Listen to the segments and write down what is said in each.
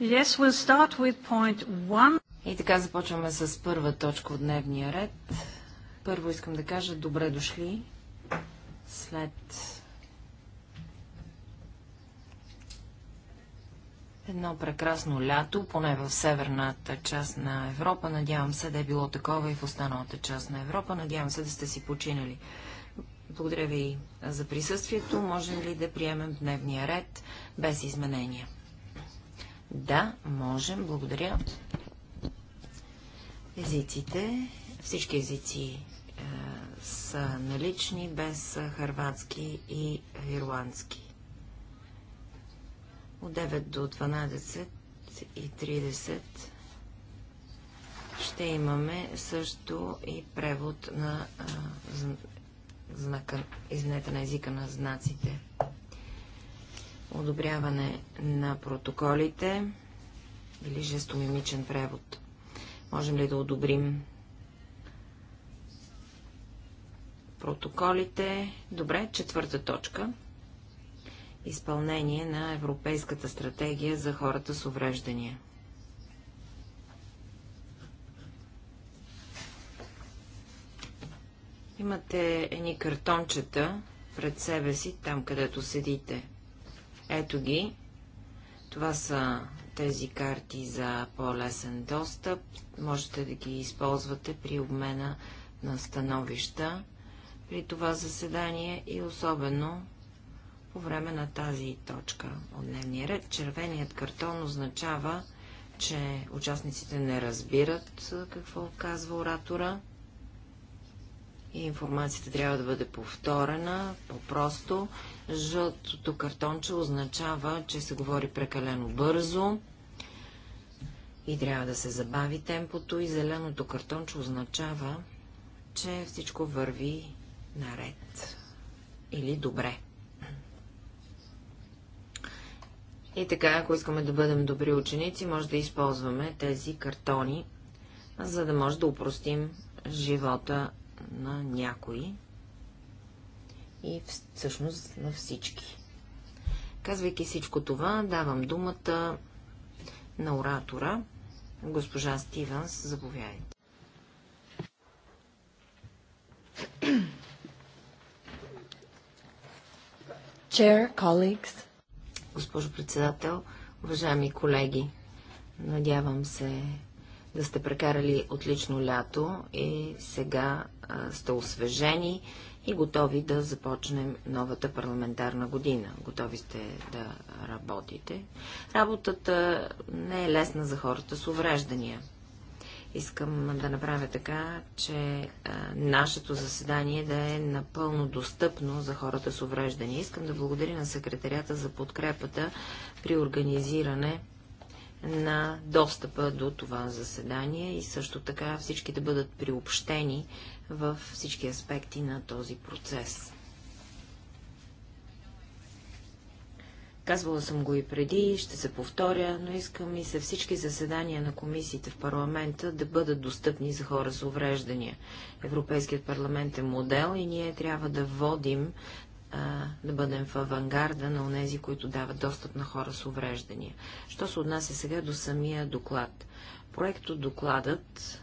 Yes, we'll start with point one. И така започваме с първа точка от дневния ред. Първо искам да кажа добре дошли след едно прекрасно лято, поне в северната част на Европа. Надявам се да е било такова и в останалата част на Европа. Надявам се да сте си починали. Благодаря ви за присъствието. Можем ли да приемем дневния ред без изменения? Да, можем. Благодаря. Езиците, всички езици е, са налични без харватски и ирландски. От 9 до 12 и 30 ще имаме също и превод на е, знака, извинете, на езика на знаците. Одобряване на протоколите или жестомимичен превод. Можем ли да одобрим протоколите? Добре, четвърта точка. Изпълнение на Европейската стратегия за хората с увреждания. Имате едни картончета пред себе си, там където седите. Ето ги. Това са тези карти за по-лесен достъп. Можете да ги използвате при обмена на становища при това заседание и особено по време на тази точка от дневния ред. Червеният картон означава, че участниците не разбират какво казва оратора и информацията трябва да бъде повторена, по-просто. Жълтото картонче означава, че се говори прекалено бързо и трябва да се забави темпото. И зеленото картонче означава, че всичко върви наред или добре. И така, ако искаме да бъдем добри ученици, може да използваме тези картони, за да може да упростим живота на някои и всъщност на всички. Казвайки всичко това, давам думата на оратора, госпожа Стивенс, заповядайте. Chair, colleagues. Госпожо председател, уважаеми колеги, надявам се да сте прекарали отлично лято и сега сте освежени и готови да започнем новата парламентарна година. Готови сте да работите. Работата не е лесна за хората с увреждания. Искам да направя така, че а, нашето заседание да е напълно достъпно за хората с увреждания. Искам да благодаря на секретарята за подкрепата при организиране на достъпа до това заседание и също така всички да бъдат приобщени във всички аспекти на този процес. Казвала съм го и преди, ще се повторя, но искам и се всички заседания на комисиите в парламента да бъдат достъпни за хора с увреждания. Европейският парламент е модел и ние трябва да водим, да бъдем в авангарда на онези, които дават достъп на хора с увреждания. Що се отнася сега до самия доклад? Проекто докладът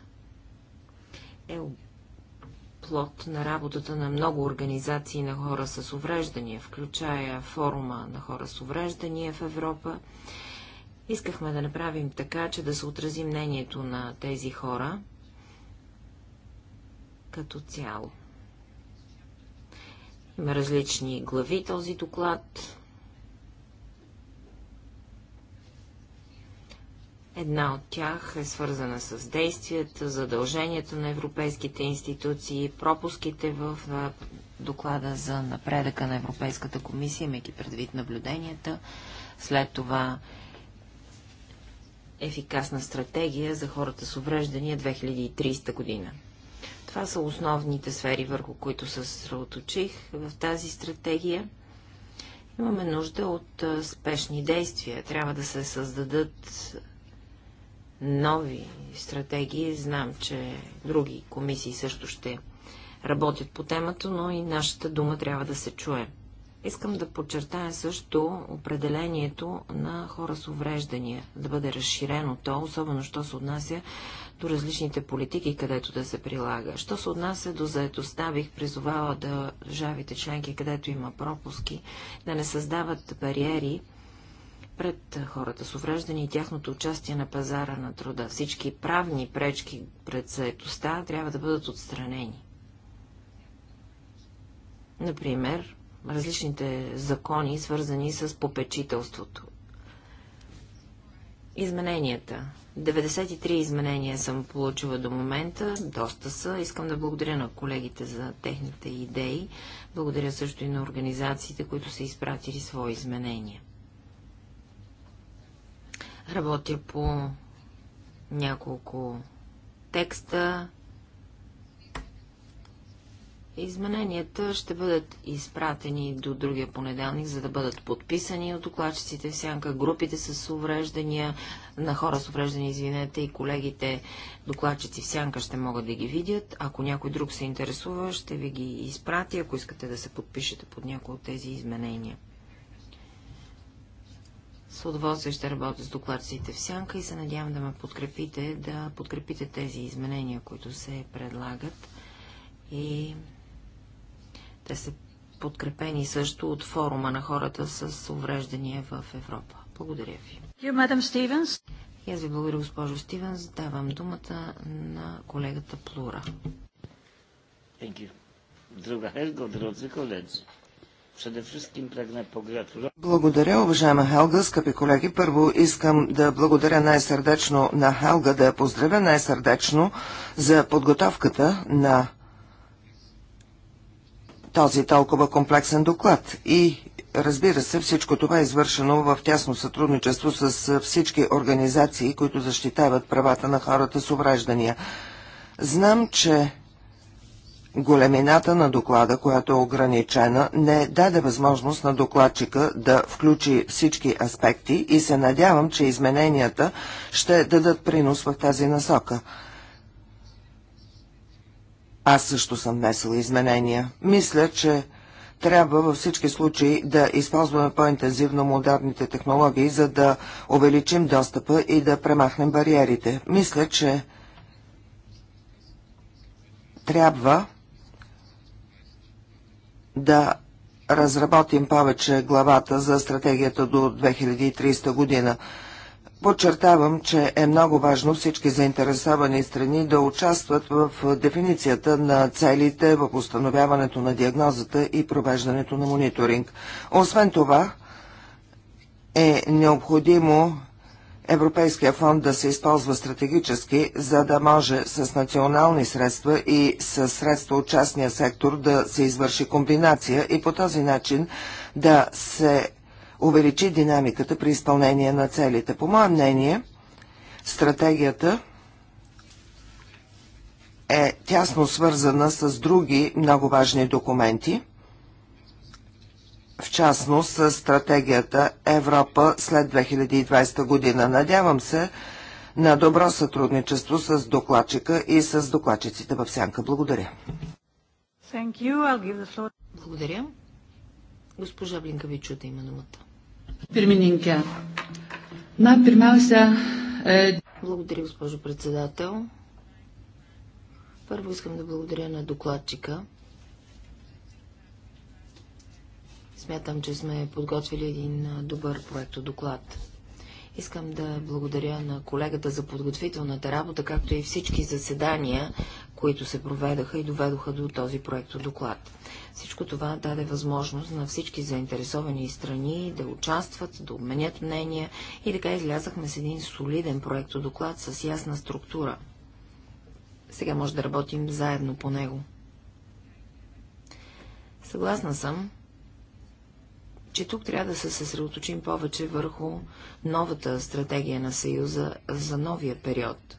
е плод на работата на много организации на хора с увреждания, включая форума на хора с увреждания в Европа. Искахме да направим така, че да се отрази мнението на тези хора като цяло. Има различни глави този доклад. Една от тях е свързана с действията, задължението на европейските институции, пропуските в доклада за напредъка на Европейската комисия, имайки предвид наблюденията. След това ефикасна стратегия за хората с увреждания 2030 година. Това са основните сфери, върху които се съсредоточих в тази стратегия. Имаме нужда от спешни действия. Трябва да се създадат нови стратегии. Знам, че други комисии също ще работят по темата, но и нашата дума трябва да се чуе. Искам да подчертая също определението на хора с увреждания, да бъде разширено то, особено що се отнася до различните политики, където да се прилага. Що се отнася до заедостта, бих призовала държавите членки, където има пропуски, да не създават бариери, пред хората с увреждане и тяхното участие на пазара на труда. Всички правни пречки пред съедостта трябва да бъдат отстранени. Например, различните закони, свързани с попечителството. Измененията. 93 изменения съм получила до момента, доста са. Искам да благодаря на колегите за техните идеи. Благодаря също и на организациите, които са изпратили свои изменения. Работя по няколко текста. Измененията ще бъдат изпратени до другия понеделник, за да бъдат подписани от докладчиците в сянка, групите с увреждания, на хора с увреждания, извинете, и колегите докладчици в сянка ще могат да ги видят. Ако някой друг се интересува, ще ви ги изпрати, ако искате да се подпишете под някои от тези изменения. С удоволствие ще работя с докладците в сянка и се надявам да ме подкрепите, да подкрепите тези изменения, които се предлагат. И те са подкрепени също от форума на хората с увреждания в Европа. Благодаря ви. И аз ви благодаря, госпожо Стивенс. Давам думата на колегата Плура. Благодаря. you. Друга Хелго, дrodzy koledzy. Благодаря, уважаема Хелга, скъпи колеги. Първо искам да благодаря най-сърдечно на Хелга, да я поздравя най-сърдечно за подготовката на този толкова комплексен доклад. И разбира се, всичко това е извършено в тясно сътрудничество с всички организации, които защитават правата на хората с увреждания. Знам, че големината на доклада, която е ограничена, не даде възможност на докладчика да включи всички аспекти и се надявам, че измененията ще дадат принос в тази насока. Аз също съм внесла изменения. Мисля, че трябва във всички случаи да използваме по-интензивно модерните технологии, за да увеличим достъпа и да премахнем бариерите. Мисля, че трябва да разработим повече главата за стратегията до 2030 година. Подчертавам, че е много важно всички заинтересовани страни да участват в дефиницията на целите в установяването на диагнозата и провеждането на мониторинг. Освен това, е необходимо Европейския фонд да се използва стратегически, за да може с национални средства и с средства от частния сектор да се извърши комбинация и по този начин да се увеличи динамиката при изпълнение на целите. По мое мнение, стратегията е тясно свързана с други много важни документи – в частност с стратегията Европа след 2020 година. Надявам се на добро сътрудничество с докладчика и с докладчиците в Сянка. Благодаря. Благодаря. Госпожа Блинкавичута има думата. Пирмининка. На пирмауся... Е... Благодаря, госпожо председател. Първо искам да благодаря на докладчика Смятам, че сме подготвили един добър проект доклад. Искам да благодаря на колегата за подготвителната работа, както и всички заседания, които се проведаха и доведоха до този проект доклад. Всичко това даде възможност на всички заинтересовани страни да участват, да обменят мнения и така излязахме с един солиден проект доклад с ясна структура. Сега може да работим заедно по него. Съгласна съм, че тук трябва да се съсредоточим повече върху новата стратегия на Съюза за новия период.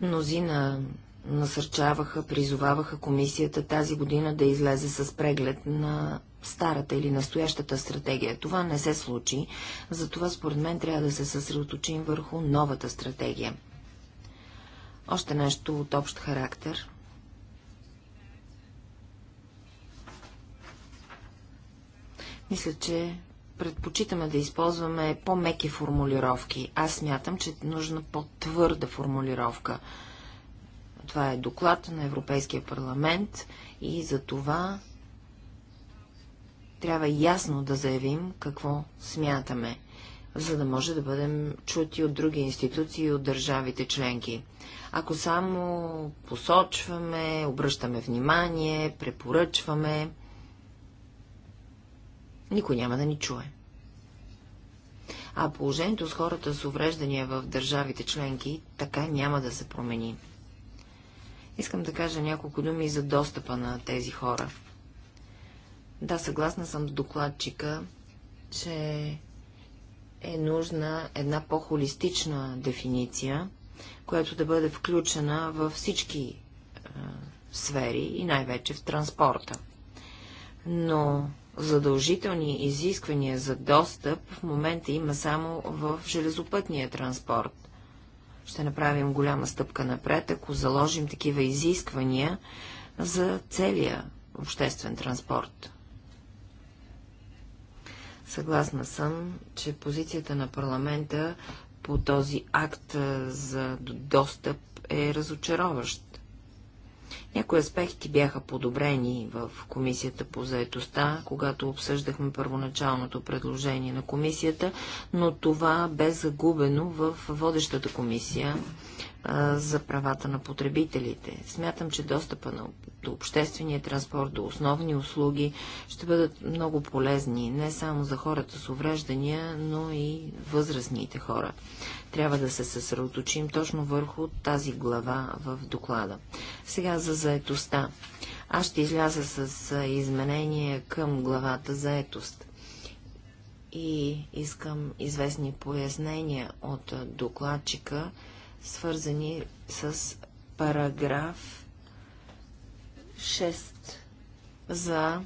Мнозина насърчаваха, призоваваха комисията тази година да излезе с преглед на старата или настоящата стратегия. Това не се случи, затова според мен трябва да се съсредоточим върху новата стратегия. Още нещо от общ характер. Мисля, че предпочитаме да използваме по-меки формулировки. Аз смятам, че е нужна по-твърда формулировка. Това е доклад на Европейския парламент и за това трябва ясно да заявим какво смятаме, за да може да бъдем чути от други институции и от държавите членки. Ако само посочваме, обръщаме внимание, препоръчваме, никой няма да ни чуе. А положението с хората с увреждания в държавите членки така няма да се промени. Искам да кажа няколко думи за достъпа на тези хора. Да, съгласна съм с докладчика, че е нужна една по-холистична дефиниция, която да бъде включена във всички е, сфери и най-вече в транспорта. Но задължителни изисквания за достъп в момента има само в железопътния транспорт. Ще направим голяма стъпка напред, ако заложим такива изисквания за целия обществен транспорт. Съгласна съм, че позицията на парламента по този акт за достъп е разочароващ. Някои аспекти бяха подобрени в Комисията по заедостта, когато обсъждахме първоначалното предложение на Комисията, но това бе загубено в водещата комисия за правата на потребителите. Смятам, че достъпа на, до обществения транспорт, до основни услуги ще бъдат много полезни не само за хората с увреждания, но и възрастните хора. Трябва да се съсредоточим точно върху тази глава в доклада. Сега за заетостта. Аз ще изляза с изменение към главата заетост и искам известни пояснения от докладчика свързани с параграф 6 за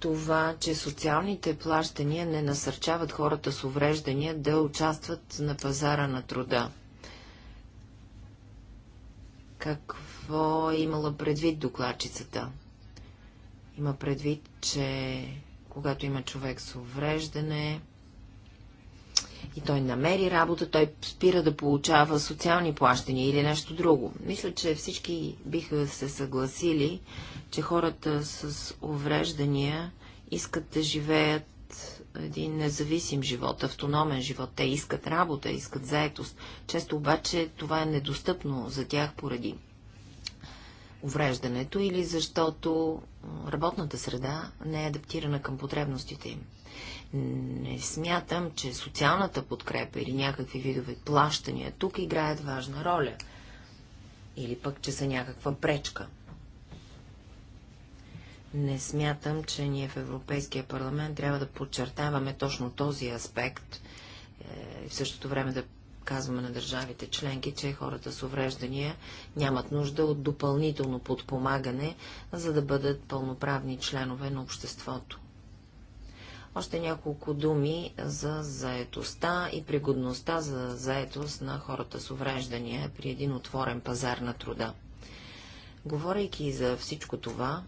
това, че социалните плащания не насърчават хората с увреждания да участват на пазара на труда. Какво е имала предвид докладчицата? Има предвид, че когато има човек с увреждане, и той намери работа, той спира да получава социални плащания или нещо друго. Мисля, че всички биха се съгласили, че хората с увреждания искат да живеят един независим живот, автономен живот. Те искат работа, искат заетост. Често обаче това е недостъпно за тях поради увреждането или защото работната среда не е адаптирана към потребностите им. Не смятам, че социалната подкрепа или някакви видове плащания тук играят важна роля. Или пък, че са някаква пречка. Не смятам, че ние в Европейския парламент трябва да подчертаваме точно този аспект е, и в същото време да казваме на държавите членки, че хората с увреждания нямат нужда от допълнително подпомагане, за да бъдат пълноправни членове на обществото. Още няколко думи за заетостта и пригодността за заетост на хората с увреждания при един отворен пазар на труда. Говорейки за всичко това,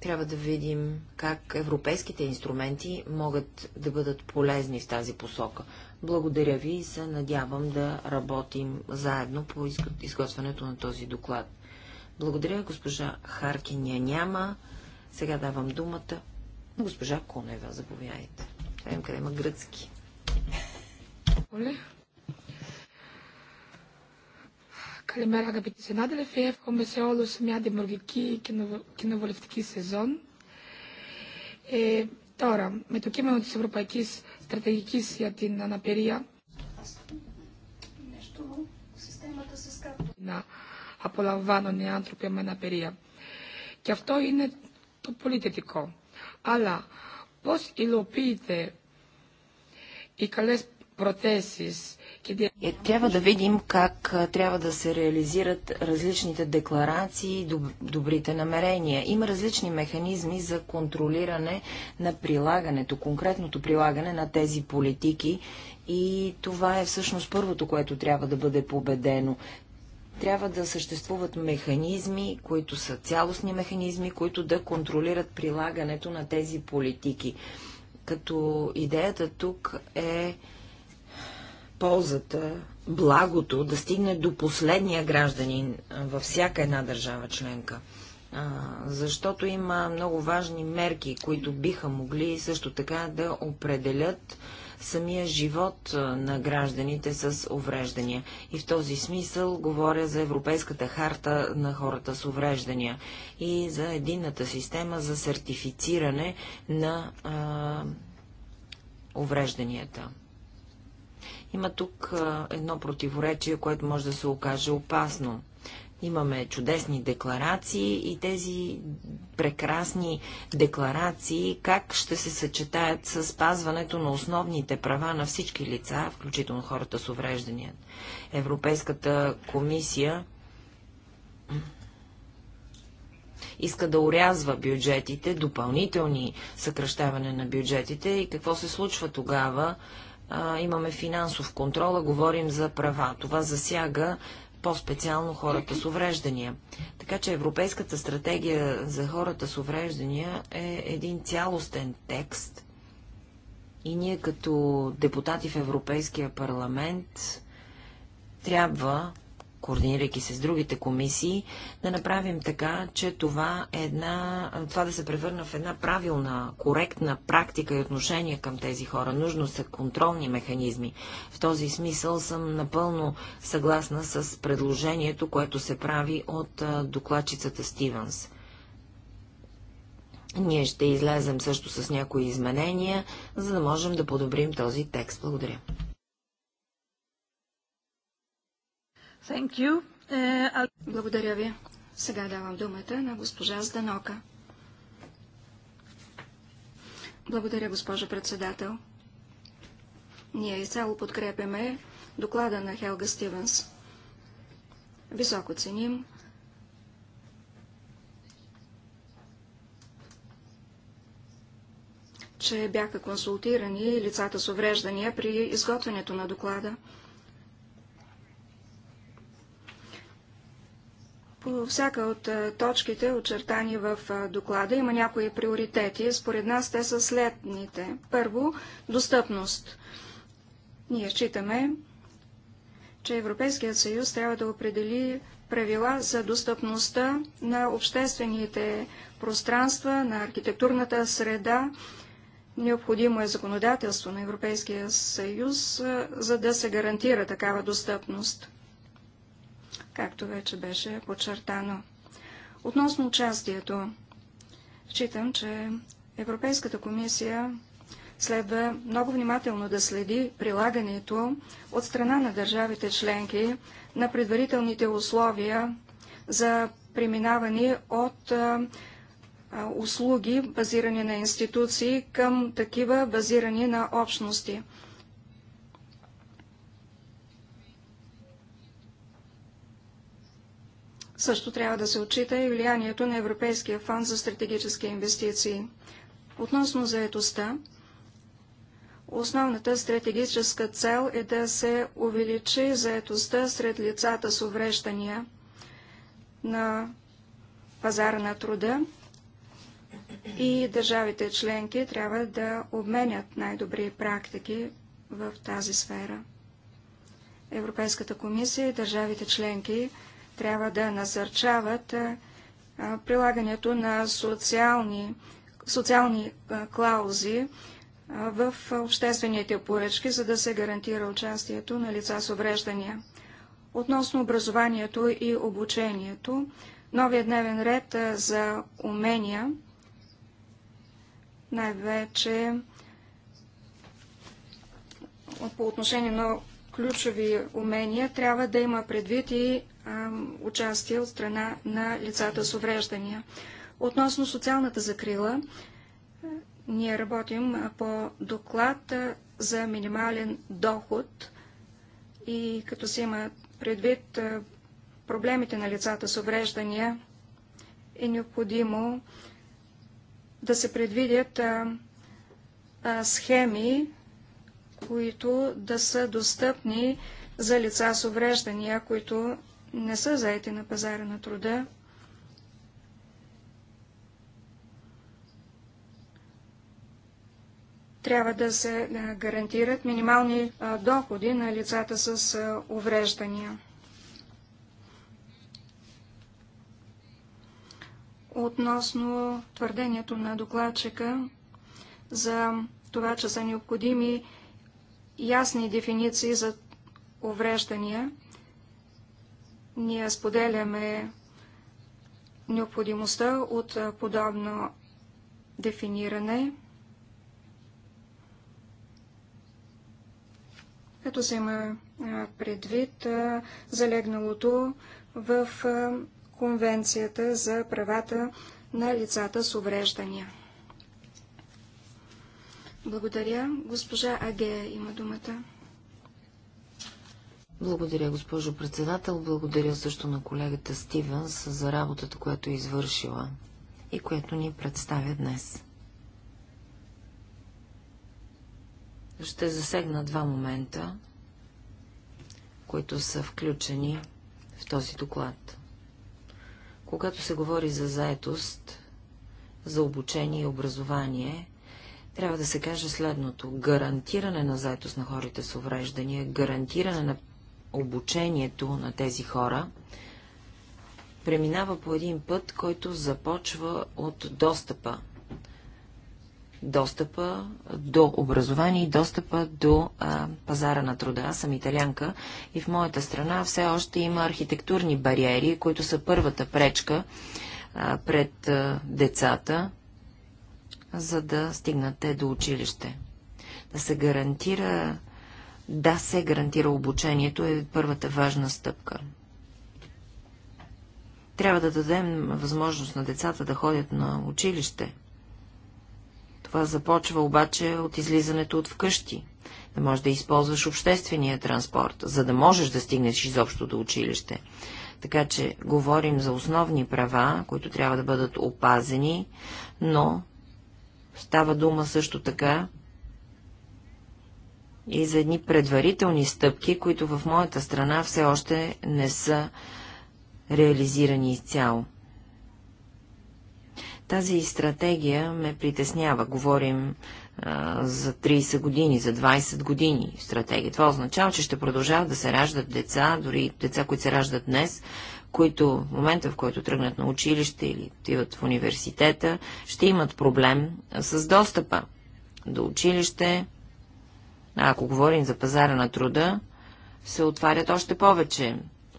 трябва да видим как европейските инструменти могат да бъдат полезни в тази посока. Благодаря ви и се надявам да работим заедно по изготвянето на този доклад. Благодаря, госпожа Харкин я няма. Сега давам думата. Госпожа Конева, заповядайте. Това видим къде има гръцки. Оле. Калимера, габите се надали в ЕФ, хоме се оло самия демаргики киноволевтики сезон. Е, тора, ме тук има от Европа екис, стратегики си атин на перия. Нещо системата с карта απολαμβάνουν οι άνθρωποι με αναπηρία. Και αυτό είναι το πολύ θετικό. Αλλά πώς υλοποιείται οι καλές протезис. Трябва да видим как трябва да се реализират различните декларации и добрите намерения. Има различни механизми за контролиране на прилагането, конкретното прилагане на тези политики и това е всъщност първото, което трябва да бъде победено трябва да съществуват механизми, които са цялостни механизми, които да контролират прилагането на тези политики. Като идеята тук е ползата, благото да стигне до последния гражданин във всяка една държава членка. А, защото има много важни мерки, които биха могли също така да определят самия живот на гражданите с увреждания. И в този смисъл говоря за Европейската харта на хората с увреждания и за единната система за сертифициране на а, уврежданията. Има тук а, едно противоречие, което може да се окаже опасно. Имаме чудесни декларации и тези прекрасни декларации как ще се съчетаят с спазването на основните права на всички лица, включително хората с увреждания. Европейската комисия иска да урязва бюджетите, допълнителни съкръщаване на бюджетите и какво се случва тогава. А, имаме финансов контрол, а говорим за права. Това засяга по-специално хората с увреждания. Така че Европейската стратегия за хората с увреждания е един цялостен текст и ние като депутати в Европейския парламент трябва координирайки се с другите комисии, да направим така, че това, е една, това да се превърна в една правилна, коректна практика и отношение към тези хора. Нужно са контролни механизми. В този смисъл съм напълно съгласна с предложението, което се прави от докладчицата Стивенс. Ние ще излезем също с някои изменения, за да можем да подобрим този текст. Благодаря. Uh, Благодаря ви. Сега давам думата на госпожа Зданока. Благодаря, госпожо председател. Ние изцяло подкрепяме доклада на Хелга Стивенс. Високо ценим че бяха консултирани лицата с увреждания при изготвянето на доклада. По всяка от е, точките, очертани в е, доклада, има някои приоритети. Според нас те са следните. Първо, достъпност. Ние считаме, че Европейският съюз трябва да определи правила за достъпността на обществените пространства, на архитектурната среда. Необходимо е законодателство на Европейския съюз, е, за да се гарантира такава достъпност както вече беше подчертано. Относно участието, считам, че Европейската комисия следва много внимателно да следи прилагането от страна на държавите членки на предварителните условия за преминаване от услуги, базирани на институции, към такива, базирани на общности. Също трябва да се отчита и влиянието на Европейския фонд за стратегически инвестиции. Относно заетостта, основната стратегическа цел е да се увеличи заетостта сред лицата с увреждания на пазара на труда и държавите членки трябва да обменят най-добри практики в тази сфера. Европейската комисия и държавите членки трябва да насърчават прилагането на социални, социални клаузи в обществените поръчки, за да се гарантира участието на лица с увреждания. Относно образованието и обучението, новия дневен ред за умения, най-вече по отношение на ключови умения, трябва да има предвид и участие от страна на лицата с увреждания. Относно социалната закрила, ние работим по доклад за минимален доход и като се има предвид проблемите на лицата с увреждания, е необходимо да се предвидят схеми, които да са достъпни за лица с увреждания, които не са заети на пазара на труда, трябва да се гарантират минимални доходи на лицата с увреждания. Относно твърдението на докладчика за това, че са необходими ясни дефиниции за увреждания, ние споделяме необходимостта от подобно дефиниране, като се има предвид залегналото в Конвенцията за правата на лицата с увреждания. Благодаря. Госпожа Агея има думата. Благодаря, госпожо председател. Благодаря също на колегата Стивенс за работата, която е извършила и което ни представя днес. Ще засегна два момента, които са включени в този доклад. Когато се говори за заетост, за обучение и образование, трябва да се каже следното. Гарантиране на заетост на хората с увреждания, гарантиране на обучението на тези хора преминава по един път, който започва от достъпа. Достъпа до образование и достъпа до а, пазара на труда. Аз съм италянка и в моята страна все още има архитектурни бариери, които са първата пречка а, пред а, децата, за да стигнат те до училище. Да се гарантира да се гарантира обучението е първата важна стъпка. Трябва да дадем възможност на децата да ходят на училище. Това започва обаче от излизането от вкъщи. Не можеш да използваш обществения транспорт, за да можеш да стигнеш изобщо до училище. Така че говорим за основни права, които трябва да бъдат опазени, но става дума също така и за едни предварителни стъпки, които в моята страна все още не са реализирани изцяло. Тази стратегия ме притеснява. Говорим а, за 30 години, за 20 години стратегия. Това означава, че ще продължават да се раждат деца, дори деца, които се раждат днес, които в момента, в който тръгнат на училище или отиват в университета, ще имат проблем с достъпа до училище, а ако говорим за пазара на труда, се отварят още повече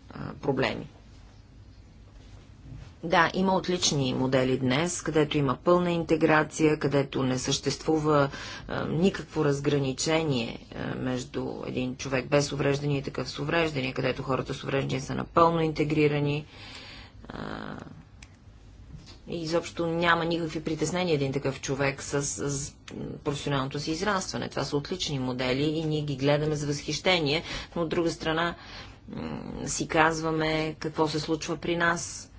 а, проблеми. Да, има отлични модели днес, където има пълна интеграция, където не съществува а, никакво разграничение а, между един човек без увреждания и такъв с увреждания, където хората с увреждания са напълно интегрирани. А, и изобщо няма никакви притеснения един такъв човек с, с професионалното си израстване. Това са отлични модели и ние ги гледаме с възхищение, но от друга страна си казваме какво се случва при нас.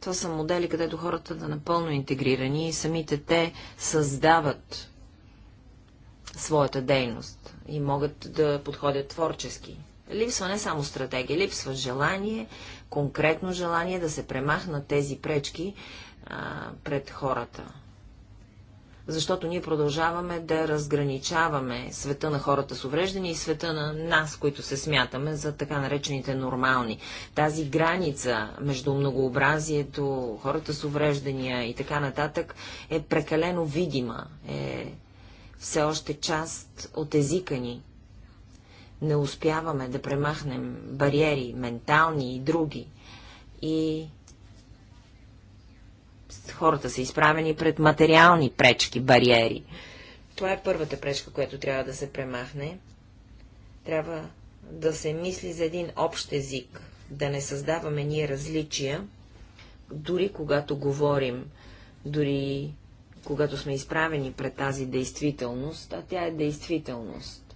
Това са модели, където хората са напълно интегрирани и самите те създават своята дейност и могат да подходят творчески. Липсва не само стратегия, липсва желание, конкретно желание да се премахнат тези пречки а, пред хората. Защото ние продължаваме да разграничаваме света на хората с увреждания и света на нас, които се смятаме за така наречените нормални. Тази граница между многообразието, хората с увреждания и така нататък е прекалено видима, е все още част от езика ни не успяваме да премахнем бариери, ментални и други. И хората са изправени пред материални пречки, бариери. Това е първата пречка, която трябва да се премахне. Трябва да се мисли за един общ език, да не създаваме ние различия, дори когато говорим, дори когато сме изправени пред тази действителност, а тя е действителност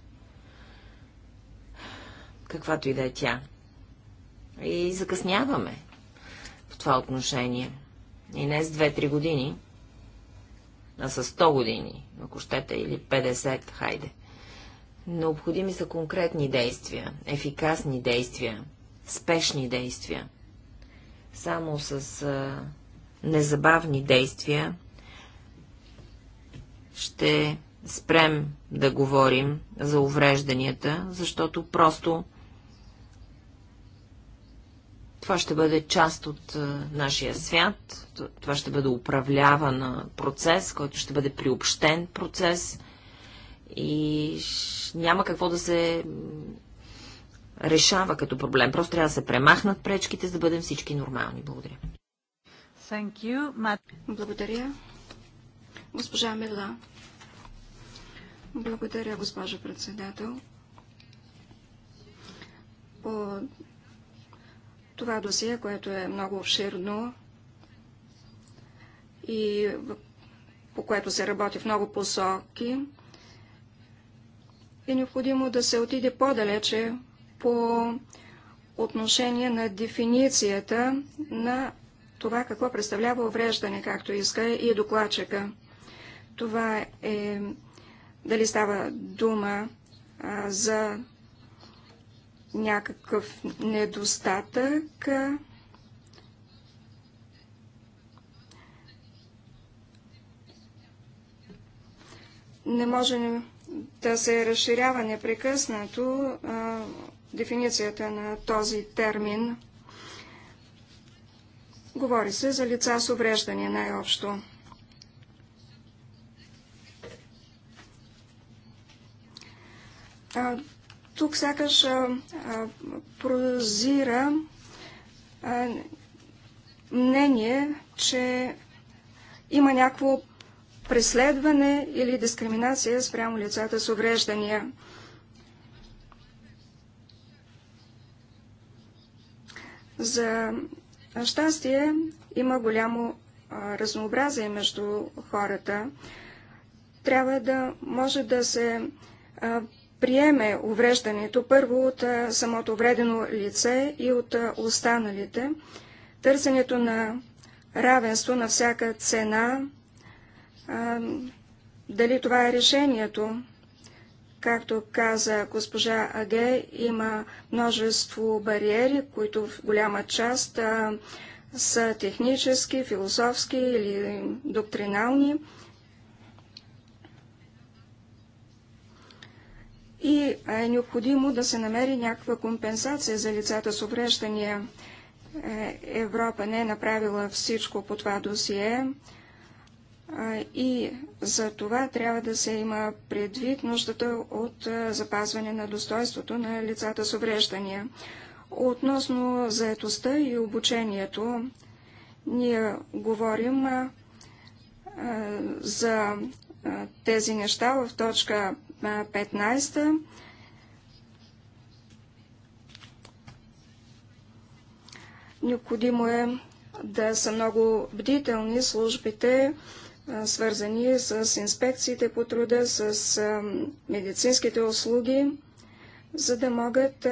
каквато и да е тя. И закъсняваме в това отношение. И не с 2-3 години, а с 100 години, ако щете, или 50, хайде. Необходими са конкретни действия, ефикасни действия, спешни действия. Само с а, незабавни действия ще спрем да говорим за уврежданията, защото просто това ще бъде част от е, нашия свят, това ще бъде управляван е, процес, който ще бъде приобщен процес и няма какво да се решава като проблем. Просто трябва да се премахнат пречките, за да бъдем всички нормални. Благодаря. Благодаря. Госпожа Мила. Благодаря, госпожа председател. По това досие, което е много обширно и по което се работи в много посоки, е необходимо да се отиде по-далече по отношение на дефиницията на това какво представлява увреждане, както иска и докладчика. Това е дали става дума а, за някакъв недостатък. Не може да се разширява непрекъснато а, дефиницията на този термин. Говори се за лица с увреждане най-общо. Тук сякаш а, а, прозира а, мнение, че има някакво преследване или дискриминация спрямо лицата с увреждания. За щастие има голямо а, разнообразие между хората. Трябва да може да се а, приеме увреждането първо от самото вредено лице и от останалите, търсенето на равенство на всяка цена, дали това е решението. Както каза госпожа Аге, има множество бариери, които в голяма част са технически, философски или доктринални. и е необходимо да се намери някаква компенсация за лицата с увреждания. Е, Европа не е направила всичко по това досие и за това трябва да се има предвид нуждата от запазване на достоинството на лицата с увреждания. Относно заетостта и обучението, ние говорим за тези неща в точка 15. Необходимо е да са много бдителни службите, свързани с инспекциите по труда, с медицинските услуги, за да могат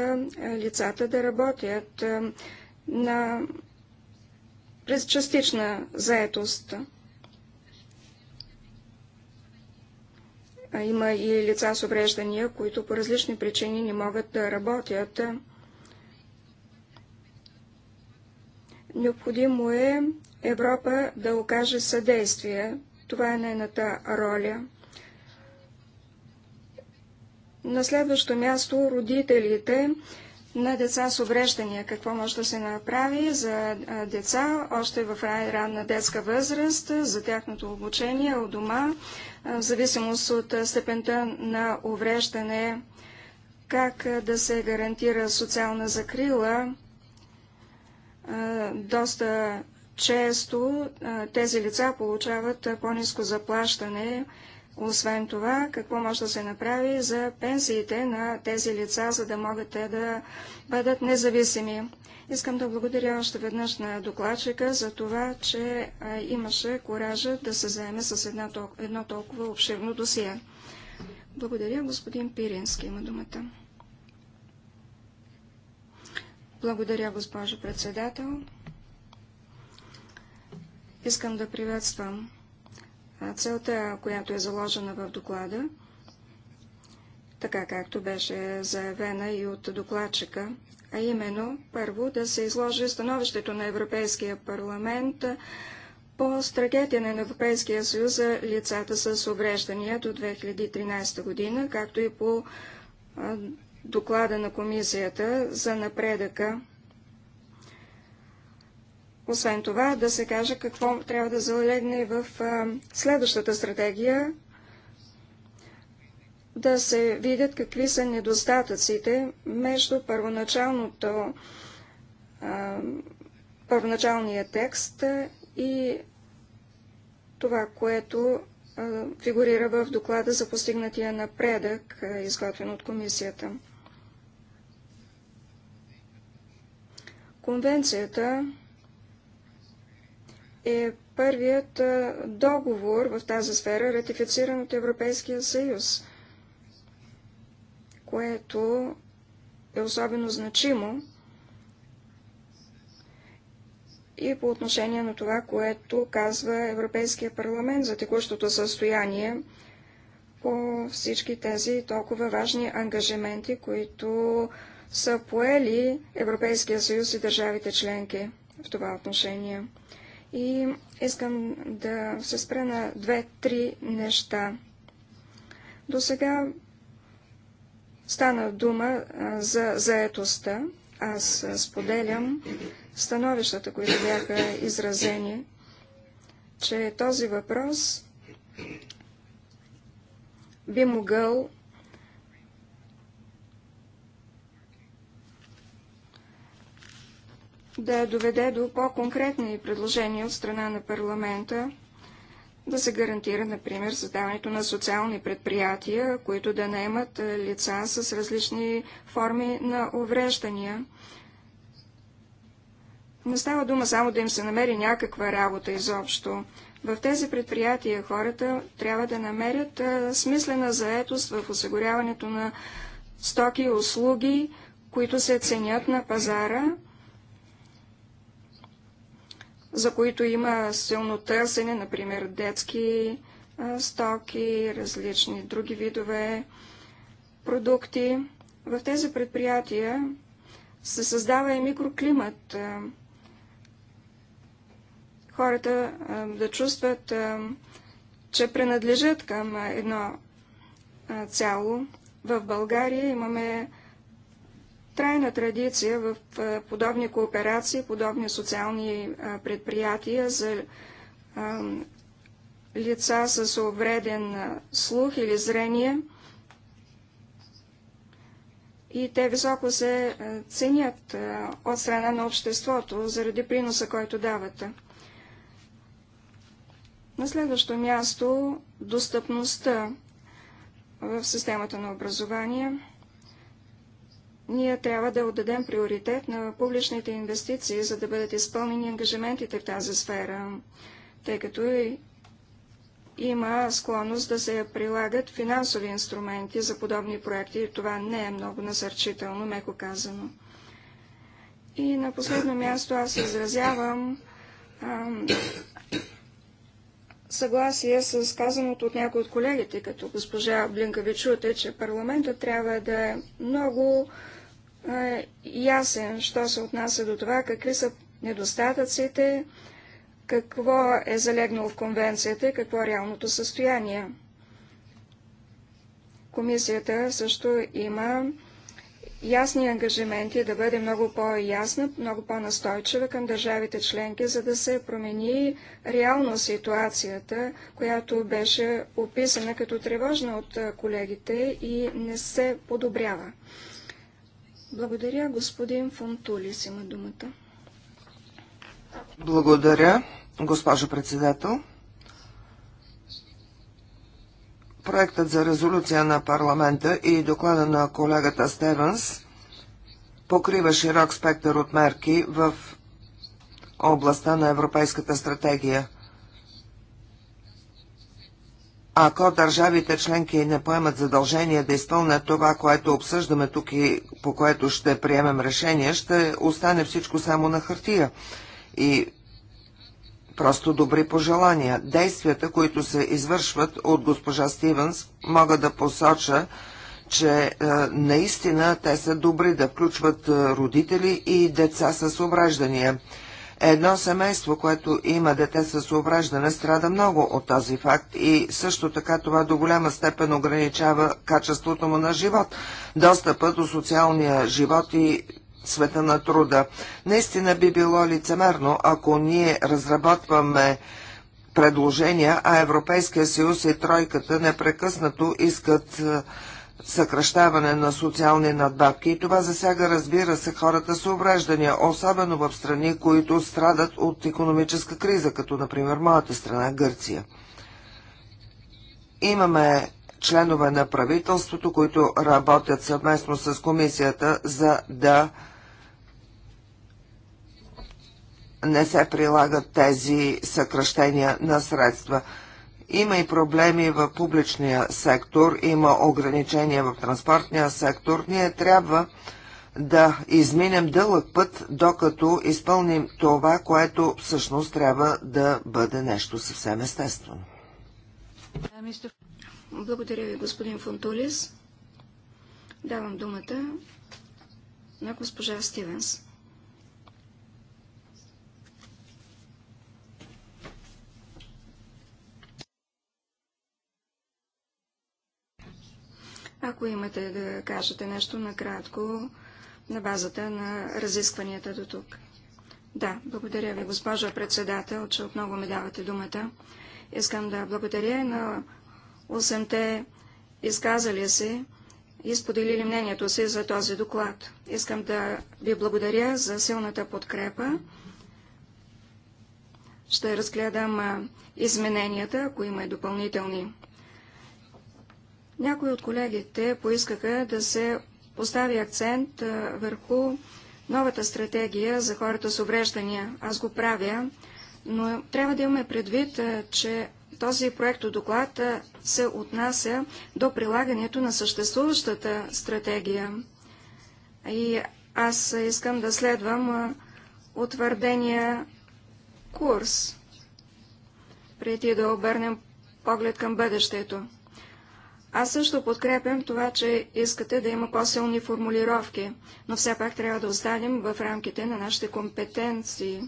лицата да работят на през частична заетост. Има и лица с увреждания, които по различни причини не могат да работят. Необходимо е Европа да окаже съдействие. Това е нейната роля. На следващо място родителите на деца с увреждания. Какво може да се направи за деца още в ранна детска възраст, за тяхното обучение от дома, в зависимост от степента на увреждане, как да се гарантира социална закрила. Доста често тези лица получават по-низко заплащане освен това, какво може да се направи за пенсиите на тези лица, за да могат те да бъдат независими? Искам да благодаря още веднъж на докладчика за това, че имаше коража да се заеме с една, едно толкова обширно досие. Благодаря, господин Пирински има думата. Благодаря, госпожо председател. Искам да приветствам целта, която е заложена в доклада, така както беше заявена и от докладчика, а именно първо да се изложи становището на Европейския парламент по стратегия на Европейския съюз за лицата с увреждания до 2013 година, както и по доклада на комисията за напредъка освен това, да се каже какво трябва да залегне в следващата стратегия, да се видят какви са недостатъците между първоначалното, а, първоначалния текст и това, което а, фигурира в доклада за постигнатия напредък, изготвен от комисията. Конвенцията е първият договор в тази сфера, ратифициран от Европейския съюз, което е особено значимо и по отношение на това, което казва Европейския парламент за текущото състояние по всички тези толкова важни ангажименти, които са поели Европейския съюз и държавите членки в това отношение. И искам да се спра на две-три неща. До сега стана дума за заетостта. Аз споделям становищата, които бяха изразени, че този въпрос би могъл да доведе до по-конкретни предложения от страна на парламента, да се гарантира, например, създаването на социални предприятия, които да наемат лица с различни форми на увреждания. Не става дума само да им се намери някаква работа изобщо. В тези предприятия хората трябва да намерят смислена заетост в осигуряването на стоки и услуги, които се ценят на пазара за които има силно търсене, например детски стоки, различни други видове продукти. В тези предприятия се създава и микроклимат. Хората да чувстват, че принадлежат към едно цяло. В България имаме трайна традиция в подобни кооперации, подобни социални предприятия за лица с увреден слух или зрение. И те високо се ценят от страна на обществото заради приноса, който дават. На следващо място достъпността в системата на образование. Ние трябва да отдадем приоритет на публичните инвестиции, за да бъдат изпълнени ангажиментите в тази сфера, тъй като има склонност да се прилагат финансови инструменти за подобни проекти и това не е много насърчително, меко казано. И на последно място аз изразявам ам, съгласие с казаното от някои от колегите, като госпожа Блинкавичуте, че парламентът трябва да е много ясен, що се отнася до това, какви са недостатъците, какво е залегнало в конвенцията и какво е реалното състояние. Комисията също има ясни ангажименти да бъде много по-ясна, много по-настойчива към държавите членки, за да се промени реално ситуацията, която беше описана като тревожна от колегите и не се подобрява. Благодаря. Господин Фонтулис има думата. Благодаря, госпожо председател. Проектът за резолюция на парламента и доклада на колегата Стевенс покрива широк спектър от мерки в областта на Европейската стратегия – ако държавите членки не поемат задължение да изпълнят това, което обсъждаме тук и по което ще приемем решение, ще остане всичко само на хартия. И просто добри пожелания. Действията, които се извършват от госпожа Стивенс, мога да посоча, че е, наистина те са добри да включват е, родители и деца с ображдания. Едно семейство, което има дете с увреждане, страда много от този факт и също така това до голяма степен ограничава качеството му на живот, достъпа до социалния живот и света на труда. Наистина би било лицемерно, ако ние разработваме предложения, а Европейския съюз и тройката непрекъснато искат е, съкръщаване на социални надбавки и това засяга, разбира се, хората с увреждания, особено в страни, които страдат от економическа криза, като например моята страна Гърция. Имаме членове на правителството, които работят съвместно с комисията, за да не се прилагат тези съкръщения на средства. Има и проблеми в публичния сектор, има ограничения в транспортния сектор. Ние трябва да изминем дълъг път, докато изпълним това, което всъщност трябва да бъде нещо съвсем естествено. Благодаря ви, господин Фонтулис. Давам думата на госпожа Стивенс. Ако имате да кажете нещо накратко на базата на разискванията до тук. Да, благодаря ви, госпожа председател, че отново ми давате думата. Искам да благодаря на 8-те изказали се и споделили мнението си за този доклад. Искам да ви благодаря за силната подкрепа. Ще разгледам измененията, ако има и допълнителни. Някои от колегите поискаха да се постави акцент върху новата стратегия за хората с увреждания. Аз го правя, но трябва да имаме предвид, че този проект от доклад се отнася до прилагането на съществуващата стратегия. И аз искам да следвам утвърдения курс, преди да обърнем поглед към бъдещето. Аз също подкрепям това, че искате да има по-силни формулировки, но все пак трябва да останем в рамките на нашите компетенции.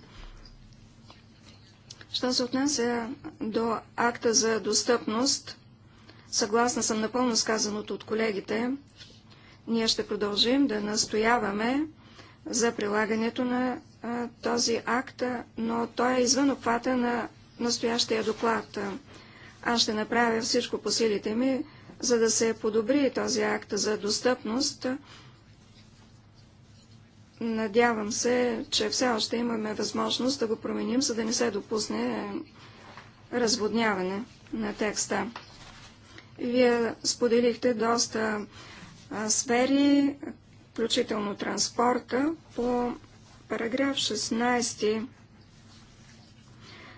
Що се отнася до акта за достъпност, съгласна съм напълно сказаното от колегите, ние ще продължим да настояваме за прилагането на а, този акт, но той е извън обхвата на настоящия доклад. Аз ще направя всичко по силите ми за да се подобри този акт за достъпност. Надявам се, че все още имаме възможност да го променим, за да не се допусне разводняване на текста. Вие споделихте доста сфери, включително транспорта, по параграф 16,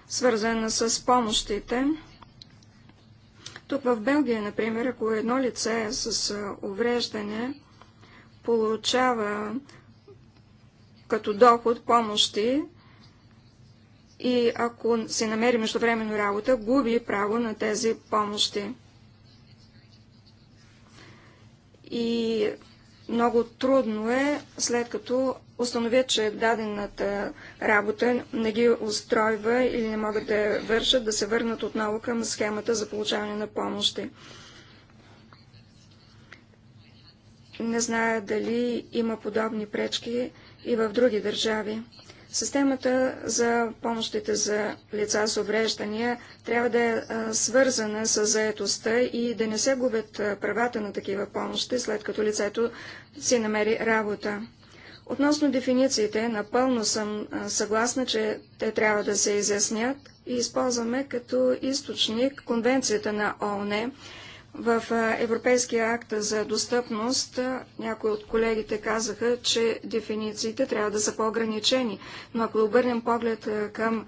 свързана с помощите. Тук в Белгия, например, ако едно лице с увреждане получава като доход помощи и ако се намери междувременно работа, губи право на тези помощи. И много трудно е, след като установят, че дадената работа не ги устройва или не могат да вършат, да се върнат отново към схемата за получаване на помощи. Не зная дали има подобни пречки и в други държави. Системата за помощите за лица с увреждания трябва да е свързана с заетостта и да не се губят правата на такива помощи, след като лицето си намери работа. Относно дефинициите, напълно съм съгласна, че те трябва да се изяснят и използваме като източник Конвенцията на ООН в Европейския акт за достъпност. Някои от колегите казаха, че дефинициите трябва да са по-ограничени, но ако обърнем поглед към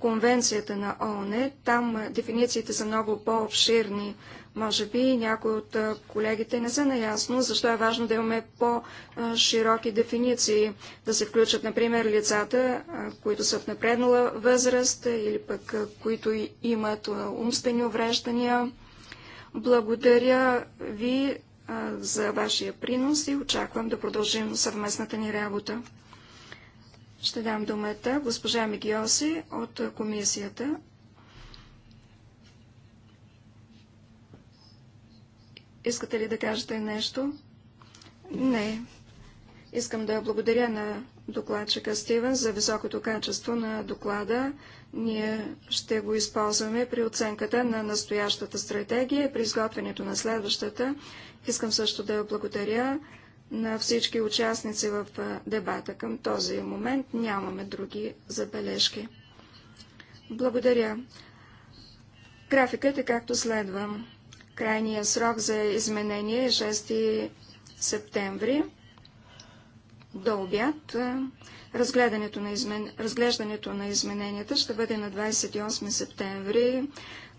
конвенцията на ООН. Там дефинициите са много по-обширни. Може би някои от колегите не са наясно, защо е важно да имаме по-широки дефиниции, да се включат, например, лицата, които са в напреднала възраст или пък които имат умствени увреждания. Благодаря ви за вашия принос и очаквам да продължим съвместната ни работа. Ще дам думата госпожа Мигиоси от комисията. Искате ли да кажете нещо? Не. Искам да благодаря на докладчика Стивен за високото качество на доклада. Ние ще го използваме при оценката на настоящата стратегия и при изготвянето на следващата. Искам също да благодаря на всички участници в дебата. Към този момент нямаме други забележки. Благодаря. Графикът е както следва. Крайният срок за изменение е 6 септември до обяд. Разглеждането на, измен... Разглеждането на измененията ще бъде на 28 септември.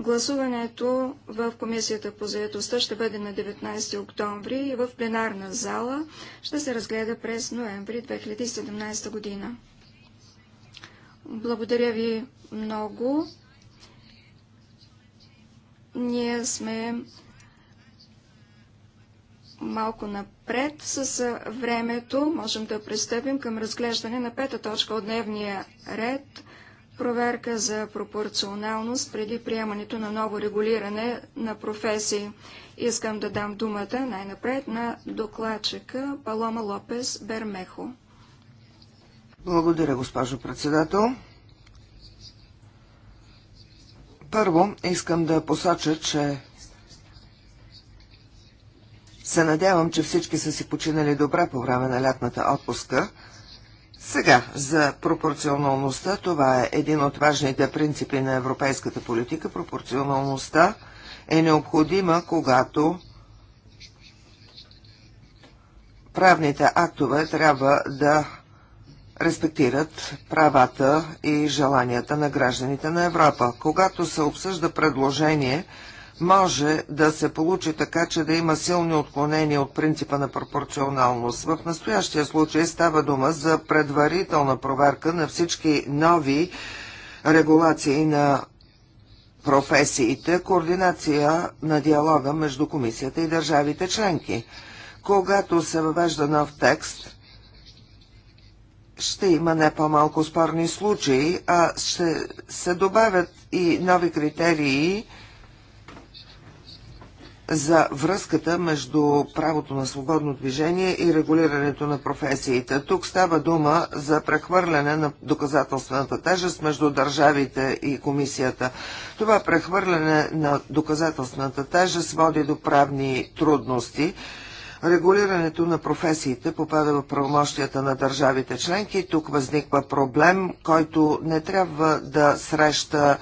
Гласуването в Комисията по заедостта ще бъде на 19 октомври и в пленарна зала ще се разгледа през ноември 2017 година. Благодаря ви много. Ние сме малко напред с времето. Можем да пристъпим към разглеждане на пета точка от дневния ред – проверка за пропорционалност преди приемането на ново регулиране на професии. Искам да дам думата най-напред на докладчика Палома Лопес Бермехо. Благодаря, госпожо председател. Първо, искам да посоча, че се надявам, че всички са си починали добре по време на лятната отпуска. Сега, за пропорционалността, това е един от важните принципи на европейската политика. Пропорционалността е необходима, когато правните актове трябва да респектират правата и желанията на гражданите на Европа. Когато се обсъжда предложение, може да се получи така, че да има силни отклонения от принципа на пропорционалност. В настоящия случай става дума за предварителна проверка на всички нови регулации на професиите, координация на диалога между комисията и държавите членки. Когато се въвежда нов текст, ще има не по-малко спорни случаи, а ще се добавят и нови критерии – за връзката между правото на свободно движение и регулирането на професиите. Тук става дума за прехвърляне на доказателствената тежест между държавите и комисията. Това прехвърляне на доказателствената тежест води до правни трудности. Регулирането на професиите попада в правомощията на държавите членки. Тук възниква проблем, който не трябва да среща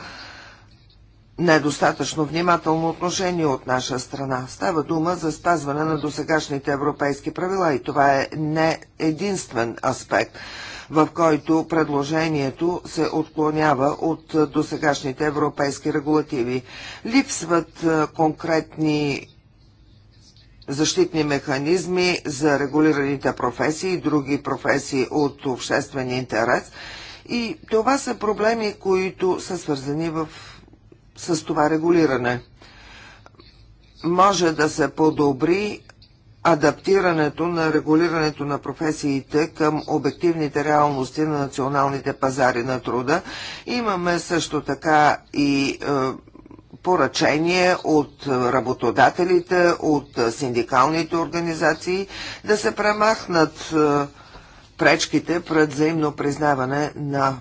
недостатъчно внимателно отношение от наша страна. Става дума за спазване на досегашните европейски правила и това е не единствен аспект в който предложението се отклонява от досегашните европейски регулативи. Липсват е, конкретни защитни механизми за регулираните професии и други професии от обществен интерес. И това са проблеми, които са свързани в с това регулиране. Може да се подобри адаптирането на регулирането на професиите към обективните реалности на националните пазари на труда. Имаме също така и е, поръчение от работодателите, от синдикалните организации да се премахнат е, пречките пред взаимно признаване на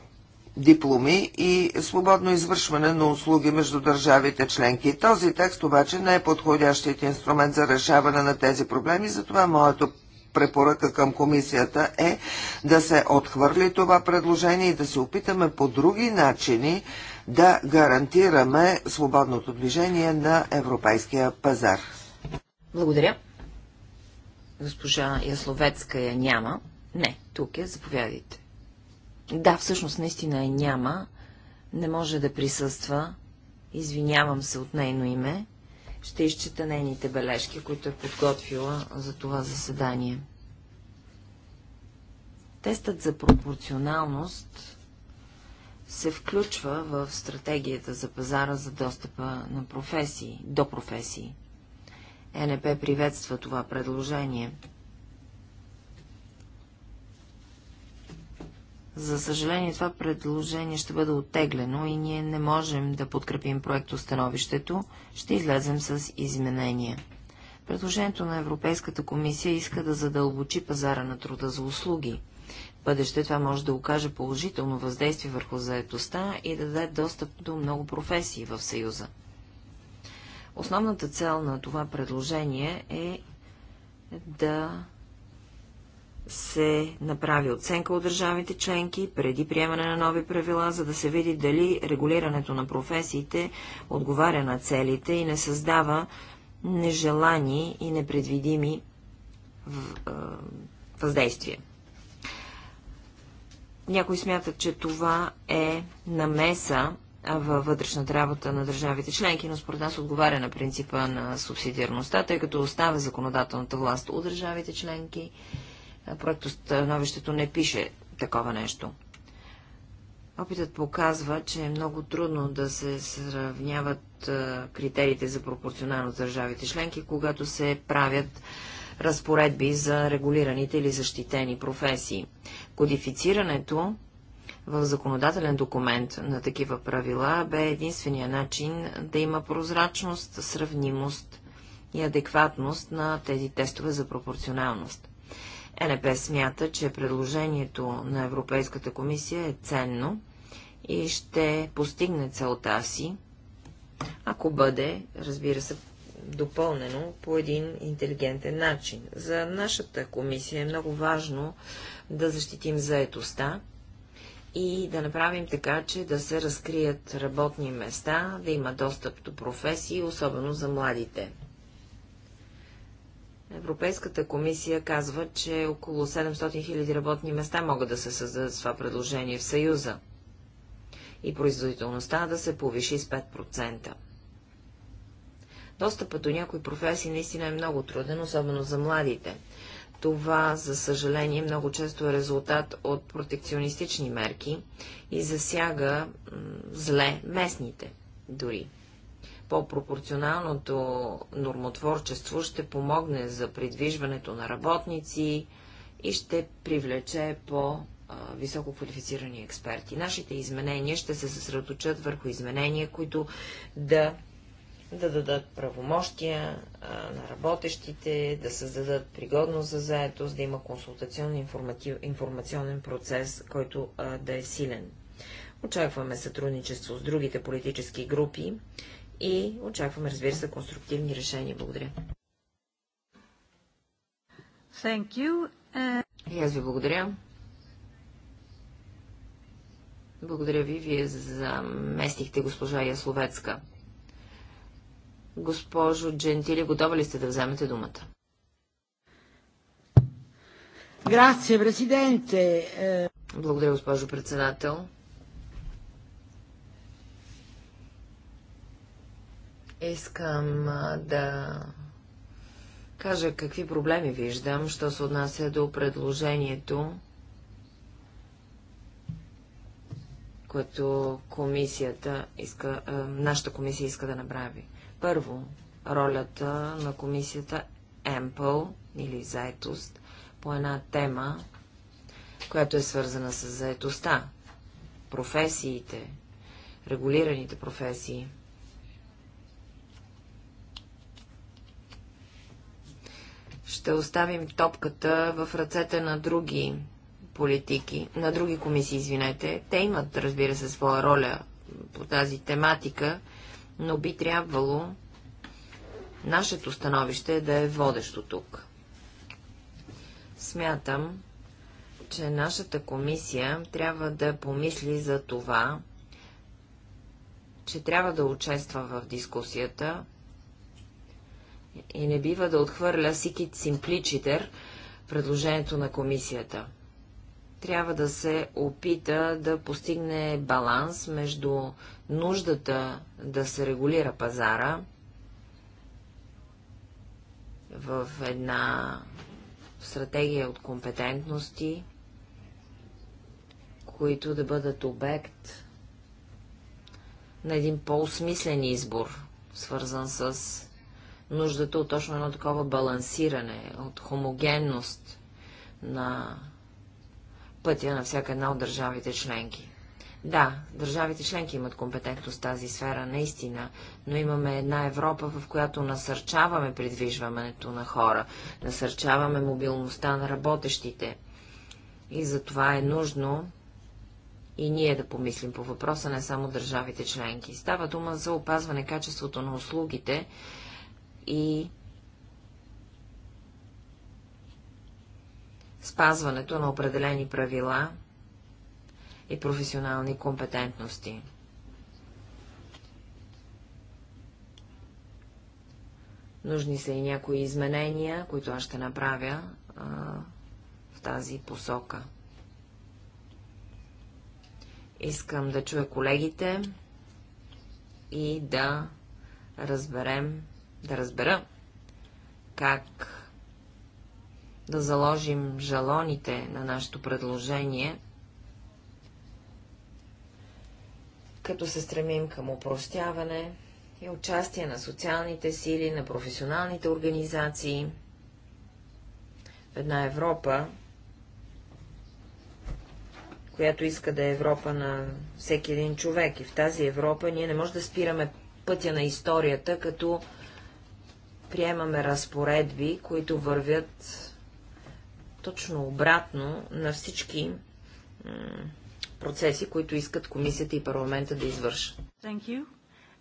дипломи и свободно извършване на услуги между държавите членки. Този текст обаче не е подходящият инструмент за решаване на тези проблеми, затова моето препоръка към комисията е да се отхвърли това предложение и да се опитаме по други начини да гарантираме свободното движение на европейския пазар. Благодаря. Госпожа Ясловецка я няма. Не, тук е. Заповядайте. Да, всъщност наистина е няма. Не може да присъства. Извинявам се от нейно име. Ще изчета нейните бележки, които е подготвила за това заседание. Тестът за пропорционалност се включва в стратегията за пазара за достъпа на професии, до професии. ЕНП приветства това предложение. За съжаление, това предложение ще бъде оттеглено и ние не можем да подкрепим проектостановището, ще излезем с изменения. Предложението на Европейската комисия иска да задълбочи пазара на труда за услуги. В бъдеще това може да окаже положително въздействие върху заетостта и да даде достъп до много професии в Съюза. Основната цел на това предложение е да се направи оценка от държавите членки преди приемане на нови правила, за да се види дали регулирането на професиите отговаря на целите и не създава нежелани и непредвидими въздействия. Някои смятат, че това е намеса във вътрешната работа на държавите членки, но според нас отговаря на принципа на субсидиарността, тъй като остава законодателната власт от държавите членки проектостановището не пише такова нещо. Опитът показва, че е много трудно да се сравняват критериите за пропорционалност държавите членки, когато се правят разпоредби за регулираните или защитени професии. Кодифицирането в законодателен документ на такива правила бе единствения начин да има прозрачност, сравнимост и адекватност на тези тестове за пропорционалност. ЕНП смята, че предложението на Европейската комисия е ценно и ще постигне целта си, ако бъде, разбира се, допълнено по един интелигентен начин. За нашата комисия е много важно да защитим заетостта и да направим така, че да се разкрият работни места, да има достъп до професии, особено за младите. Европейската комисия казва, че около 700 000 работни места могат да се създадат с това предложение в Съюза и производителността да се повиши с 5%. Достъпът до някои професии наистина е много труден, особено за младите. Това, за съжаление, много често е резултат от протекционистични мерки и засяга зле местните дори по-пропорционалното нормотворчество ще помогне за придвижването на работници и ще привлече по високо квалифицирани експерти. Нашите изменения ще се съсредоточат върху изменения, които да, да дадат правомощия на работещите, да създадат пригодност за заетост, да има консултационен информационен процес, който а, да е силен. Очакваме сътрудничество с другите политически групи и очакваме, разбира се, конструктивни решения. Благодаря. Thank you. Uh... И аз ви благодаря. Благодаря ви. Вие заместихте госпожа Ясловецка. Госпожо Джентили, готова ли сте да вземете думата? президенте. Благодаря, госпожо председател. Искам да кажа какви проблеми виждам, що се отнася до предложението, което комисията иска, а, нашата комисия иска да направи. Първо, ролята на комисията Ample или заетост по една тема, която е свързана с заетостта, професиите, регулираните професии. ще оставим топката в ръцете на други политики, на други комисии, извинете. Те имат, разбира се, своя роля по тази тематика, но би трябвало нашето становище да е водещо тук. Смятам, че нашата комисия трябва да помисли за това, че трябва да участва в дискусията, и не бива да отхвърля сикит симпличитер предложението на комисията. Трябва да се опита да постигне баланс между нуждата да се регулира пазара в една стратегия от компетентности, които да бъдат обект на един по-осмислен избор, свързан с нуждата от точно едно такова балансиране, от хомогенност на пътя на всяка една от държавите членки. Да, държавите членки имат компетентност в тази сфера, наистина, но имаме една Европа, в която насърчаваме придвижването на хора, насърчаваме мобилността на работещите. И за това е нужно и ние да помислим по въпроса, не само държавите членки. Става дума за опазване качеството на услугите и спазването на определени правила и професионални компетентности. Нужни са и някои изменения, които аз ще направя а, в тази посока. Искам да чуя колегите и да разберем да разбера как да заложим жалоните на нашето предложение, като се стремим към упростяване и участие на социалните сили, на професионалните организации в една Европа, която иска да е Европа на всеки един човек. И в тази Европа ние не можем да спираме пътя на историята, като приемаме разпоредби, които вървят точно обратно на всички процеси, които искат комисията и парламента да извършат.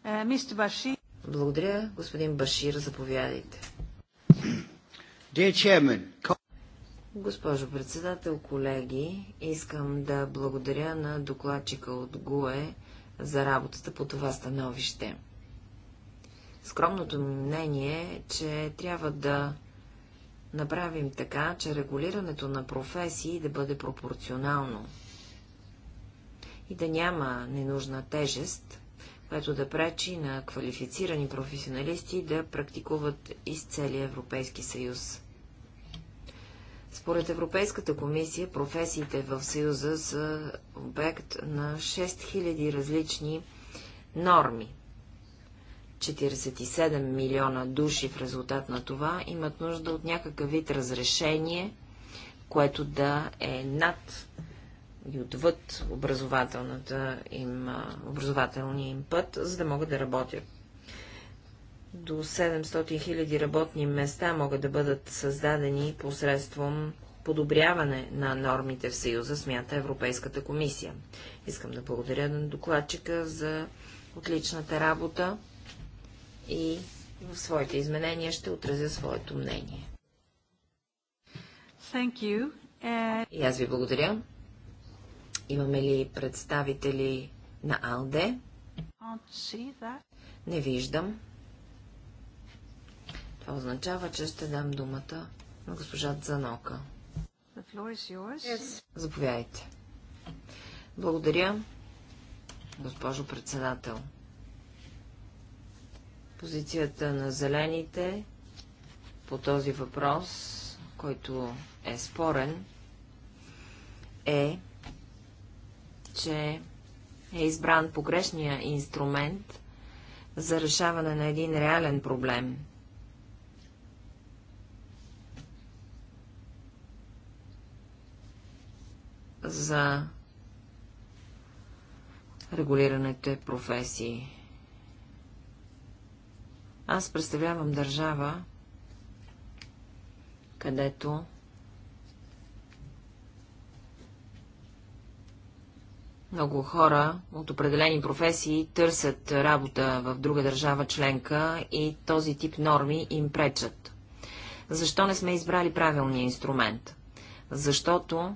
Uh, Благодаря, господин Башир, заповядайте. Госпожо председател, колеги, искам да благодаря на докладчика от ГУЕ за работата по това становище скромното ми мнение е, че трябва да направим така, че регулирането на професии да бъде пропорционално и да няма ненужна тежест, което да пречи на квалифицирани професионалисти да практикуват из целия Европейски съюз. Според Европейската комисия, професиите в Съюза са обект на 6000 различни норми, 47 милиона души в резултат на това имат нужда от някакъв вид разрешение, което да е над и отвъд образователната им, образователния им път, за да могат да работят. До 700 000 работни места могат да бъдат създадени посредством подобряване на нормите в Съюза, смята Европейската комисия. Искам да благодаря на докладчика за отличната работа и в своите изменения ще отразя своето мнение. Thank you. And... И аз ви благодаря. Имаме ли представители на АЛДЕ? Не виждам. Това означава, че ще дам думата на госпожа Занока. Yes. Заповядайте. Благодаря, госпожо председател. Позицията на зелените по този въпрос, който е спорен, е, че е избран погрешния инструмент за решаване на един реален проблем. За регулирането е професии. Аз представлявам държава, където Много хора от определени професии търсят работа в друга държава членка и този тип норми им пречат. Защо не сме избрали правилния инструмент? Защото...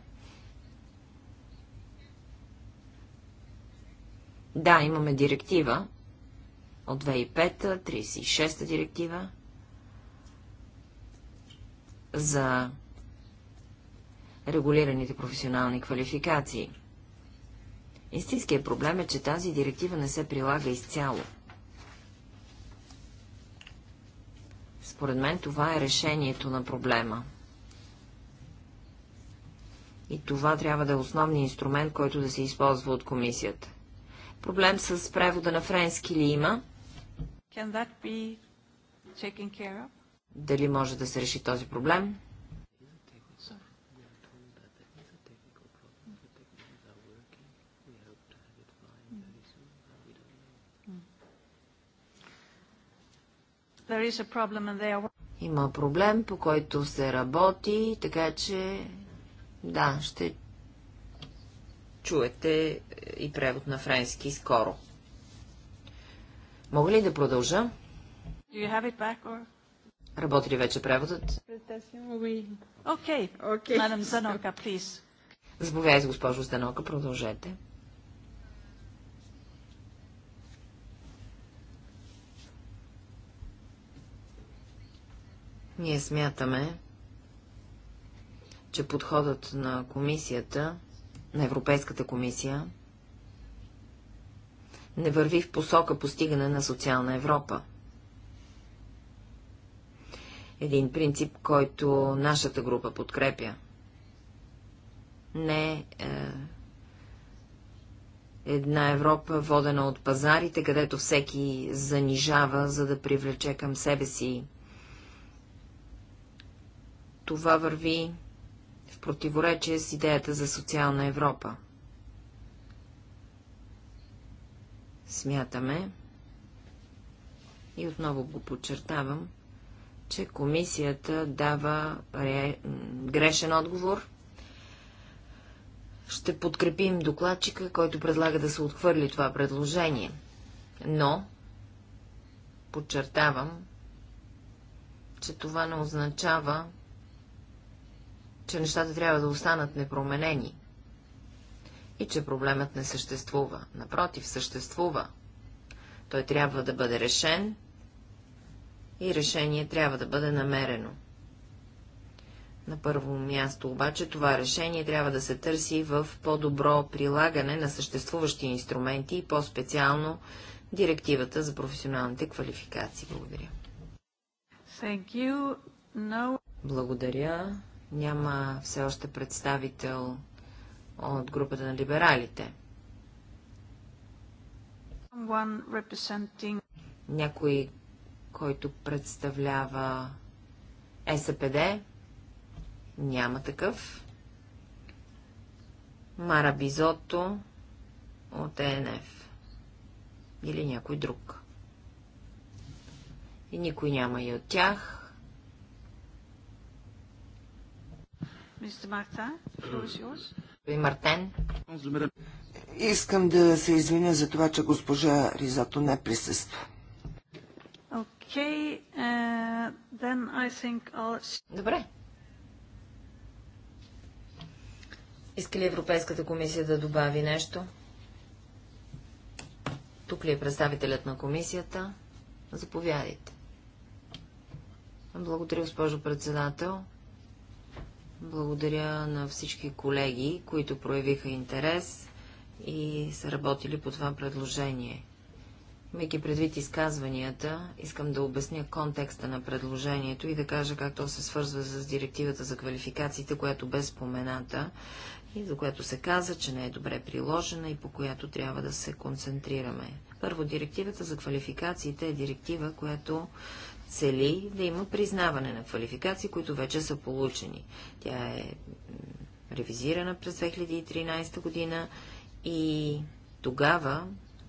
Да, имаме директива, от 2005-та, 36-та директива за регулираните професионални квалификации. Истинският проблем е, че тази директива не се прилага изцяло. Според мен това е решението на проблема. И това трябва да е основният инструмент, който да се използва от комисията. Проблем с превода на френски ли има? Can that be taken care of? Дали може да се реши този проблем? Има проблем, по който се работи, така че да, ще чуете и превод на френски скоро. Мога ли да продължа? Or... Работи ли вече преводът? Okay. Okay. Madam Zanoka, please. Заповядайте, госпожо Станока, продължете. Ние смятаме, че подходът на комисията, на Европейската комисия, не върви в посока постигане на социална Европа. Един принцип, който нашата група подкрепя. Не е, една Европа, водена от пазарите, където всеки занижава, за да привлече към себе си. Това върви в противоречие с идеята за социална Европа. Смятаме, и отново го подчертавам, че комисията дава ре... грешен отговор. Ще подкрепим докладчика, който предлага да се отхвърли това предложение. Но, подчертавам, че това не означава, че нещата трябва да останат непроменени и че проблемът не съществува. Напротив, съществува. Той трябва да бъде решен и решение трябва да бъде намерено. На първо място обаче това решение трябва да се търси в по-добро прилагане на съществуващи инструменти и по-специално директивата за професионалните квалификации. Благодаря. No... Благодаря. Няма все още представител от групата на либералите. Някой, който представлява СПД? Няма такъв. Мара Бизото от ЕНФ. Или някой друг. И никой няма и от тях. Мистер Marta, the господин Мартен. Искам да се извиня за това, че госпожа Ризато не присъства. Okay, uh, then I think I'll... Добре. Иска ли Европейската комисия да добави нещо? Тук ли е представителят на комисията? Заповядайте. Благодаря, госпожо председател. Благодаря на всички колеги, които проявиха интерес и са работили по това предложение. Мейки предвид изказванията, искам да обясня контекста на предложението и да кажа как то се свързва с директивата за квалификациите, която бе спомената и за която се каза, че не е добре приложена и по която трябва да се концентрираме. Първо, директивата за квалификациите е директива, която цели да има признаване на квалификации, които вече са получени. Тя е ревизирана през 2013 година и тогава,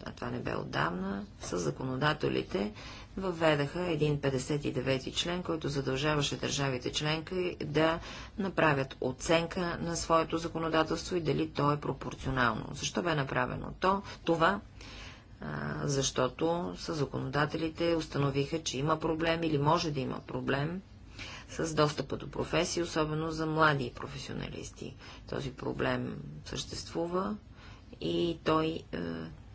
а това не бе отдавна, с законодателите въведаха един 59-ти член, който задължаваше държавите членки да направят оценка на своето законодателство и дали то е пропорционално. Защо бе направено то? Това защото са законодателите установиха, че има проблем или може да има проблем с достъпа до професии, особено за млади професионалисти. Този проблем съществува и той е,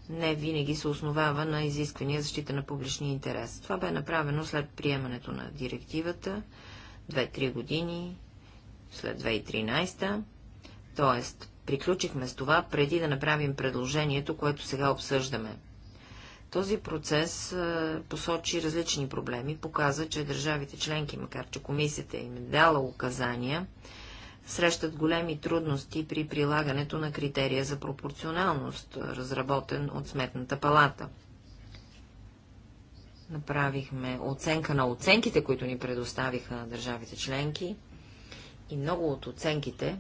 не винаги се основава на изисквания защита на публичния интерес. Това бе направено след приемането на директивата 2-3 години, след 2013, т.е. приключихме с това преди да направим предложението, което сега обсъждаме. Този процес е, посочи различни проблеми, показа, че държавите членки, макар че комисията им е дала указания, срещат големи трудности при прилагането на критерия за пропорционалност, разработен от Сметната палата. Направихме оценка на оценките, които ни предоставиха държавите членки и много от оценките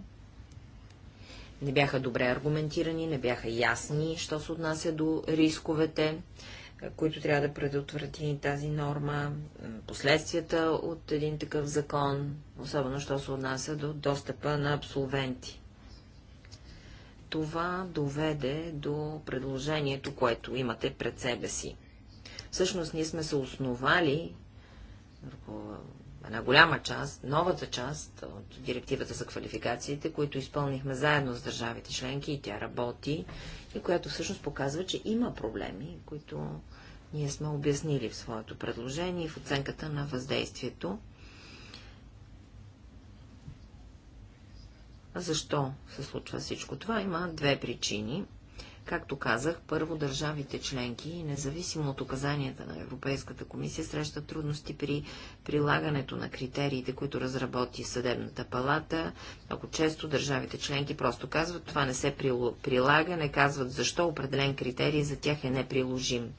не бяха добре аргументирани, не бяха ясни, що се отнася до рисковете, които трябва да предотврати тази норма, последствията от един такъв закон, особено що се отнася до достъпа на абсолвенти. Това доведе до предложението, което имате пред себе си. Всъщност ние сме се основали върху една голяма част, новата част от директивата за квалификациите, които изпълнихме заедно с държавите членки и тя работи, и която всъщност показва, че има проблеми, които ние сме обяснили в своето предложение и в оценката на въздействието. Защо се случва всичко това? Има две причини – Както казах, първо държавите членки, независимо от указанията на Европейската комисия, срещат трудности при прилагането на критериите, които разработи Съдебната палата. Ако често държавите членки просто казват, това не се прилага, не казват защо определен критерий за тях е неприложим.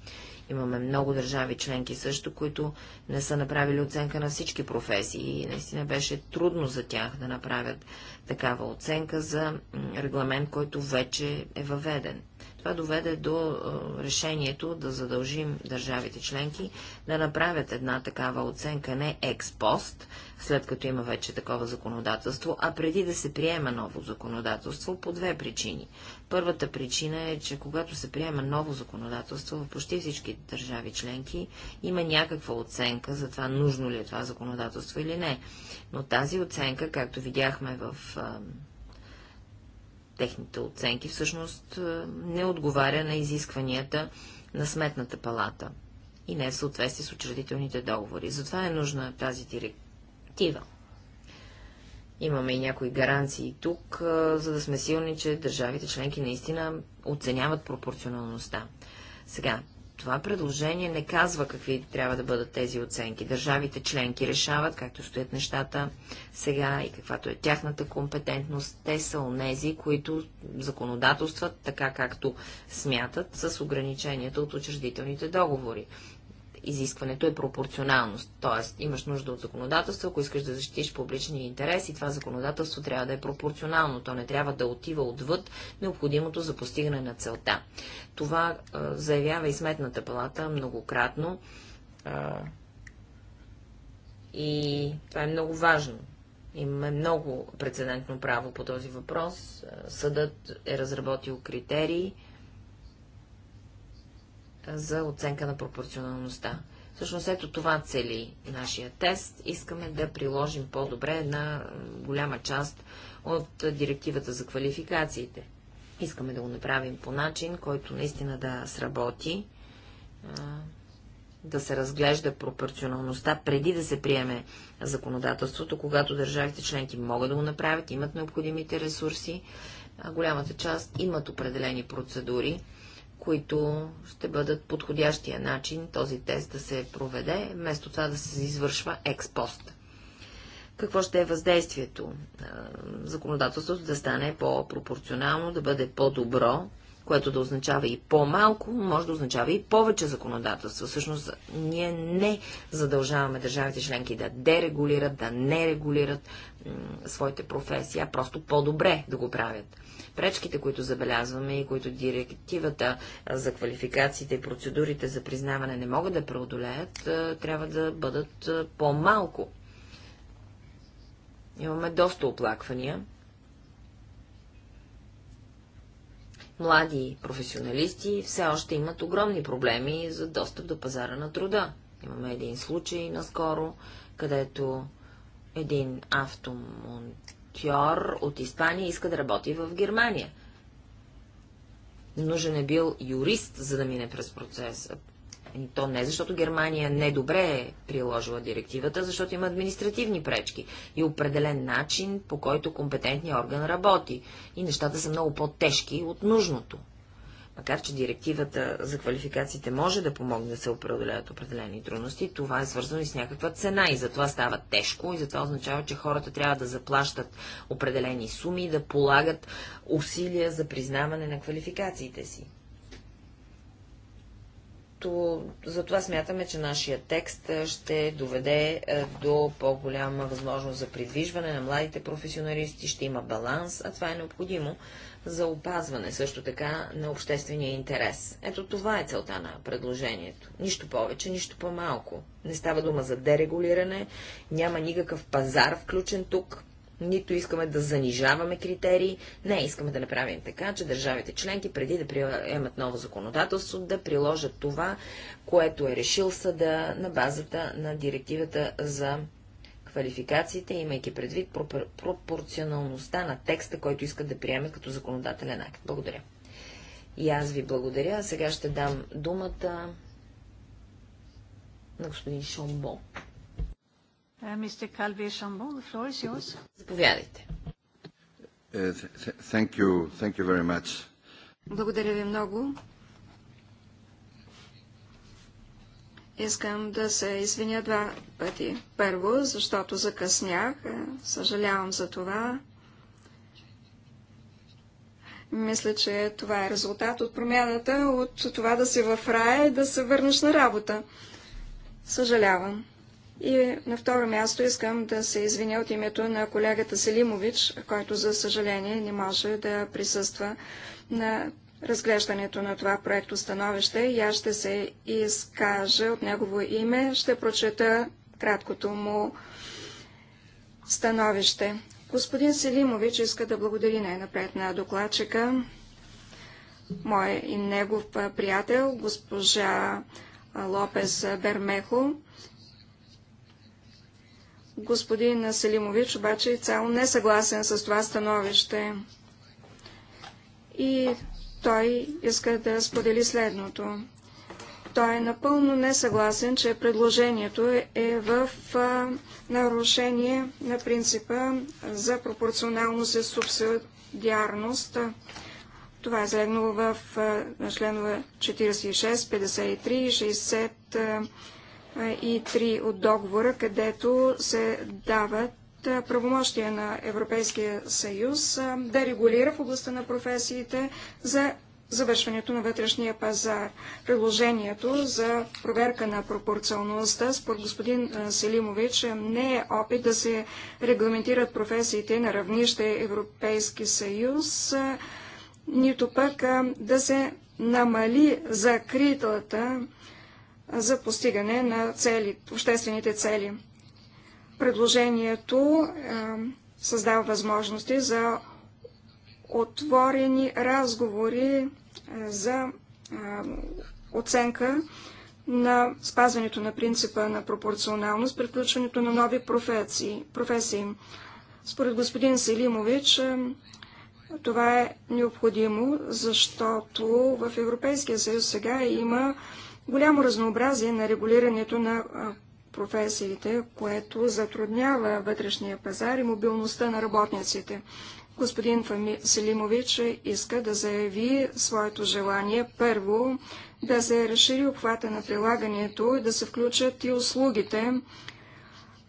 Имаме много държави членки също, които не са направили оценка на всички професии и наистина беше трудно за тях да направят такава оценка за регламент, който вече е въведен. Това доведе до решението да задължим държавите членки да направят една такава оценка не експост, след като има вече такова законодателство, а преди да се приема ново законодателство по две причини. Първата причина е, че когато се приема ново законодателство в почти всички държави членки, има някаква оценка за това нужно ли е това законодателство или не. Но тази оценка, както видяхме в техните оценки всъщност е, не отговаря на изискванията на Сметната палата и не е в съответствие с учредителните договори. Затова е нужна тази директива. Имаме и някои гаранции тук, е, за да сме силни, че държавите членки наистина оценяват пропорционалността. Сега, това предложение не казва какви трябва да бъдат тези оценки. Държавите членки решават, както стоят нещата сега и каквато е тяхната компетентност. Те са онези, които законодателстват така, както смятат, с ограниченията от учредителните договори изискването е пропорционалност. Т.е. имаш нужда от законодателство, ако искаш да защитиш публичния интерес и това законодателство трябва да е пропорционално. То не трябва да отива отвъд необходимото за постигане на целта. Това е, заявява и Сметната палата многократно. Е, и това е много важно. Имаме много прецедентно право по този въпрос. Съдът е разработил критерии за оценка на пропорционалността. Всъщност ето това цели нашия тест. Искаме да приложим по-добре една голяма част от директивата за квалификациите. Искаме да го направим по начин, който наистина да сработи, да се разглежда пропорционалността преди да се приеме законодателството, когато държавите членки могат да го направят, имат необходимите ресурси. Голямата част имат определени процедури, които ще бъдат подходящия начин този тест да се проведе, вместо това да се извършва експост. Какво ще е въздействието? Законодателството да стане по-пропорционално, да бъде по-добро, което да означава и по-малко, може да означава и повече законодателство. Всъщност, ние не задължаваме държавите членки да дерегулират, да не регулират своите професии, а просто по-добре да го правят пречките, които забелязваме и които директивата за квалификациите и процедурите за признаване не могат да преодолеят, трябва да бъдат по-малко. Имаме доста оплаквания. Млади професионалисти все още имат огромни проблеми за достъп до пазара на труда. Имаме един случай наскоро, където един автомонтаж актьор от Испания иска да работи в Германия. Нужен е бил юрист, за да мине през процеса. И то не защото Германия недобре е приложила директивата, защото има административни пречки и определен начин, по който компетентният орган работи. И нещата са много по-тежки от нужното. Макар, че директивата за квалификациите може да помогне да се определят определени трудности, това е свързано и с някаква цена и затова става тежко и затова означава, че хората трябва да заплащат определени суми и да полагат усилия за признаване на квалификациите си. То, затова смятаме, че нашия текст ще доведе до по-голяма възможност за придвижване на младите професионалисти, ще има баланс, а това е необходимо, за опазване също така на обществения интерес. Ето това е целта на предложението. Нищо повече, нищо по-малко. Не става дума за дерегулиране, няма никакъв пазар включен тук, нито искаме да занижаваме критерии, не, искаме да направим така, че държавите членки, преди да приемат ново законодателство, да приложат това, което е решил съда на базата на директивата за квалификациите, имайки предвид пропорционалността на текста, който искат да приеме като законодателен акт. Благодаря. И аз ви благодаря. Сега ще дам думата на господин Шомбо. Е, Шамбо, Заповядайте. Е, благодаря ви много. Искам да се извиня два пъти. Първо, защото закъснях. Съжалявам за това. Мисля, че това е резултат от промяната, от това да си в рая и да се върнеш на работа. Съжалявам. И на второ място искам да се извиня от името на колегата Селимович, който за съжаление не може да присъства на разглеждането на това проекто становище и аз ще се изкажа от негово име. Ще прочета краткото му становище. Господин Селимович иска да благодари най-напред на докладчика, мой и негов приятел, госпожа Лопес Бермехо. Господин Селимович обаче е цяло несъгласен с това становище и той иска да сподели следното. Той е напълно несъгласен, че предложението е в нарушение на принципа за пропорционалност и субсидиарност. Това е залегнало в членове 46, 53 и 60 и 3 от договора, където се дават е, правомощия на Европейския съюз е, да регулира в областта на професиите за завършването на вътрешния пазар. Предложението за проверка на пропорционалността според господин е, Селимович не е опит да се регламентират професиите на равнище Европейски съюз, нито пък да се намали закритата за постигане на цели, обществените цели. Предложението е, създава възможности за отворени разговори е, за е, оценка на спазването на принципа на пропорционалност при включването на нови професии. професии. Според господин Селимович, е, това е необходимо, защото в Европейския съюз сега има голямо разнообразие на регулирането на е, професиите, което затруднява вътрешния пазар и мобилността на работниците. Господин Селимович иска да заяви своето желание първо да се разшири обхвата на прилагането и да се включат и услугите,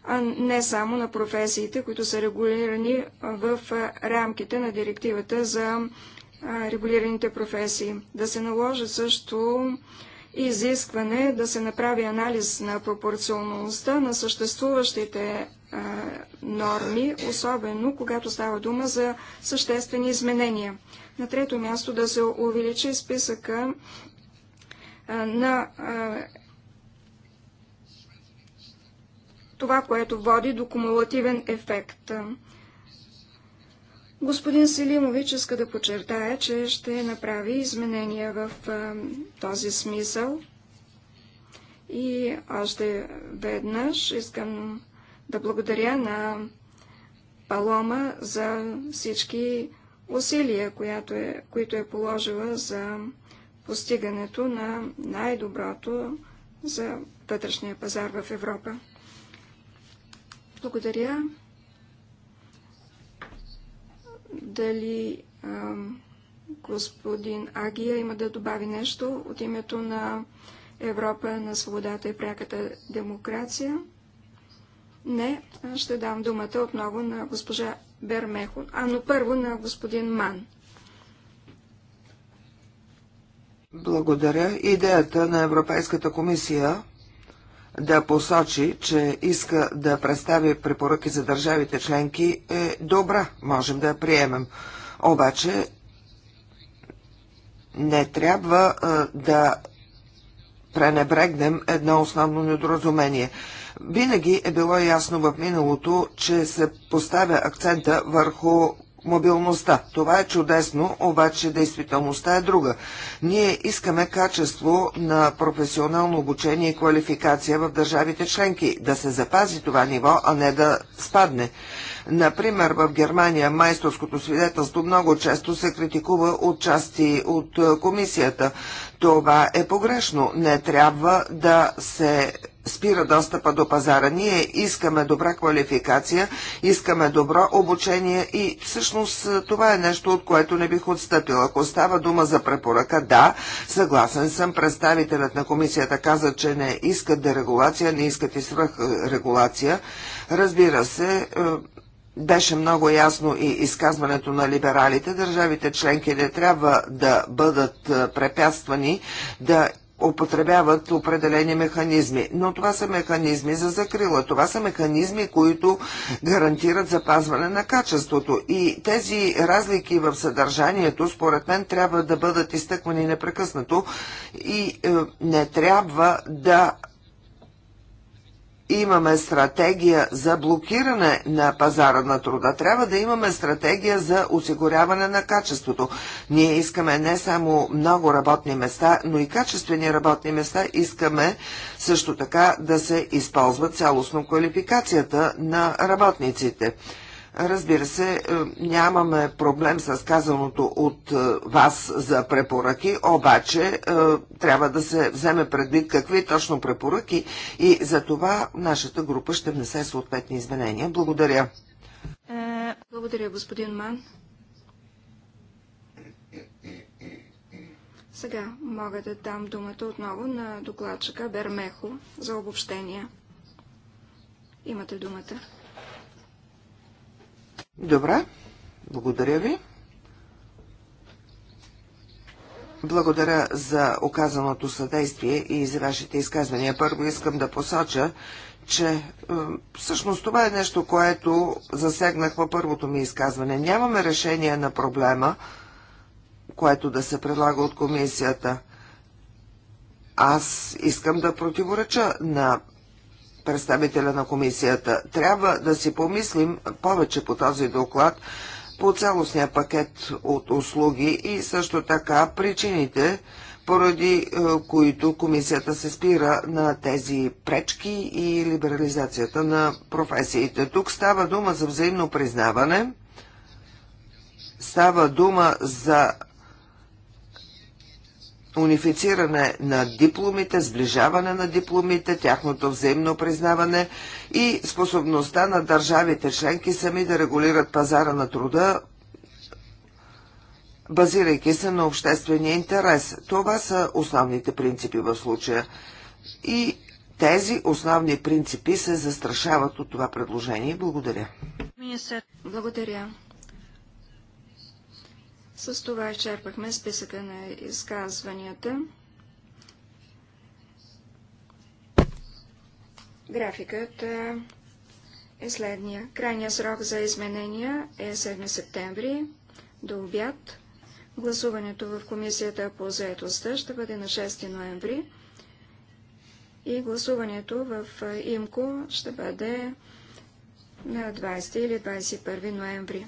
а не само на професиите, които са регулирани в рамките на директивата за регулираните професии. Да се наложи също изискване да се направи анализ на пропорционалността на съществуващите а, норми, особено когато става дума за съществени изменения. На трето място да се увеличи списъка а, на а, това, което води до кумулативен ефект. Господин Селимович иска да подчертая, че ще направи изменения в а, този смисъл. И още веднъж искам да благодаря на Палома за всички усилия, която е, които е положила за постигането на най-доброто за вътрешния пазар в Европа. Благодаря дали а, господин Агия има да добави нещо от името на Европа на свободата и пряката демокрация. Не, ще дам думата отново на госпожа Бермехо, а но първо на господин Ман. Благодаря. Идеята на Европейската комисия да посочи, че иска да представи препоръки за държавите членки е добра, можем да я приемем. Обаче не трябва а, е, да пренебрегнем едно основно недоразумение. Винаги е било ясно в миналото, че се поставя акцента върху мобилността. Това е чудесно, обаче действителността е друга. Ние искаме качество на професионално обучение и квалификация в държавите членки, да се запази това ниво, а не да спадне. Например, в Германия майсторското свидетелство много често се критикува от части от е, комисията. Това е погрешно. Не трябва да се спира достъпа до пазара. Ние искаме добра квалификация, искаме добро обучение и всъщност е, това е нещо, от което не бих отстъпил. Ако става дума за препоръка, да, съгласен съм. Представителят на комисията каза, че не искат дерегулация, не искат и свръхрегулация. Разбира се, е, беше много ясно и изказването на либералите. Държавите членки не трябва да бъдат е, препятствани да употребяват определени механизми. Но това са механизми за закрила. Това са механизми, които гарантират запазване на качеството. И тези разлики в съдържанието, според мен, трябва да бъдат изтъквани непрекъснато и е, не трябва да имаме стратегия за блокиране на пазара на труда, трябва да имаме стратегия за осигуряване на качеството. Ние искаме не само много работни места, но и качествени работни места. Искаме също така да се използва цялостно квалификацията на работниците. Разбира се, е, нямаме проблем с казаното от е, вас за препоръки, обаче е, трябва да се вземе предвид какви точно препоръки и за това нашата група ще внесе съответни изменения. Благодаря. Благодаря, господин Ман. Сега мога да дам думата отново на докладчика Бермехо за обобщения. Имате думата. Добре, благодаря ви. Благодаря за оказаното съдействие и за вашите изказвания. Първо искам да посоча, че е, всъщност това е нещо, което засегнах във първото ми изказване. Нямаме решение на проблема, което да се предлага от комисията. Аз искам да противореча на представителя на комисията. Трябва да си помислим повече по този доклад, по цялостния пакет от услуги и също така причините, поради е, които комисията се спира на тези пречки и либерализацията на професиите. Тук става дума за взаимно признаване, става дума за унифициране на дипломите, сближаване на дипломите, тяхното взаимно признаване и способността на държавите членки сами да регулират пазара на труда, базирайки се на обществения интерес. Това са основните принципи в случая. И тези основни принципи се застрашават от това предложение. Благодаря. Благодаря. С това изчерпахме списъка на изказванията. Графикът е следния. Крайният срок за изменения е 7 септември до обяд. Гласуването в Комисията по заедостта ще бъде на 6 ноември и гласуването в ИМКО ще бъде на 20 или 21 ноември.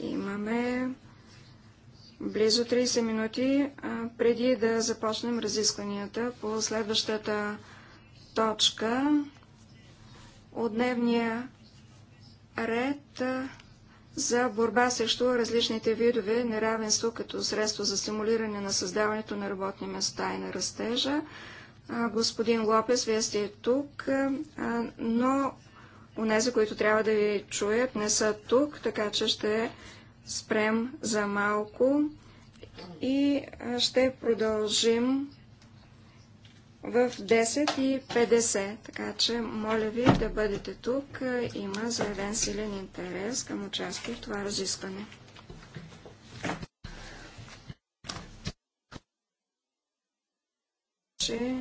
Имаме близо 30 минути преди да започнем разискванията по следващата точка от дневния ред за борба срещу различните видове неравенство като средство за стимулиране на създаването на работни места и на растежа. господин Лопес, вие сте тук, но Унези, които трябва да ви чуят, не са тук, така че ще спрем за малко и ще продължим в 10.50, така че моля ви да бъдете тук. Има заявен силен интерес към участие в това разискване. Че...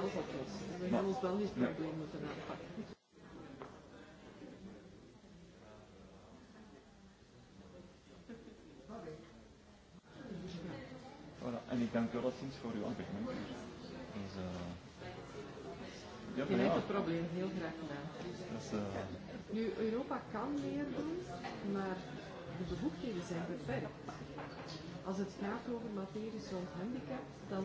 We etwas. Aber wir haben uns probleem nicht Probleme miteinander. Voilà, en ik dank u wel alleszins voor uw engagement. Dus, uh, ja, Je weet het probleem heel graag gedaan. Dus, uh, nu, Europa kan meer doen, maar de bevoegdheden zijn beperkt. Als het gaat over materie rond handicap, dan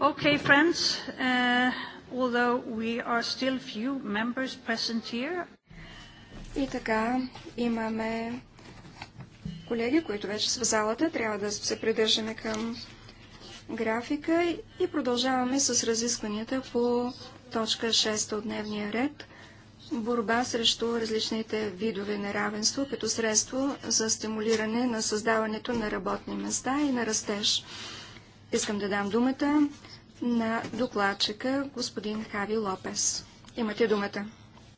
Okay, friends, uh, although we are still few members present here. И така, имаме колеги, които вече са в залата. Трябва да се придържаме към графика и продължаваме с разискванията по точка 6 от дневния ред борба срещу различните видове неравенство като средство за стимулиране на създаването на работни места и на растеж. Искам да дам думата на докладчика господин Хави Лопес. Имате думата.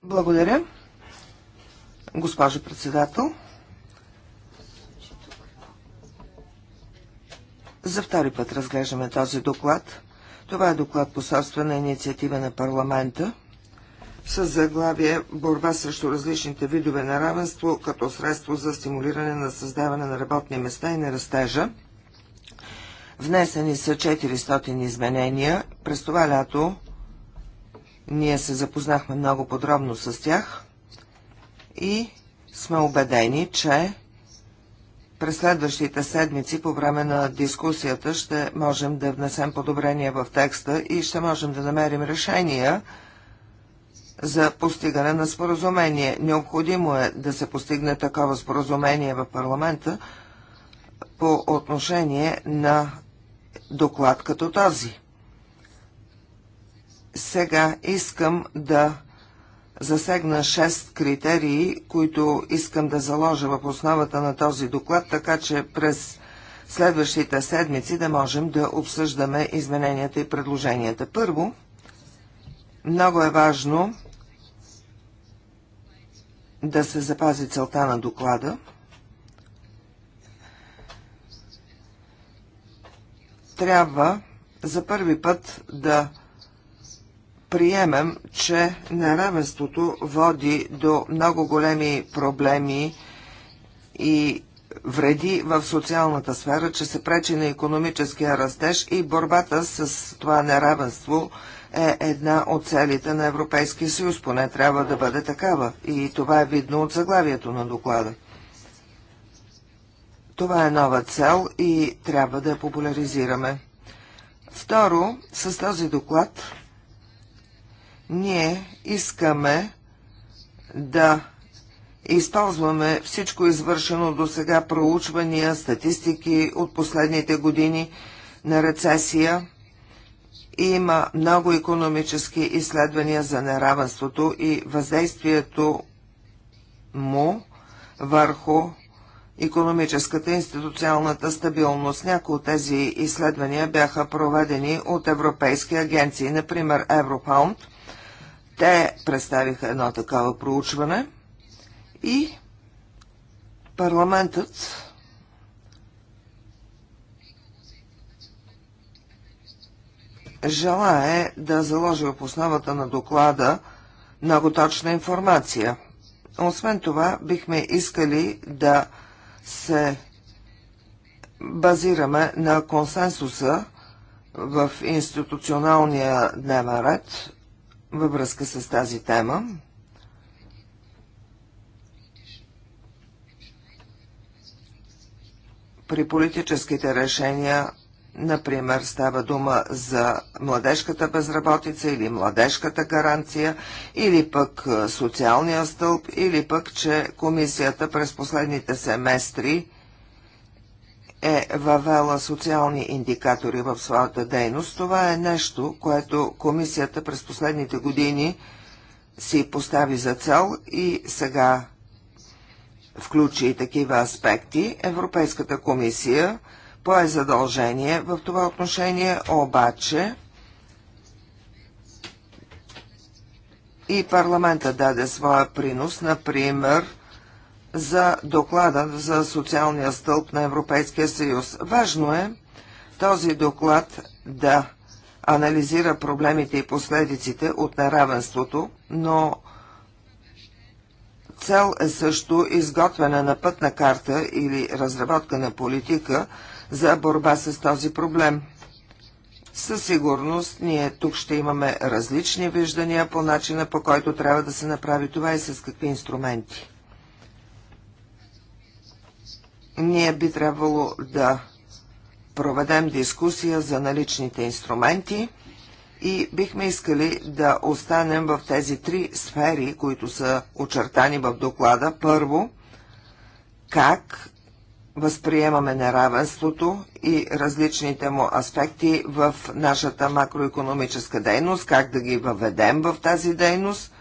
Благодаря. Госпожо председател, за втори път разглеждаме този доклад. Това е доклад по собствена инициатива на парламента с заглавие «Борба срещу различните видове на равенство като средство за стимулиране на създаване на работни места и на растежа». Внесени са 400 изменения. През това лято ние се запознахме много подробно с тях и сме убедени, че през следващите седмици по време на дискусията ще можем да внесем подобрения в текста и ще можем да намерим решения за постигане на споразумение. Необходимо е да се постигне такова споразумение в парламента по отношение на доклад като този. Сега искам да засегна шест критерии, които искам да заложа в основата на този доклад, така че през следващите седмици да можем да обсъждаме измененията и предложенията. Първо, много е важно да се запази целта на доклада – трябва за първи път да приемем, че неравенството води до много големи проблеми и вреди в социалната сфера, че се пречи на економическия растеж и борбата с това неравенство е една от целите на Европейския съюз, поне трябва да бъде такава. И това е видно от заглавието на доклада. Това е нова цел и трябва да я популяризираме. Второ, с този доклад ние искаме да използваме всичко извършено до сега проучвания, статистики от последните години на рецесия. Има много економически изследвания за неравенството и въздействието му върху економическата и институционалната стабилност. Някои от тези изследвания бяха проведени от европейски агенции, например Европаунд. Те представиха едно такава проучване и парламентът желае да заложи в основата на доклада много точна информация. Освен това, бихме искали да се базираме на консенсуса в институционалния дневен ред във връзка с тази тема. При политическите решения Например, става дума за младежката безработица или младежката гаранция, или пък е, социалния стълб, или пък, че комисията през последните семестри е въвела социални индикатори в своята дейност. Това е нещо, което комисията през последните години си постави за цел и сега включи и такива аспекти. Европейската комисия – пое задължение в това отношение, обаче и парламента даде своя принос, например, за доклада за социалния стълб на Европейския съюз. Важно е този доклад да анализира проблемите и последиците от неравенството, но цел е също изготвяне на пътна карта или разработка на политика за борба с този проблем. Със сигурност ние тук ще имаме различни виждания по начина по който трябва да се направи това и с какви инструменти. Ние би трябвало да проведем дискусия за наличните инструменти и бихме искали да останем в тези три сфери, които са очертани в доклада. Първо, как възприемаме неравенството и различните му аспекти в нашата макроекономическа дейност, как да ги въведем в тази дейност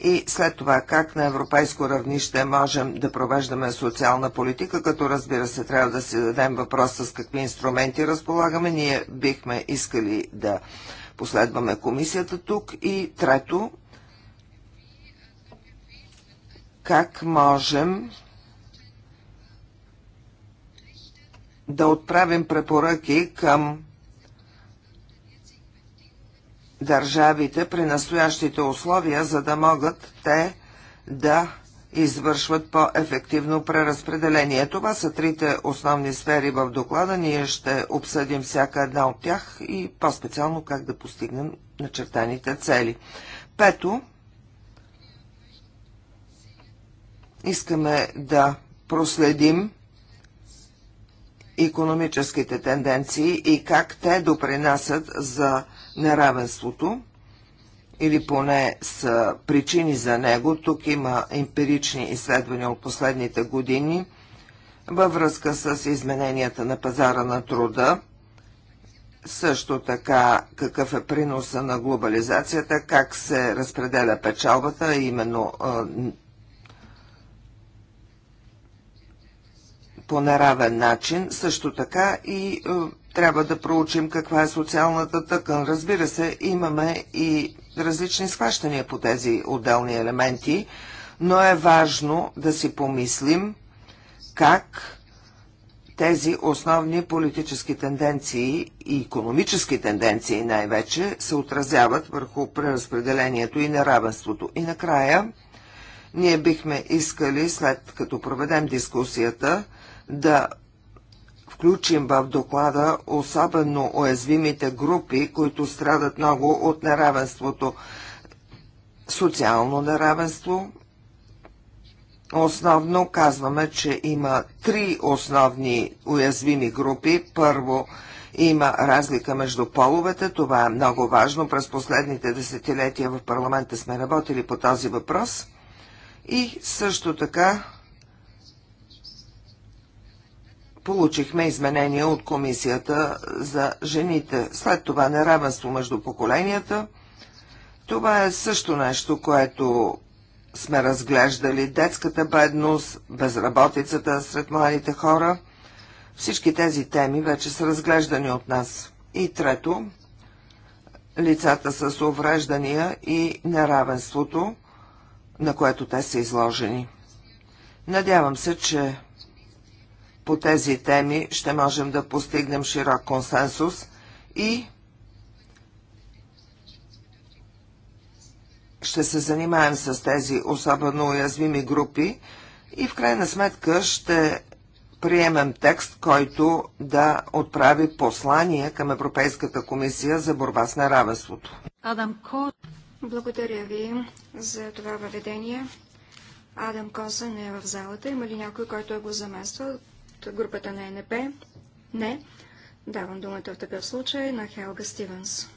и след това как на европейско равнище можем да провеждаме социална политика, като разбира се трябва да си дадем въпрос с какви инструменти разполагаме. Ние бихме искали да последваме комисията тук и трето, как можем да отправим препоръки към държавите при настоящите условия, за да могат те да извършват по-ефективно преразпределение. Това са трите основни сфери в доклада. Ние ще обсъдим всяка една от тях и по-специално как да постигнем начертаните цели. Пето, искаме да проследим економическите тенденции и как те допринасят за неравенството или поне са причини за него. Тук има емпирични изследвания от последните години във връзка с измененията на пазара на труда, също така какъв е приноса на глобализацията, как се разпределя печалбата, именно по неравен начин. Също така и е, трябва да проучим каква е социалната тъкан. Разбира се, имаме и различни схващания по тези отделни елементи, но е важно да си помислим как тези основни политически тенденции и економически тенденции най-вече се отразяват върху преразпределението и неравенството. И накрая, ние бихме искали, след като проведем дискусията, да включим в доклада особено уязвимите групи, които страдат много от неравенството. Социално неравенство. Основно казваме, че има три основни уязвими групи. Първо, има разлика между половете. Това е много важно. През последните десетилетия в парламента сме работили по този въпрос. И също така получихме изменения от Комисията за жените. След това неравенство между поколенията. Това е също нещо, което сме разглеждали. Детската бедност, безработицата сред младите хора. Всички тези теми вече са разглеждани от нас. И трето, лицата с увреждания и неравенството, на което те са изложени. Надявам се, че по тези теми ще можем да постигнем широк консенсус и ще се занимаем с тези особено уязвими групи и в крайна сметка ще приемем текст, който да отправи послание към Европейската комисия за борба с неравенството. Адам Ко... Благодаря ви за това въведение. Адам Косън е в залата. Има ли някой, който е го замества? групата на НП? Не. Давам думата в такъв случай на Хелга Стивенс.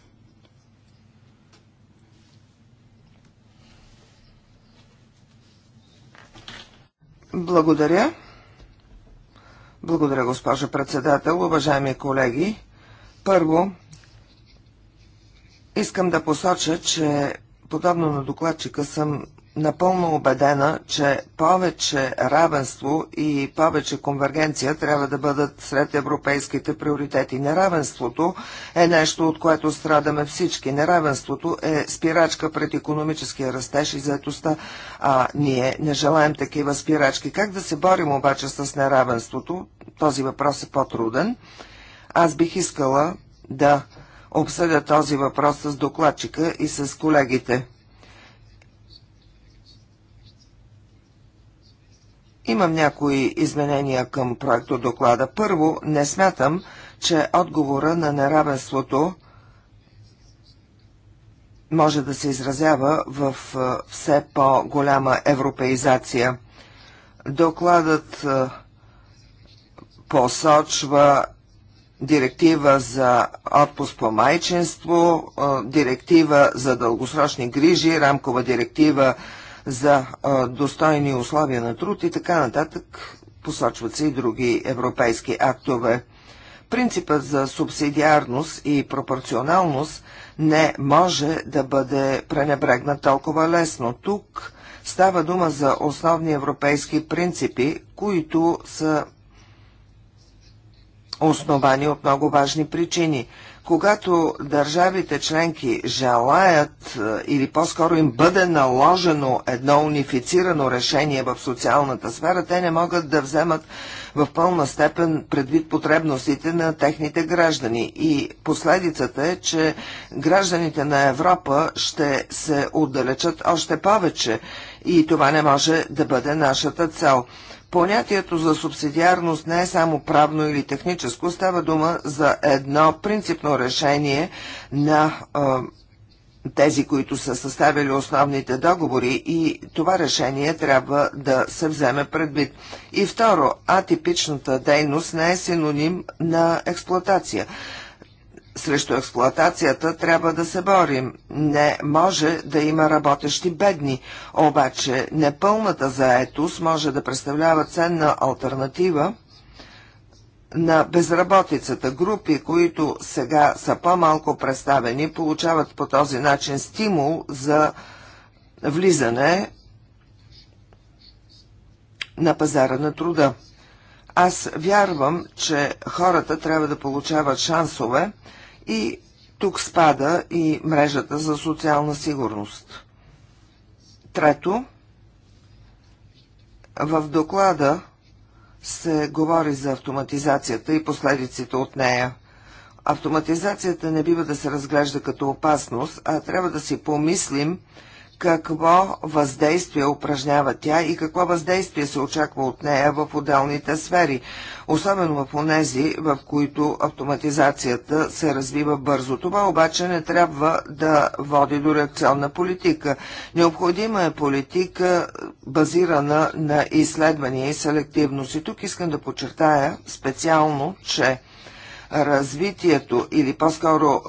Благодаря. Благодаря, госпожа председател. Уважаеми колеги, първо искам да посоча, че подобно на докладчика съм напълно убедена, че повече равенство и повече конвергенция трябва да бъдат сред европейските приоритети. Неравенството е нещо, от което страдаме всички. Неравенството е спирачка пред економическия растеж и заетостта, а ние не желаем такива спирачки. Как да се борим обаче с неравенството? Този въпрос е по-труден. Аз бих искала да обсъдя този въпрос с докладчика и с колегите. Имам някои изменения към проекто доклада. Първо, не смятам, че отговора на неравенството може да се изразява в все по-голяма европеизация. Докладът посочва директива за отпуск по майчинство, директива за дългосрочни грижи, рамкова директива за достойни условия на труд и така нататък. Посочват се и други европейски актове. Принципът за субсидиарност и пропорционалност не може да бъде пренебрегнат толкова лесно. Тук става дума за основни европейски принципи, които са основани от много важни причини – когато държавите членки желаят е, или по-скоро им бъде наложено едно унифицирано решение в социалната сфера, те не могат да вземат в пълна степен предвид потребностите на техните граждани. И последицата е, че гражданите на Европа ще се отдалечат още повече и това не може да бъде нашата цел. Понятието за субсидиарност не е само правно или техническо, става дума за едно принципно решение на е, тези, които са съставили основните договори и това решение трябва да се вземе предвид. И второ, атипичната дейност не е синоним на експлоатация срещу експлоатацията трябва да се борим. Не може да има работещи бедни, обаче непълната заетост може да представлява ценна альтернатива на безработицата. Групи, които сега са по-малко представени, получават по този начин стимул за влизане на пазара на труда. Аз вярвам, че хората трябва да получават шансове, и тук спада и мрежата за социална сигурност. Трето, в доклада се говори за автоматизацията и последиците от нея. Автоматизацията не бива да се разглежда като опасност, а трябва да си помислим какво въздействие упражнява тя и какво въздействие се очаква от нея в отделните сфери, особено в онези, в които автоматизацията се развива бързо. Това обаче не трябва да води до реакционна политика. Необходима е политика базирана на изследвания и селективност. И тук искам да подчертая специално, че развитието или по-скоро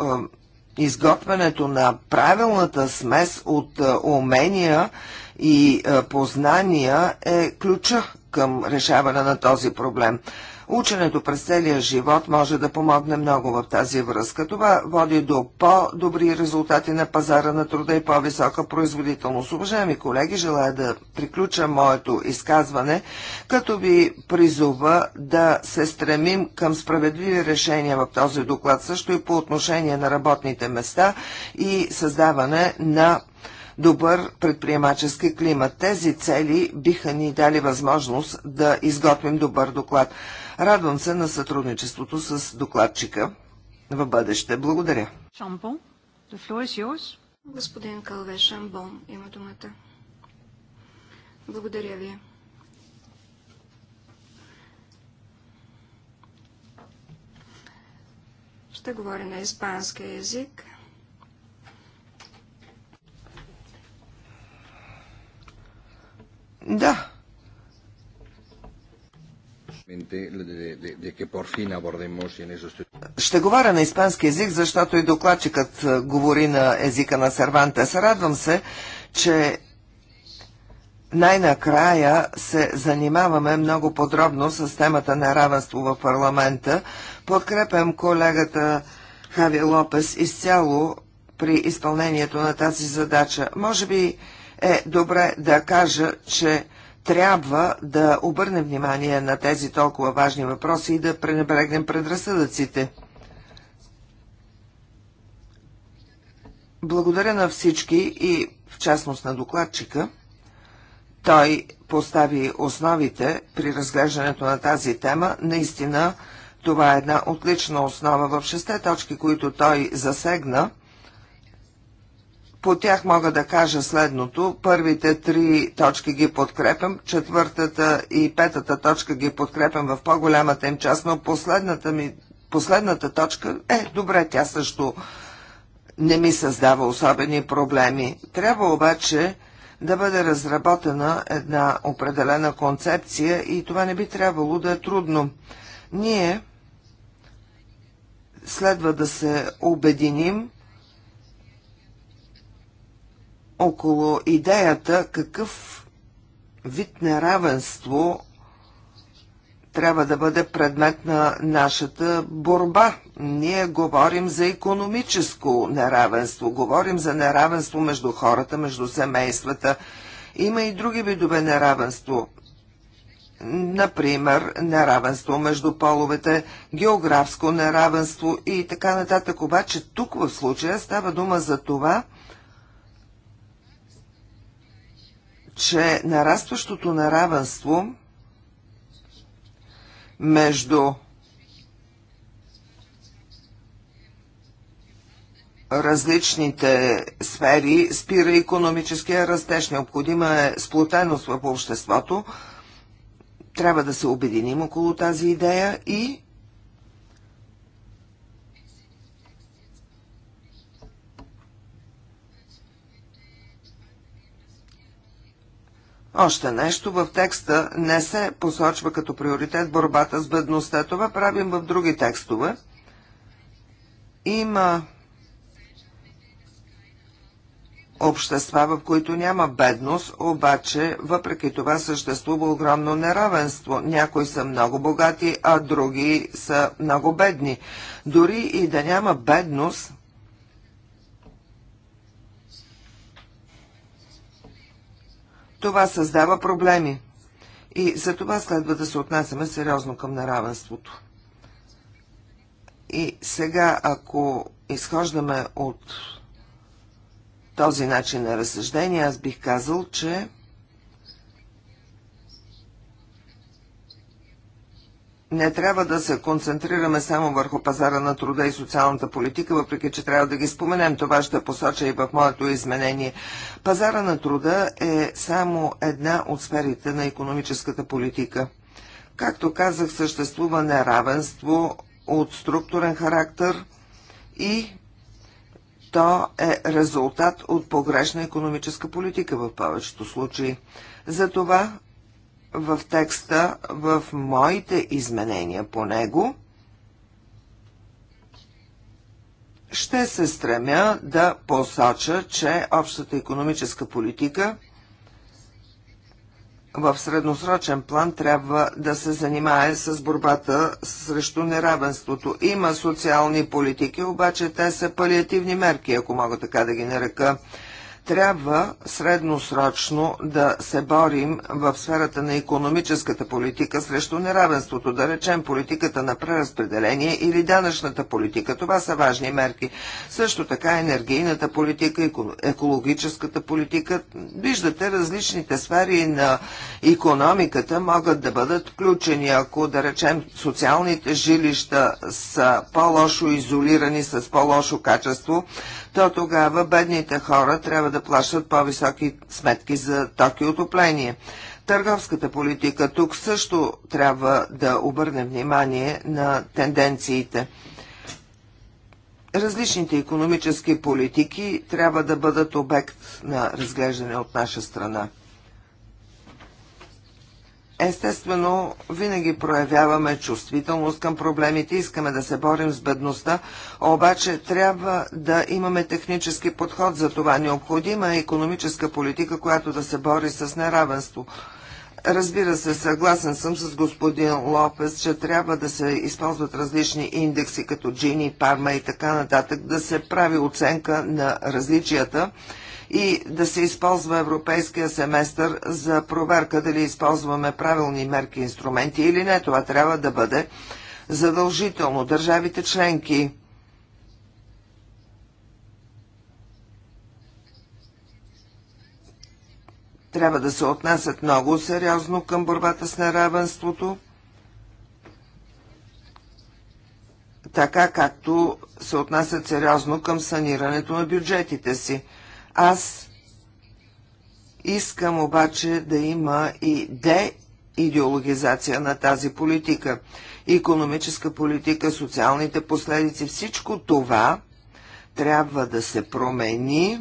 изготвянето на правилната смес от е, умения и е, познания е ключа към решаване на този проблем. Ученето през целия живот може да помогне много в тази връзка. Това води до по-добри резултати на пазара на труда и по-висока производителност. Уважаеми колеги, желая да приключа моето изказване, като ви призова да се стремим към справедливи решения в този доклад, също и по отношение на работните места и създаване на добър предприемачески климат. Тези цели биха ни дали възможност да изготвим добър доклад. Радвам се на сътрудничеството с докладчика в бъдеще. Благодаря. Шампо, the floor is yours. Господин Калве Шамбон има думата. Благодаря ви. Ще говоря на испански язик. Да, ще говоря на испански език, защото и докладчикът говори на езика на Сервантес. Радвам се, че най-накрая се занимаваме много подробно с темата на равенство в парламента. Подкрепям колегата Хави Лопес изцяло при изпълнението на тази задача. Може би е добре да кажа, че трябва да обърнем внимание на тези толкова важни въпроси и да пренебрегнем предразсъдъците. Благодаря на всички и в частност на докладчика. Той постави основите при разглеждането на тази тема. Наистина, това е една отлична основа в шесте точки, които той засегна – по тях мога да кажа следното. Първите три точки ги подкрепям, четвъртата и петата точка ги подкрепям в по-голямата им част, но последната, ми, последната точка е добре, тя също не ми създава особени проблеми. Трябва обаче да бъде разработена една определена концепция и това не би трябвало да е трудно. Ние следва да се обединим около идеята какъв вид неравенство трябва да бъде предмет на нашата борба. Ние говорим за економическо неравенство, говорим за неравенство между хората, между семействата. Има и други видове неравенство. Например, неравенство между половете, географско неравенство и така нататък. Обаче тук в случая става дума за това – че нарастващото неравенство между различните сфери спира економическия растеж. Необходима е сплотеност в обществото. Трябва да се обединим около тази идея и Още нещо, в текста не се посочва като приоритет борбата с бедността. Това правим в други текстове. Има общества, в които няма бедност, обаче въпреки това съществува огромно неравенство. Някои са много богати, а други са много бедни. Дори и да няма бедност, Това създава проблеми. И за това следва да се отнасяме сериозно към неравенството. И сега, ако изхождаме от този начин на разсъждение, аз бих казал, че не трябва да се концентрираме само върху пазара на труда и социалната политика, въпреки че трябва да ги споменем. Това ще посоча и в моето изменение. Пазара на труда е само една от сферите на економическата политика. Както казах, съществува неравенство от структурен характер и то е резултат от погрешна економическа политика в повечето случаи. Затова в текста, в моите изменения по него, ще се стремя да посоча, че общата економическа политика в средносрочен план трябва да се занимае с борбата срещу неравенството. Има социални политики, обаче те са палиативни мерки, ако мога така да ги нарека трябва средносрочно да се борим в сферата на економическата политика срещу неравенството, да речем политиката на преразпределение или данъчната политика. Това са важни мерки. Също така енергийната политика, екологическата политика. Виждате, различните сфери на економиката могат да бъдат включени, ако да речем социалните жилища са по-лошо изолирани, с по-лошо качество, то тогава бедните хора трябва да да плащат по-високи сметки за токи и отопление. Търговската политика тук също трябва да обърне внимание на тенденциите. Различните економически политики трябва да бъдат обект на разглеждане от наша страна. Естествено, винаги проявяваме чувствителност към проблемите, искаме да се борим с бедността, обаче трябва да имаме технически подход за това. Необходима е економическа политика, която да се бори с неравенство. Разбира се, съгласен съм с господин Лопес, че трябва да се използват различни индекси, като Джини, Парма и така нататък, да се прави оценка на различията и да се използва европейския семестър за проверка дали използваме правилни мерки и инструменти или не. Това трябва да бъде задължително. Държавите членки трябва да се отнасят много сериозно към борбата с неравенството, така както се отнасят сериозно към санирането на бюджетите си. Аз искам обаче да има и де идеологизация на тази политика. Економическа политика, социалните последици, всичко това трябва да се промени,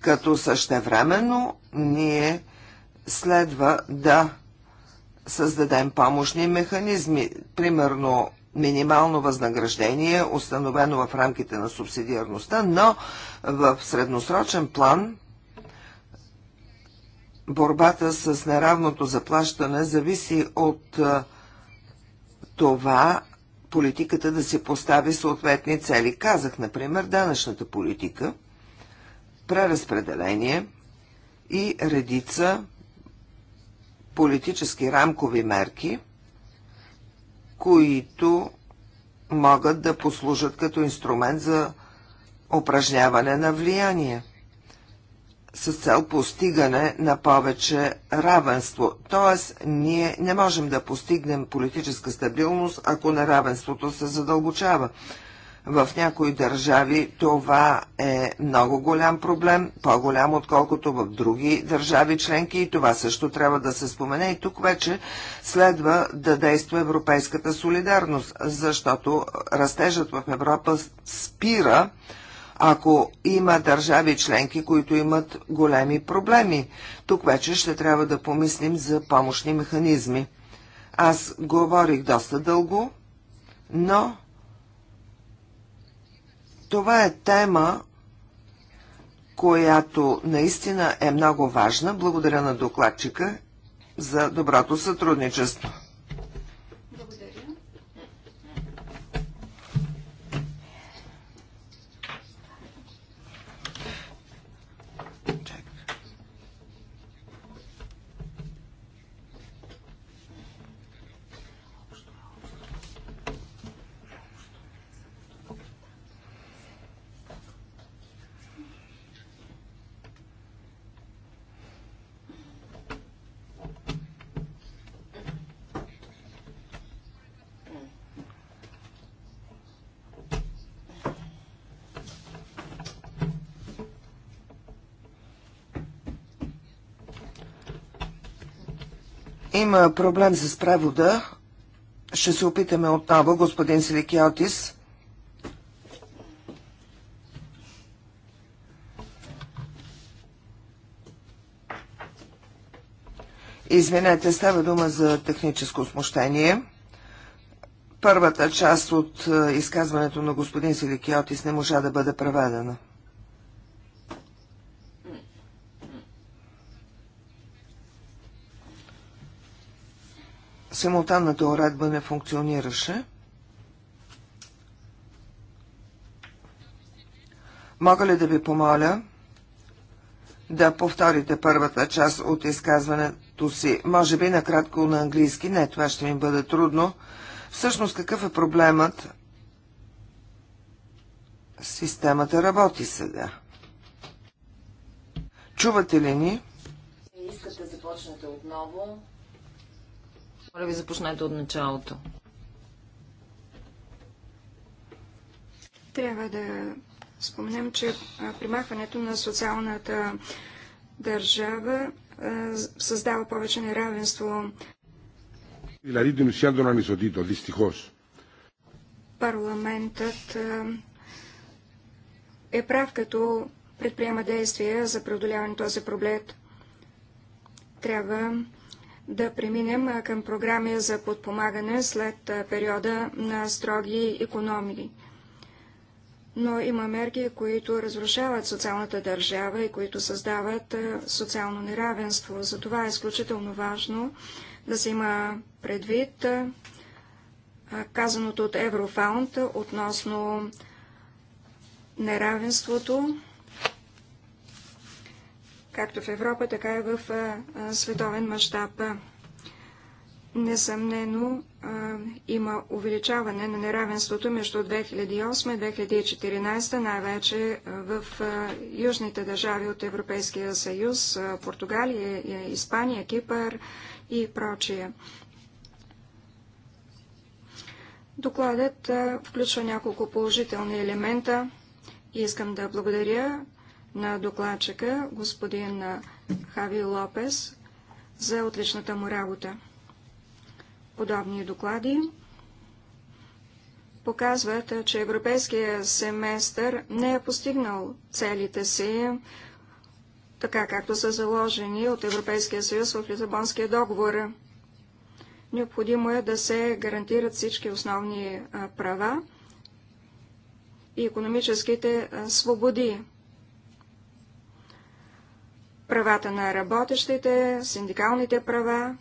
като същевременно ние следва да създадем помощни механизми. Примерно минимално възнаграждение, установено в рамките на субсидиарността, но в средносрочен план борбата с неравното заплащане зависи от това политиката да се постави съответни цели. Казах, например, данъчната политика, преразпределение и редица политически рамкови мерки – които могат да послужат като инструмент за упражняване на влияние с цел постигане на повече равенство. Тоест, ние не можем да постигнем политическа стабилност, ако неравенството се задълбочава. В някои държави това е много голям проблем, по-голям отколкото в други държави членки и това също трябва да се спомене. И тук вече следва да действа европейската солидарност, защото растежът в Европа спира ако има държави членки, които имат големи проблеми. Тук вече ще трябва да помислим за помощни механизми. Аз говорих доста дълго, но това е тема, която наистина е много важна. Благодаря на докладчика за доброто сътрудничество. има проблем с превода. Ще се опитаме отново, господин Силикиотис. Извинете, става дума за техническо смущение. Първата част от е, изказването на господин Силикиотис не можа да бъде преведена. симултанната уредба не функционираше. Мога ли да ви помоля да повторите първата част от изказването си? Може би накратко на английски. Не, това ще ми бъде трудно. Всъщност какъв е проблемът? Системата работи сега. Чувате ли ни? Искате да започнете отново? Моля ви, започнете от началото. Трябва да споменем, че примахването на социалната държава създава повече неравенство. Парламентът е прав, като предприема действия за преодоляване този проблем. Трябва да преминем към програми за подпомагане след периода на строги економии. Но има мерки, които разрушават социалната държава и които създават социално неравенство. Затова е изключително важно да се има предвид казаното от Еврофаунд относно неравенството както в Европа, така и в световен мащаб. Несъмнено има увеличаване на неравенството между 2008 и 2014, най-вече в южните държави от Европейския съюз, Португалия, е, е, Испания, Кипър и прочие. Докладът включва няколко положителни елемента. и Искам да благодаря на докладчика, господин Хави Лопес, за отличната му работа. Подобни доклади показват, че европейския семестър не е постигнал целите си, така както са заложени от Европейския съюз в Лизабонския договор. Необходимо е да се гарантират всички основни права и економическите свободи правата на работещите, синдикалните права,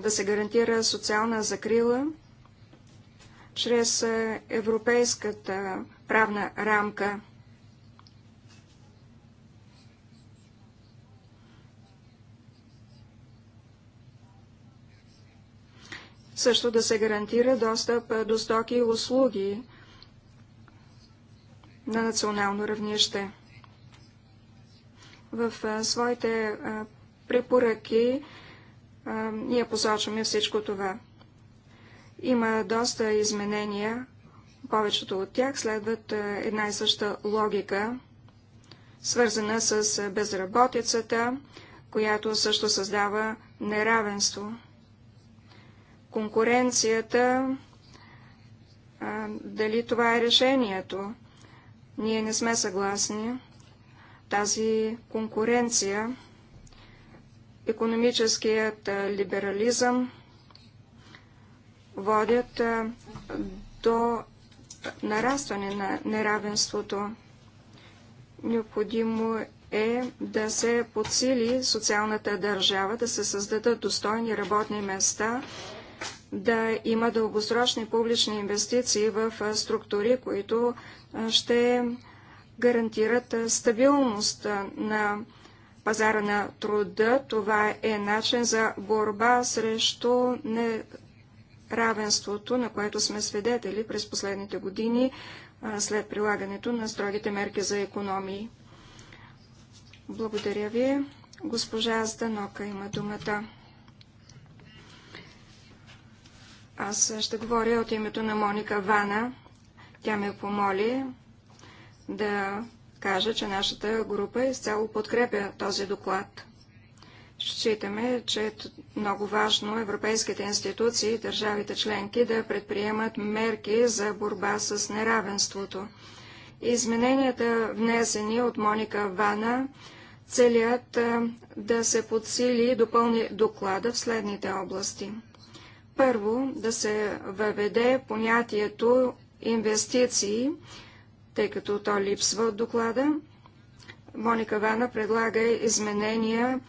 да се гарантира социална закрила чрез европейската правна рамка. Също да се гарантира достъп до стоки и услуги на национално равнище. В своите препоръки ние посочваме всичко това. Има доста изменения, повечето от тях следват една и съща логика, свързана с безработицата, която също създава неравенство. Конкуренцията, дали това е решението? Ние не сме съгласни тази конкуренция, економическият либерализъм водят до нарастване на неравенството. Необходимо е да се подсили социалната държава, да се създадат достойни работни места, да има дългосрочни публични инвестиции в структури, които ще гарантират стабилност на пазара на труда. Това е начин за борба срещу неравенството, на което сме свидетели през последните години след прилагането на строгите мерки за економии. Благодаря ви. Госпожа Азданока има думата. Аз ще говоря от името на Моника Вана. Тя ме помоли да кажа, че нашата група изцяло подкрепя този доклад. Считаме, че е много важно европейските институции и държавите членки да предприемат мерки за борба с неравенството. Измененията, внесени от Моника Вана, целят да се подсили и допълни доклада в следните области. Първо, да се въведе понятието инвестиции тъй като то липсва от доклада. Моника Вана предлага изменения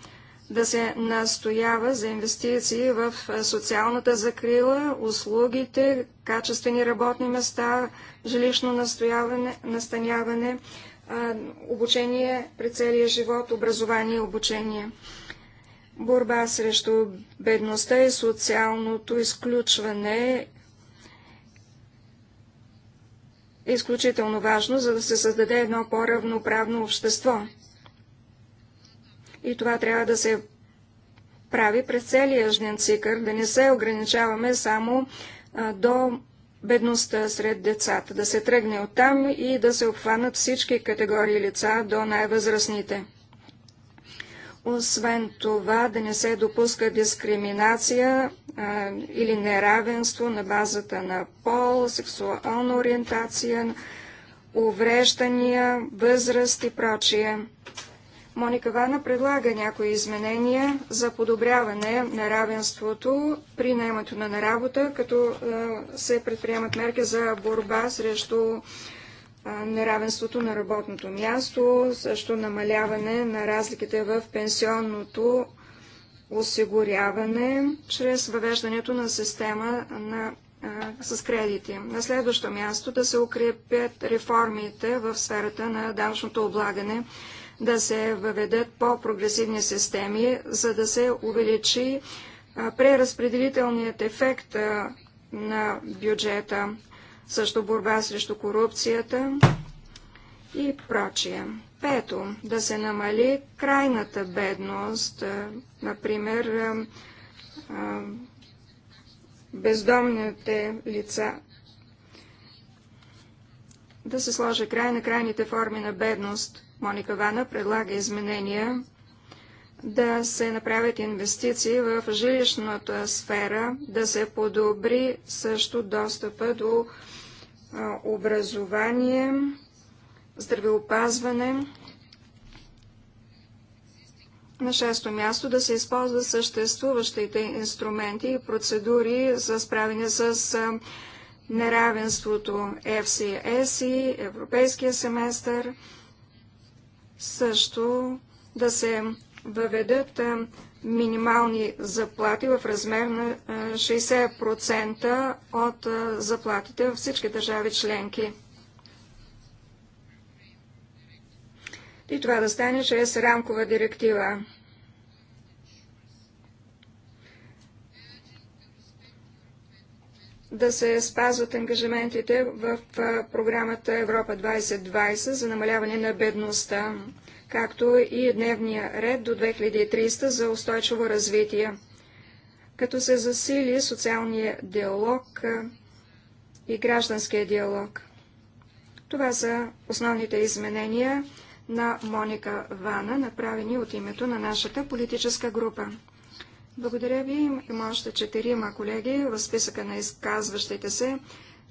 да се настоява за инвестиции в социалната закрила, услугите, качествени работни места, жилищно настаняване, обучение при целия живот, образование и обучение. Борба срещу бедността и социалното изключване е изключително важно, за да се създаде едно по-равноправно общество. И това трябва да се прави през целия жнен цикър, да не се ограничаваме само а, до бедността сред децата, да се тръгне оттам и да се обхванат всички категории лица до най-възрастните. Освен това, да не се допуска дискриминация а, или неравенство на базата на пол, сексуална ориентация, увреждания, възраст и прочие. Моника Вана предлага някои изменения за подобряване на равенството при наемането на работа, като а, се предприемат мерки за борба срещу неравенството на работното място, също намаляване на разликите в пенсионното осигуряване чрез въвеждането на система на, а, с кредити. На следващо място да се укрепят реформите в сферата на данъчното облагане, да се въведат по-прогресивни системи, за да се увеличи а, преразпределителният ефект а, на бюджета също борба срещу корупцията и прочие. Пето, да се намали крайната бедност, например бездомните лица, да се сложи край на крайните форми на бедност. Моника Вана предлага изменения да се направят инвестиции в жилищната сфера, да се подобри също достъпа до образование, здравеопазване. На шесто място да се използва съществуващите инструменти и процедури за справяне с неравенството и Европейския семестър, също да се въведат минимални заплати в размер на 60% от заплатите във всички държави членки. И това да стане чрез рамкова директива. да се спазват ангажиментите в програмата Европа 2020 за намаляване на бедността както и дневния ред до 2300 за устойчиво развитие, като се засили социалния диалог и гражданския диалог. Това са основните изменения на Моника Вана, направени от името на нашата политическа група. Благодаря ви. Има още четирима колеги в списъка на изказващите се.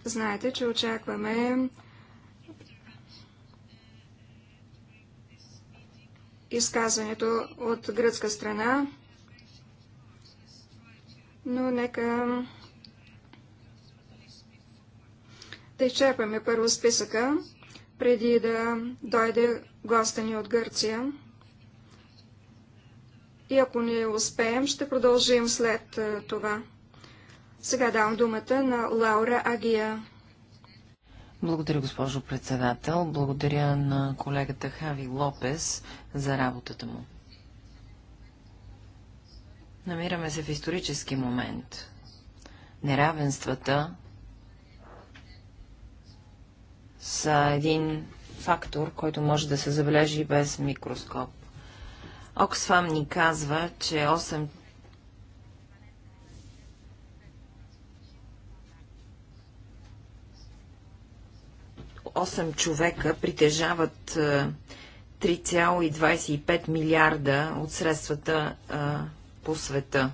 Знаете, че очакваме изказването от гръцка страна, но нека да изчерпаме първо списъка, преди да дойде госта ни от Гърция. И ако не успеем, ще продължим след това. Сега давам думата на Лаура Агия. Благодаря, госпожо председател. Благодаря на колегата Хави Лопес за работата му. Намираме се в исторически момент. Неравенствата са един фактор, който може да се забележи без микроскоп. Оксфам ни казва, че 8 8 човека притежават 3,25 милиарда от средствата по света.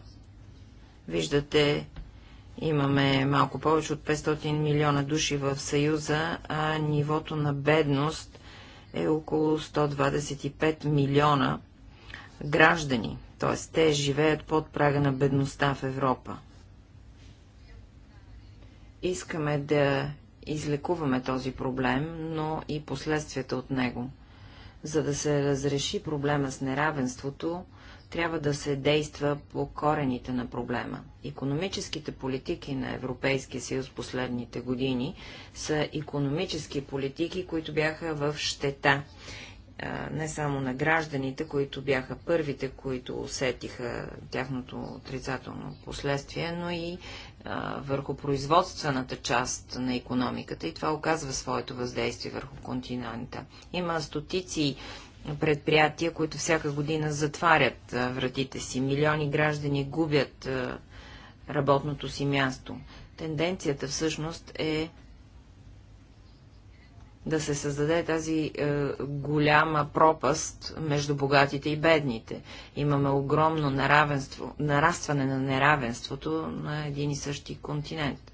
Виждате, имаме малко повече от 500 милиона души в Съюза, а нивото на бедност е около 125 милиона граждани, т.е. те живеят под прага на бедността в Европа. Искаме да излекуваме този проблем, но и последствията от него. За да се разреши проблема с неравенството, трябва да се действа по корените на проблема. Економическите политики на Европейския съюз последните години са економически политики, които бяха в щета. Не само на гражданите, които бяха първите, които усетиха тяхното отрицателно последствие, но и върху производствената част на економиката и това оказва своето въздействие върху континента. Има стотици предприятия, които всяка година затварят вратите си. Милиони граждани губят работното си място. Тенденцията всъщност е да се създаде тази е, голяма пропаст между богатите и бедните. Имаме огромно наравенство, нарастване на неравенството на един и същи континент.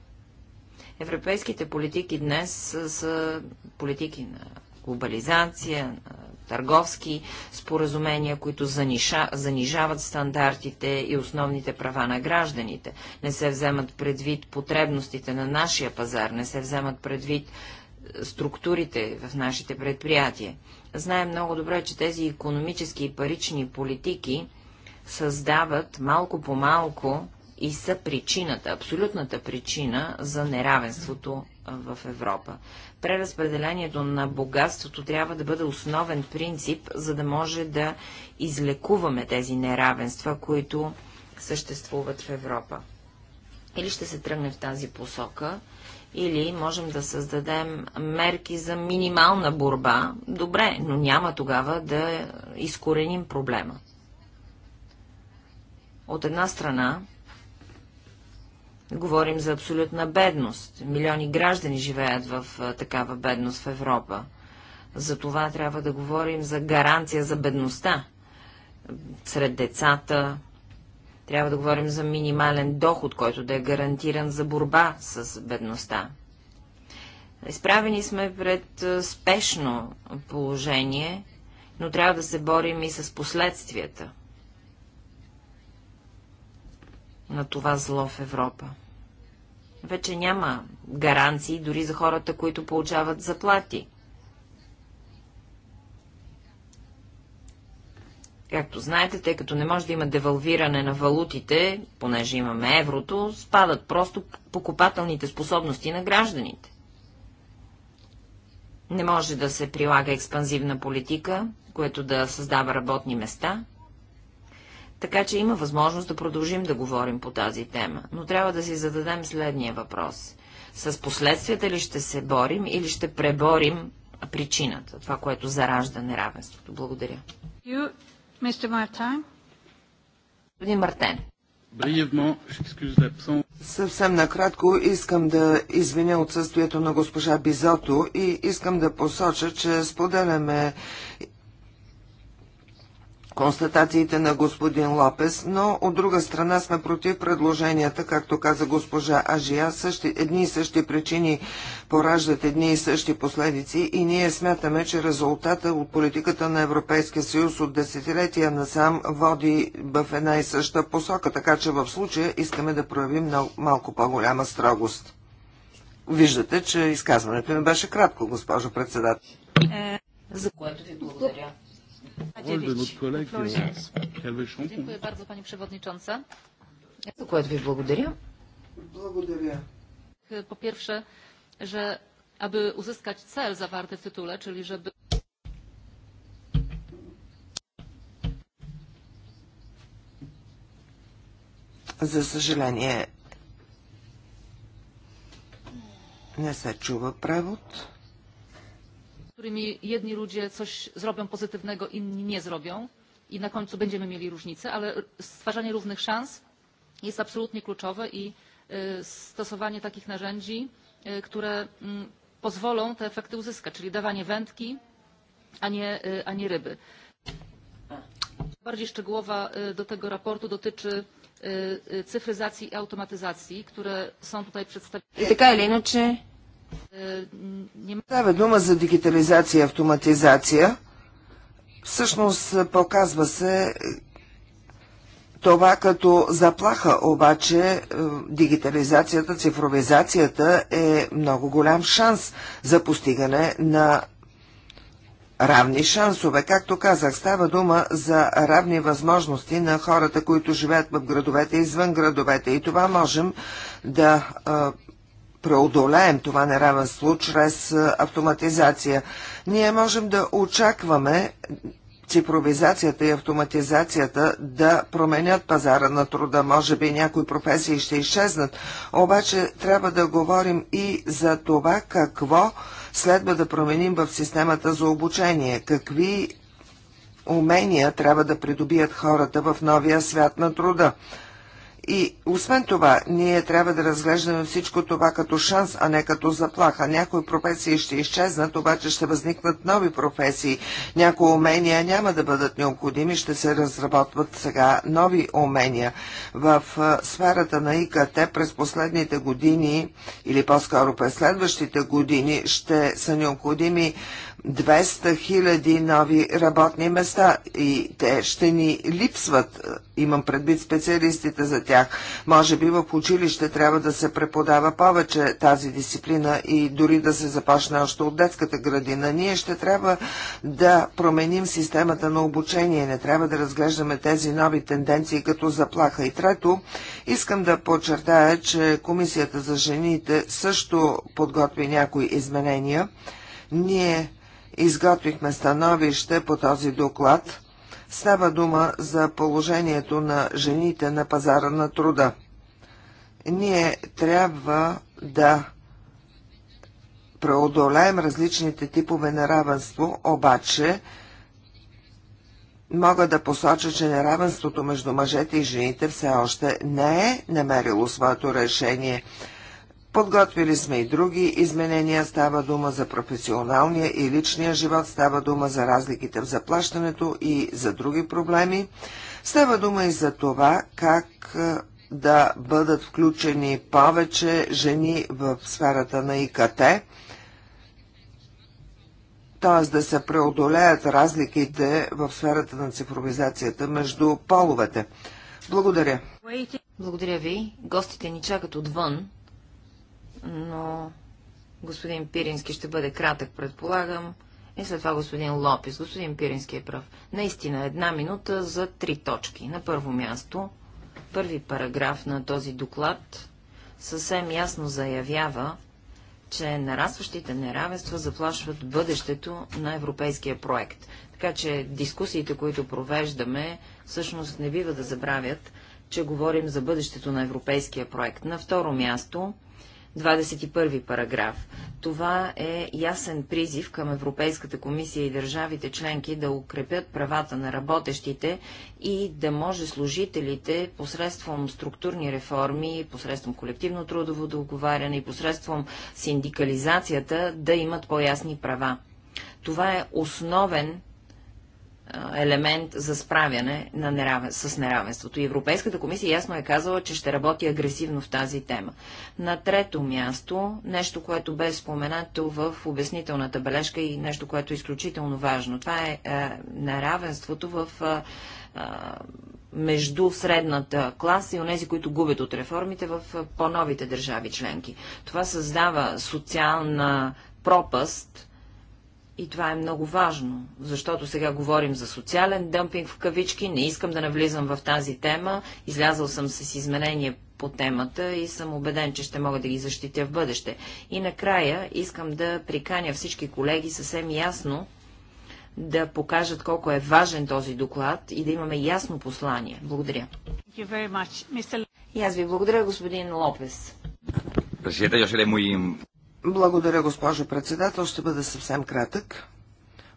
Европейските политики днес са, са политики на глобализация, на търговски споразумения, които заниша, занижават стандартите и основните права на гражданите. Не се вземат предвид потребностите на нашия пазар, не се вземат предвид структурите в нашите предприятия. Знаем много добре, че тези економически и парични политики създават малко по малко и са причината, абсолютната причина за неравенството в Европа. Преразпределението на богатството трябва да бъде основен принцип, за да може да излекуваме тези неравенства, които съществуват в Европа. Или ще се тръгне в тази посока, или можем да създадем мерки за минимална борба. Добре, но няма тогава да изкореним проблема. От една страна, говорим за абсолютна бедност. Милиони граждани живеят в такава бедност в Европа. За това трябва да говорим за гаранция за бедността сред децата, трябва да говорим за минимален доход, който да е гарантиран за борба с бедността. Изправени сме пред спешно положение, но трябва да се борим и с последствията на това зло в Европа. Вече няма гаранции дори за хората, които получават заплати. Както знаете, тъй като не може да има девалвиране на валутите, понеже имаме еврото, спадат просто покупателните способности на гражданите. Не може да се прилага експанзивна политика, което да създава работни места. Така че има възможност да продължим да говорим по тази тема, но трябва да си зададем следния въпрос. С последствията ли ще се борим или ще преборим причината, това, което заражда неравенството? Благодаря. Mr. Мартен. Господин Мартен. Съвсем накратко искам да извиня отсъствието на госпожа Бизото и искам да посоча, че споделяме констатациите на господин Лопес, но от друга страна сме против предложенията, както каза госпожа Ажия, същи, едни и същи причини пораждат едни и същи последици и ние смятаме, че резултата от политиката на Европейския съюз от десетилетия насам води в една и съща посока, така че в случая искаме да проявим малко по-голяма строгост. Виждате, че изказването ми беше кратко, госпожо председател. За което ви благодаря. Dziękuję bardzo, Pani Przewodnicząca. Dokładnie Ви благодаря. Благодаря. Po pierwsze, że aby uzyskać cel zawarty w tytule, czyli żeby За съжаление, не се чува превод którymi jedni ludzie coś zrobią pozytywnego, inni nie zrobią i na końcu będziemy mieli różnice, ale stwarzanie równych szans jest absolutnie kluczowe i stosowanie takich narzędzi, które pozwolą te efekty uzyskać, czyli dawanie wędki, a nie, ryby. Bardziej szczegółowa do tego raportu dotyczy cyfryzacji i automatyzacji, które są tutaj przedstawione. Става дума за дигитализация и автоматизация. Всъщност е, показва се е, това като заплаха, обаче е, дигитализацията, цифровизацията е много голям шанс за постигане на равни шансове. Както казах, става дума за равни възможности на хората, които живеят в градовете извън градовете. И това можем да преодолеем това неравенство чрез автоматизация. Ние можем да очакваме цифровизацията и автоматизацията да променят пазара на труда. Може би някои професии ще изчезнат, обаче трябва да говорим и за това какво следва да променим в системата за обучение, какви умения трябва да придобият хората в новия свят на труда. И освен това, ние трябва да разглеждаме всичко това като шанс, а не като заплаха. Някои професии ще изчезнат, обаче ще възникнат нови професии. Някои умения няма да бъдат необходими, ще се разработват сега нови умения. В сферата на ИКТ през последните години или по-скоро през следващите години ще са необходими 200 000 нови работни места и те ще ни липсват. Имам предвид специалистите за тях. Може би в училище трябва да се преподава повече тази дисциплина и дори да се започне още от детската градина. Ние ще трябва да променим системата на обучение. Не трябва да разглеждаме тези нови тенденции като заплаха. И трето, искам да подчертая, че Комисията за жените също подготви някои изменения. Ние изготвихме становище по този доклад. Става дума за положението на жените на пазара на труда. Ние трябва да преодолеем различните типове на равенство, обаче мога да посоча, че неравенството между мъжете и жените все още не е намерило своето решение – Подготвили сме и други изменения, става дума за професионалния и личния живот, става дума за разликите в заплащането и за други проблеми. Става дума и за това как да бъдат включени повече жени в сферата на ИКТ, т.е. да се преодолеят разликите в сферата на цифровизацията между половете. Благодаря. Благодаря ви. Гостите ни чакат отвън но господин Пирински ще бъде кратък, предполагам. И след това господин Лопис. Господин Пирински е прав. Наистина, една минута за три точки. На първо място, първи параграф на този доклад съвсем ясно заявява, че нарастващите неравенства заплашват бъдещето на европейския проект. Така че дискусиите, които провеждаме, всъщност не бива да забравят, че говорим за бъдещето на европейския проект. На второ място, 21 параграф. Това е ясен призив към Европейската комисия и държавите членки да укрепят правата на работещите и да може служителите посредством структурни реформи, посредством колективно трудово договаряне и посредством синдикализацията да имат по-ясни права. Това е основен елемент за справяне на неравен... с неравенството. И Европейската комисия ясно е казала, че ще работи агресивно в тази тема. На трето място, нещо, което бе споменато в обяснителната бележка и нещо, което е изключително важно. Това е, е неравенството в е, е между средната класа и онези, които губят от реформите в е, по-новите държави членки. Това създава социална пропаст, и това е много важно, защото сега говорим за социален дъмпинг в кавички, не искам да навлизам в тази тема, излязъл съм с изменение по темата и съм убеден, че ще мога да ги защитя в бъдеще. И накрая искам да приканя всички колеги съвсем ясно да покажат колко е важен този доклад и да имаме ясно послание. Благодаря. И аз ви благодаря, господин Лопес. Presidente, yo благодаря, госпожо председател. Ще бъда съвсем кратък.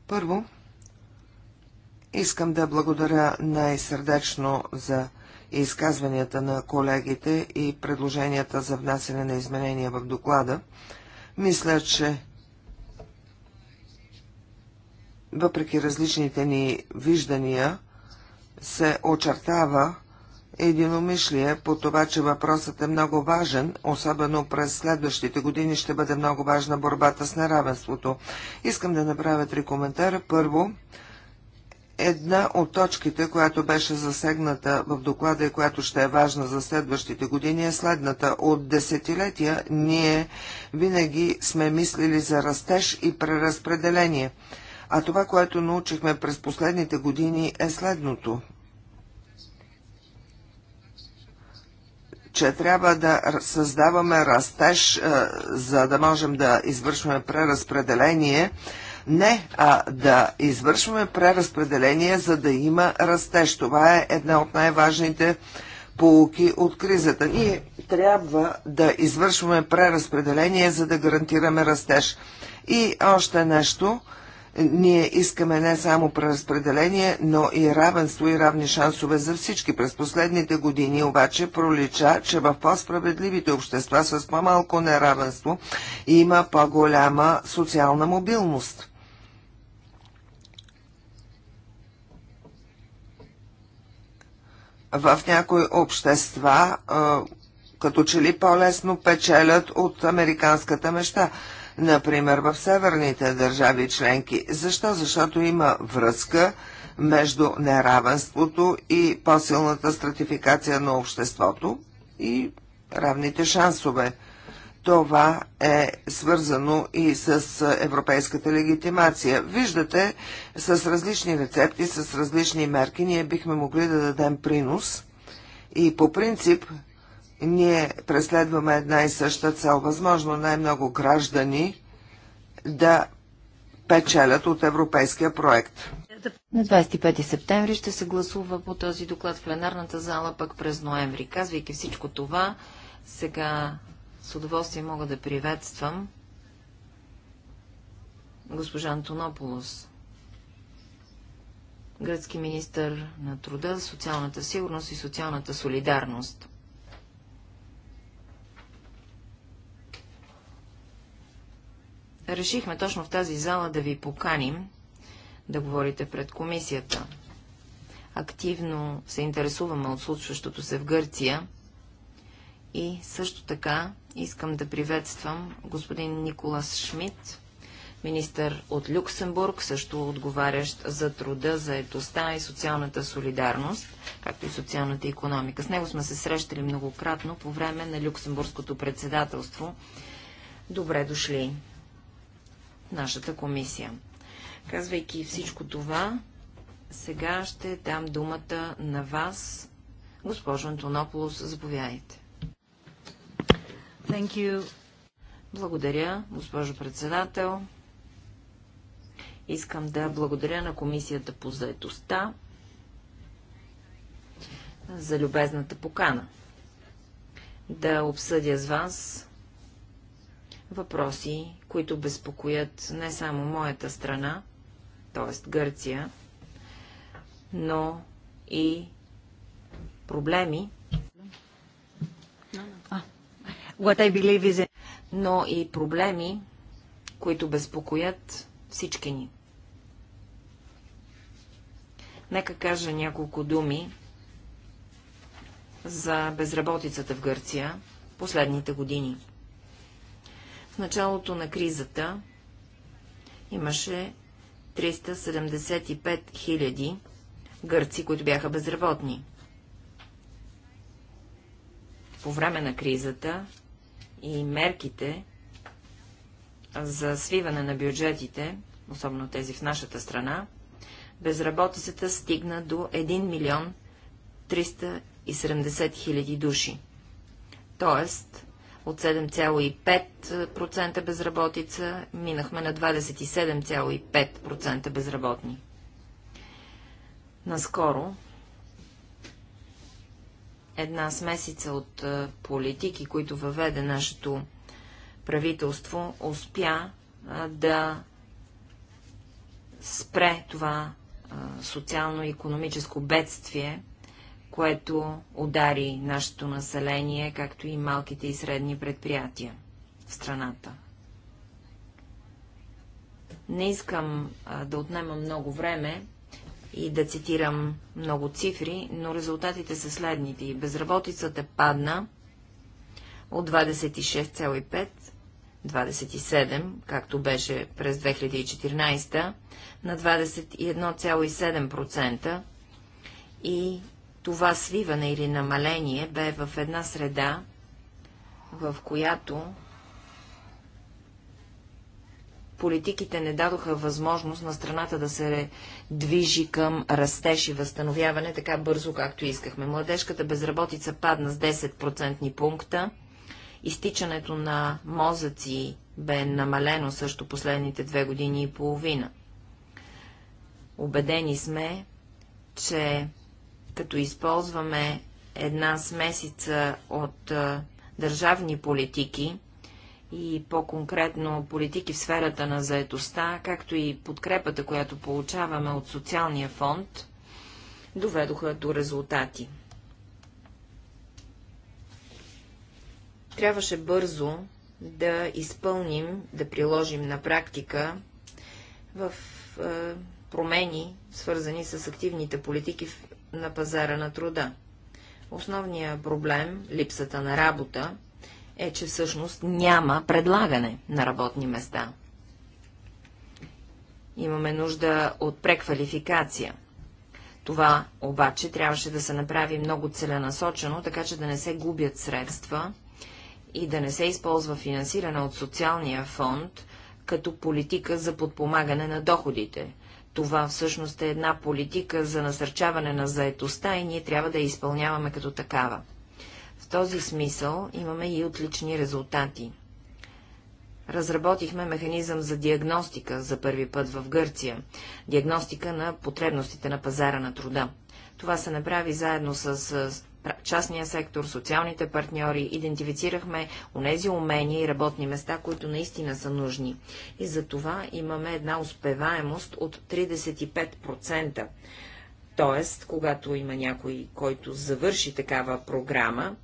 Първо, искам да благодаря най-сърдечно за изказванията на колегите и предложенията за внасяне на изменения в доклада. Мисля, че въпреки различните ни виждания, се очертава единомишлие по това, че въпросът е много важен, особено през следващите години ще бъде много важна борбата с неравенството. Искам да направя три коментара. Първо, една от точките, която беше засегната в доклада и която ще е важна за следващите години е следната. От десетилетия ние винаги сме мислили за растеж и преразпределение. А това, което научихме през последните години е следното. че трябва да създаваме растеж, е, за да можем да извършваме преразпределение, не, а да извършваме преразпределение, за да има растеж. Това е една от най-важните полуки от кризата. Ние трябва да извършваме преразпределение, за да гарантираме растеж. И още нещо – ние искаме не само преразпределение, но и равенство и равни шансове за всички. През последните години обаче пролича, че в по-справедливите общества с по-малко неравенство има по-голяма социална мобилност. В някои общества като че ли по-лесно печелят от американската мечта – например в северните държави членки. Защо? Защото има връзка между неравенството и по-силната стратификация на обществото и равните шансове. Това е свързано и с европейската легитимация. Виждате, с различни рецепти, с различни мерки ние бихме могли да дадем принос и по принцип ние преследваме една и съща цел, възможно най-много граждани да печелят от европейския проект. На 25 септември ще се гласува по този доклад в пленарната зала, пък през ноември. Казвайки всичко това, сега с удоволствие мога да приветствам госпожа Антонополос, гръцки министър на труда, социалната сигурност и социалната солидарност. решихме точно в тази зала да ви поканим да говорите пред комисията. Активно се интересуваме от случващото се в Гърция и също така искам да приветствам господин Николас Шмидт, министър от Люксембург, също отговарящ за труда, за етоста и социалната солидарност, както и социалната економика. С него сме се срещали многократно по време на Люксембургското председателство. Добре дошли! нашата комисия. Казвайки всичко това, сега ще дам думата на вас, госпожо Антонополос, заповядайте. Thank you. Благодаря, госпожо председател. Искам да благодаря на Комисията по заедостта за любезната покана да обсъдя с вас въпроси, които безпокоят не само моята страна, т.е. Гърция, но и проблеми, но и проблеми, които безпокоят всички ни. Нека кажа няколко думи за безработицата в Гърция последните години. В началото на кризата имаше 375 хиляди гърци, които бяха безработни. По време на кризата и мерките за свиване на бюджетите, особено тези в нашата страна, безработицата стигна до 1 милион 370 хиляди души. Тоест, от 7,5% безработица минахме на 27,5% безработни. Наскоро една смесица от политики, които въведе нашето правителство, успя да спре това социално-економическо бедствие, което удари нашето население, както и малките и средни предприятия в страната. Не искам а, да отнема много време и да цитирам много цифри, но резултатите са следните. Безработицата падна от 26,5 27, както беше през 2014, на 21,7% и това свиване или намаление бе в една среда, в която политиките не дадоха възможност на страната да се движи към растеж и възстановяване така бързо, както искахме. Младежката безработица падна с 10% пункта, изтичането на мозъци бе намалено също последните две години и половина. Обедени сме, че като използваме една смесица от а, държавни политики и по-конкретно политики в сферата на заедостта, както и подкрепата, която получаваме от социалния фонд, доведоха до резултати. Трябваше бързо да изпълним, да приложим на практика в е, промени, свързани с активните политики в на пазара на труда. Основният проблем, липсата на работа, е, че всъщност няма предлагане на работни места. Имаме нужда от преквалификация. Това обаче трябваше да се направи много целенасочено, така че да не се губят средства и да не се използва финансиране от социалния фонд като политика за подпомагане на доходите. Това всъщност е една политика за насърчаване на заетостта и ние трябва да я изпълняваме като такава. В този смисъл имаме и отлични резултати. Разработихме механизъм за диагностика за първи път в Гърция, диагностика на потребностите на пазара на труда. Това се направи заедно с частния сектор, социалните партньори, идентифицирахме онези умения и работни места, които наистина са нужни. И за това имаме една успеваемост от 35%. Тоест, когато има някой, който завърши такава програма,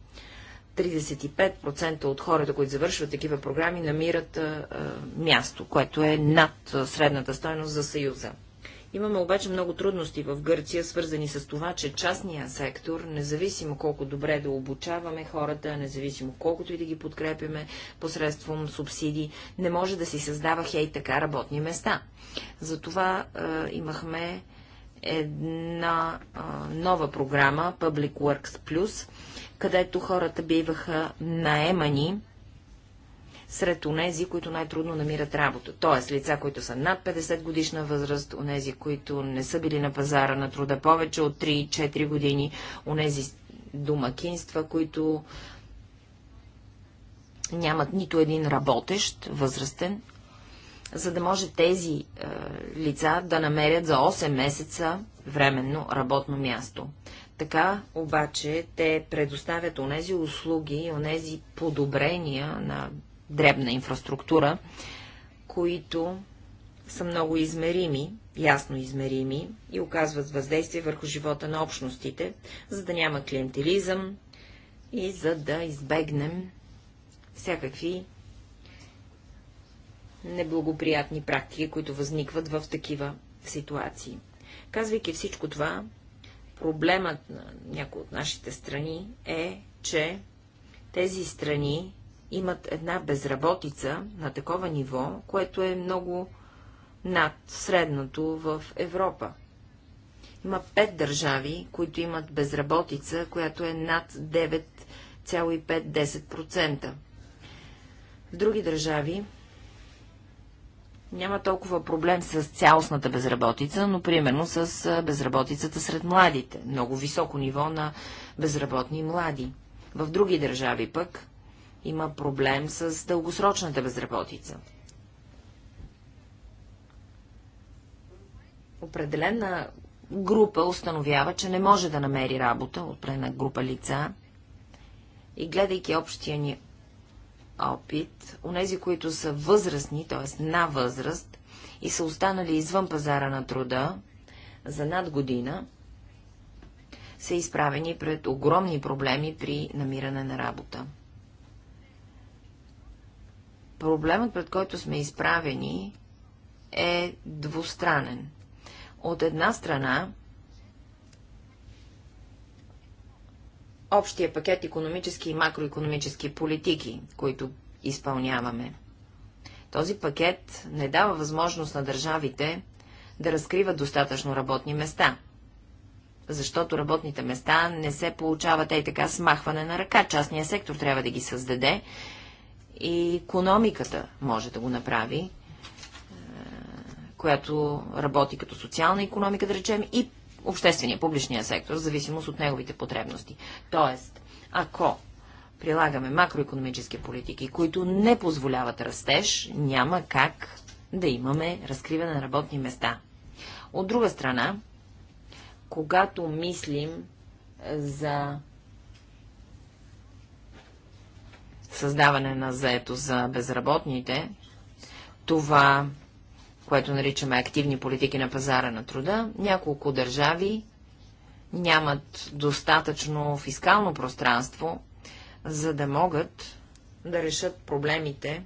35% от хората, които завършват такива програми, намират а, а, място, което е над средната стойност за Съюза. Имаме обаче много трудности в Гърция, свързани с това, че частния сектор, независимо колко добре да обучаваме хората, независимо колкото и да ги подкрепяме посредством субсидии, не може да си създава хей така работни места. Затова е, имахме една е, нова програма Public Works Plus, където хората биваха наемани сред онези, които най-трудно намират работа. Тоест, лица, които са над 50 годишна възраст, онези, които не са били на пазара на труда повече от 3-4 години, онези домакинства, които нямат нито един работещ, възрастен, за да може тези е, лица да намерят за 8 месеца временно работно място. Така обаче те предоставят онези услуги, онези подобрения на дребна инфраструктура, които са много измерими, ясно измерими и оказват въздействие върху живота на общностите, за да няма клиентелизъм и за да избегнем всякакви неблагоприятни практики, които възникват в такива ситуации. Казвайки всичко това, проблемът на някои от нашите страни е, че тези страни имат една безработица на такова ниво, което е много над средното в Европа. Има пет държави, които имат безработица, която е над 9,5-10%. В други държави няма толкова проблем с цялостната безработица, но примерно с безработицата сред младите. Много високо ниво на безработни млади. В други държави пък има проблем с дългосрочната безработица. Определена група установява, че не може да намери работа, определена група лица, и гледайки общия ни опит, онези, които са възрастни, т.е. на възраст, и са останали извън пазара на труда за над година, са изправени пред огромни проблеми при намиране на работа. Проблемът, пред който сме изправени, е двустранен. От една страна, общия пакет економически и макроекономически политики, които изпълняваме. Този пакет не дава възможност на държавите да разкриват достатъчно работни места, защото работните места не се получават ей така смахване на ръка. Частния сектор трябва да ги създаде и економиката може да го направи, е, която работи като социална економика, да речем, и обществения, публичния сектор, в зависимост от неговите потребности. Тоест, ако прилагаме макроекономически политики, които не позволяват растеж, няма как да имаме разкриване на работни места. От друга страна, когато мислим за създаване на заето за безработните, това, което наричаме активни политики на пазара на труда, няколко държави нямат достатъчно фискално пространство, за да могат да решат проблемите,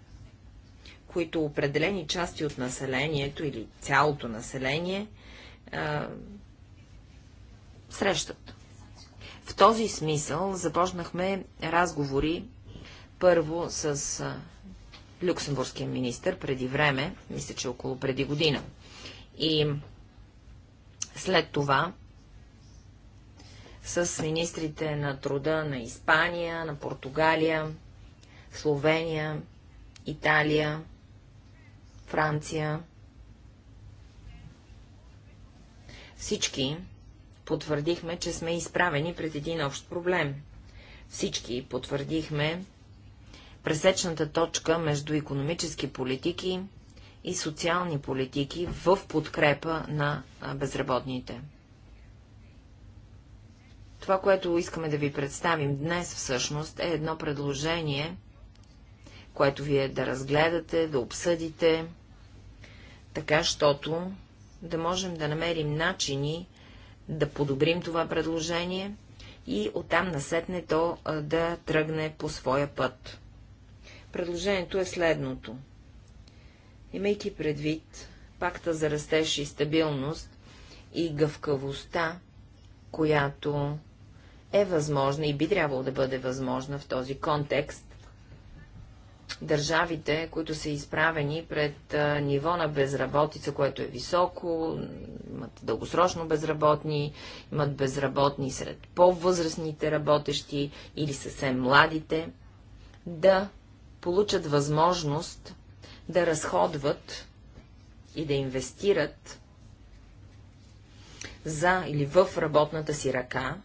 които определени части от населението или цялото население а, срещат. В този смисъл започнахме разговори първо с люксембургския министр преди време, мисля, че около преди година. И след това с министрите на труда на Испания, на Португалия, Словения, Италия, Франция. Всички потвърдихме, че сме изправени пред един общ проблем. Всички потвърдихме, пресечната точка между економически политики и социални политики в подкрепа на безработните. Това, което искаме да ви представим днес всъщност е едно предложение, което вие да разгледате, да обсъдите, така, щото да можем да намерим начини да подобрим това предложение и оттам насетне то да тръгне по своя път. Предложението е следното. Имайки предвид пакта за растеж и стабилност и гъвкавостта, която е възможна и би трябвало да бъде възможна в този контекст, държавите, които са изправени пред ниво на безработица, което е високо, имат дългосрочно безработни, имат безработни сред по-възрастните работещи или съвсем младите, да получат възможност да разходват и да инвестират за или в работната си ръка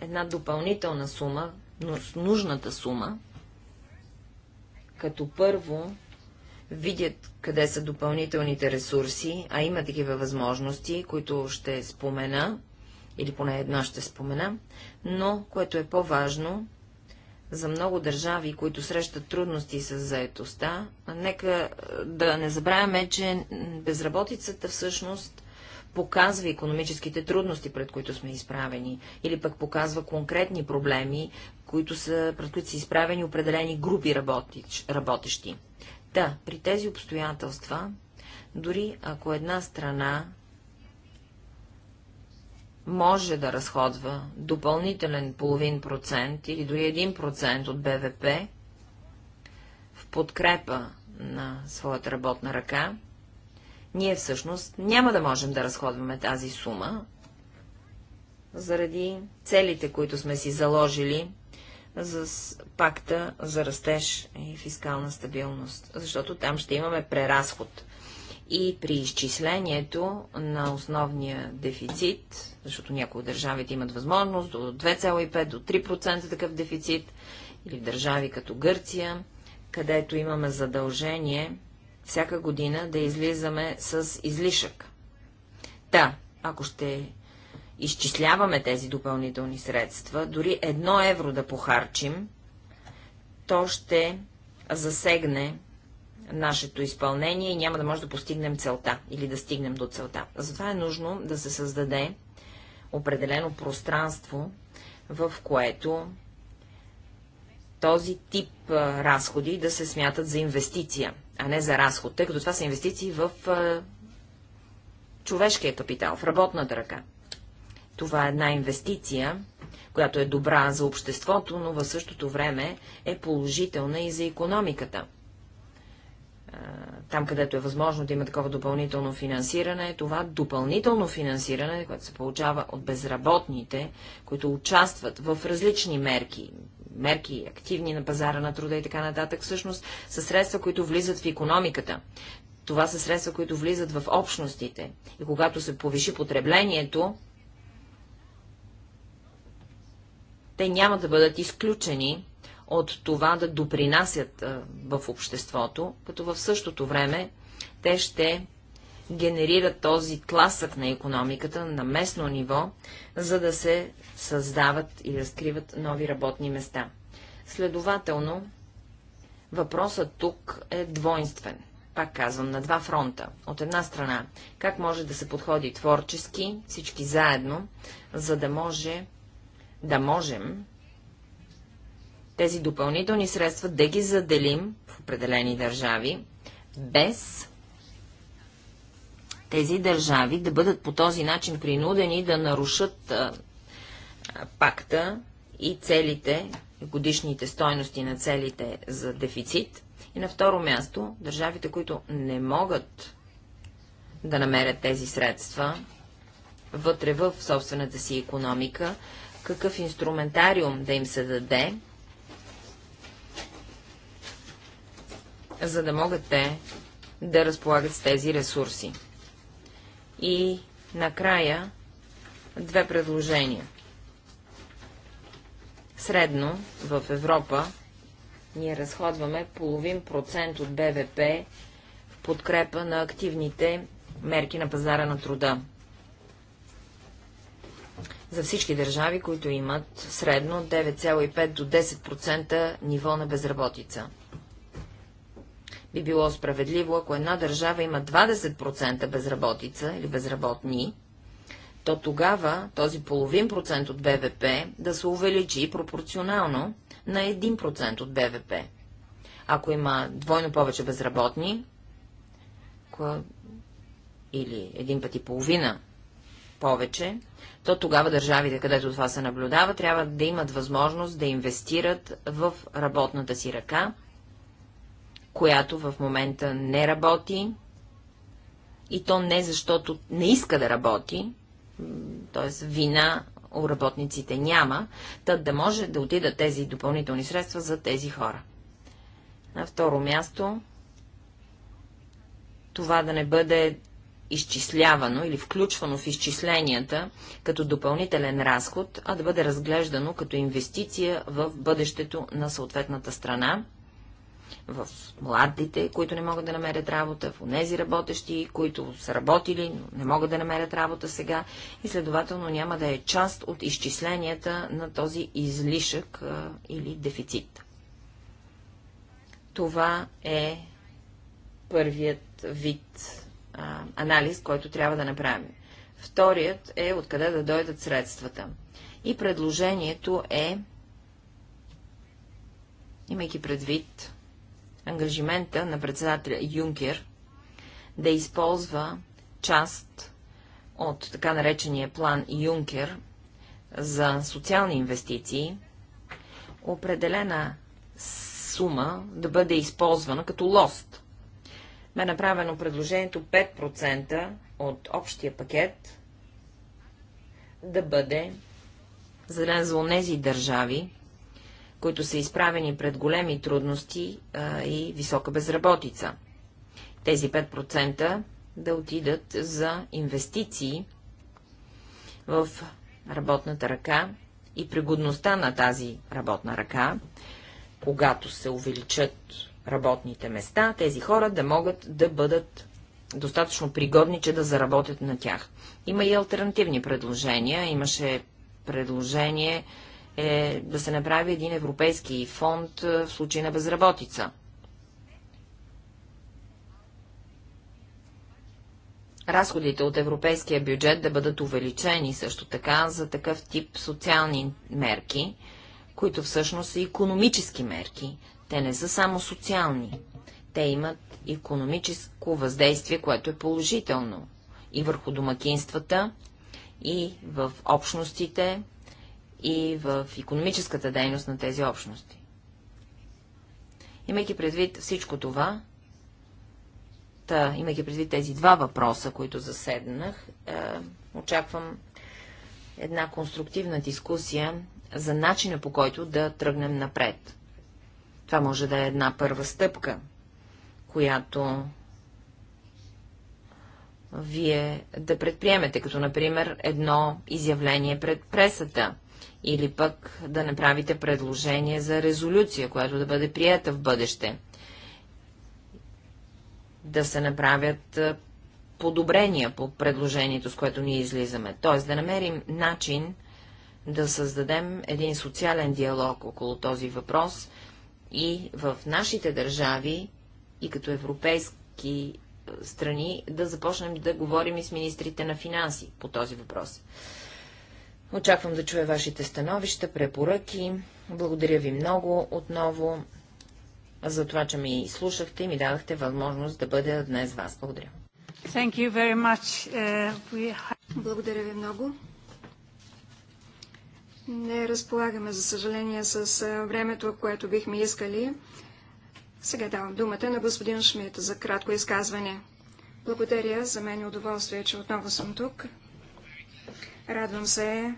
една допълнителна сума, но с нужната сума, като първо видят къде са допълнителните ресурси, а има такива възможности, които ще спомена, или поне една ще спомена, но, което е по-важно, за много държави, които срещат трудности с заетостта, нека е, да не забравяме, че безработицата всъщност показва економическите трудности, пред които сме изправени, или пък показва конкретни проблеми, които са, пред които са изправени определени групи работещи. Да, при тези обстоятелства, дори ако една страна може да разходва допълнителен половин процент или дори един процент от БВП в подкрепа на своята работна ръка, ние всъщност няма да можем да разходваме тази сума, заради целите, които сме си заложили за пакта за растеж и фискална стабилност, защото там ще имаме преразход и при изчислението на основния дефицит, защото някои от държавите имат възможност до 2,5 до 3% такъв дефицит, или в държави като Гърция, където имаме задължение всяка година да излизаме с излишък. Та, да, ако ще изчисляваме тези допълнителни средства, дори едно евро да похарчим, то ще засегне нашето изпълнение и няма да може да постигнем целта или да стигнем до целта. Затова е нужно да се създаде определено пространство, в което този тип разходи да се смятат за инвестиция, а не за разход, тъй като това са инвестиции в човешкия капитал, в работната ръка. Това е една инвестиция, която е добра за обществото, но в същото време е положителна и за економиката там, където е възможно да има такова допълнително финансиране, това допълнително финансиране, което се получава от безработните, които участват в различни мерки, мерки активни на пазара на труда и така нататък, всъщност са средства, които влизат в економиката. Това са средства, които влизат в общностите. И когато се повиши потреблението, те няма да бъдат изключени от това да допринасят а, в обществото, като в същото време те ще генерират този тласък на економиката на местно ниво, за да се създават и разкриват нови работни места. Следователно, въпросът тук е двойствен. Пак казвам, на два фронта. От една страна, как може да се подходи творчески, всички заедно, за да може да можем тези допълнителни средства да ги заделим в определени държави, без тези държави да бъдат по този начин принудени да нарушат а, а, пакта и целите, годишните стойности на целите за дефицит. И на второ място, държавите, които не могат да намерят тези средства вътре в собствената си економика, какъв инструментариум да им се даде, за да могат те да разполагат с тези ресурси. И накрая две предложения. Средно в Европа ние разходваме половин процент от БВП в подкрепа на активните мерки на пазара на труда. За всички държави, които имат средно 9,5 до 10% ниво на безработица. Би било справедливо, ако една държава има 20% безработица или безработни, то тогава този половин процент от БВП да се увеличи пропорционално на 1% от БВП. Ако има двойно повече безработни, или един път и половина повече, то тогава държавите, където това се наблюдава, трябва да имат възможност да инвестират в работната си ръка която в момента не работи, и то не защото не иска да работи, т.е. вина у работниците няма, та да може да отидат тези допълнителни средства за тези хора. На второ място, това да не бъде изчислявано или включвано в изчисленията като допълнителен разход, а да бъде разглеждано като инвестиция в бъдещето на съответната страна в младите, които не могат да намерят работа, в тези работещи, които са работили, но не могат да намерят работа сега и следователно няма да е част от изчисленията на този излишък а, или дефицит. Това е първият вид а, анализ, който трябва да направим. Вторият е откъде да дойдат средствата. И предложението е, имайки предвид ангажимента на председателя Юнкер да използва част от така наречения план Юнкер за социални инвестиции, определена сума да бъде използвана като лост. Бе направено предложението 5% от общия пакет да бъде заделен за онези държави, които са изправени пред големи трудности а, и висока безработица. Тези 5% да отидат за инвестиции в работната ръка и пригодността на тази работна ръка, когато се увеличат работните места, тези хора да могат да бъдат достатъчно пригодни, че да заработят на тях. Има и альтернативни предложения. Имаше предложение е да се направи един европейски фонд е, в случай на безработица. Разходите от европейския бюджет да бъдат увеличени също така за такъв тип социални мерки, които всъщност са економически мерки. Те не са само социални. Те имат економическо въздействие, което е положително и върху домакинствата, и в общностите, и в економическата дейност на тези общности. Имайки предвид всичко това, та, имайки предвид тези два въпроса, които заседнах, е, очаквам една конструктивна дискусия за начина по който да тръгнем напред. Това може да е една първа стъпка, която вие да предприемете, като например едно изявление пред пресата – или пък да направите предложение за резолюция, която да бъде приета в бъдеще. Да се направят подобрения по предложението, с което ние излизаме. Т.е. да намерим начин да създадем един социален диалог около този въпрос и в нашите държави и като европейски страни да започнем да говорим и с министрите на финанси по този въпрос. Очаквам да чуя вашите становища, препоръки. Благодаря ви много отново за това, че ми слушахте и ми дадахте възможност да бъда днес вас. Благодаря. Thank you very much. Uh, we... Благодаря ви много. Не разполагаме, за съжаление, с времето, което бихме искали. Сега давам думата на господин Шмидт за кратко изказване. Благодаря, за мен е удоволствие, че отново съм тук. Радвам се,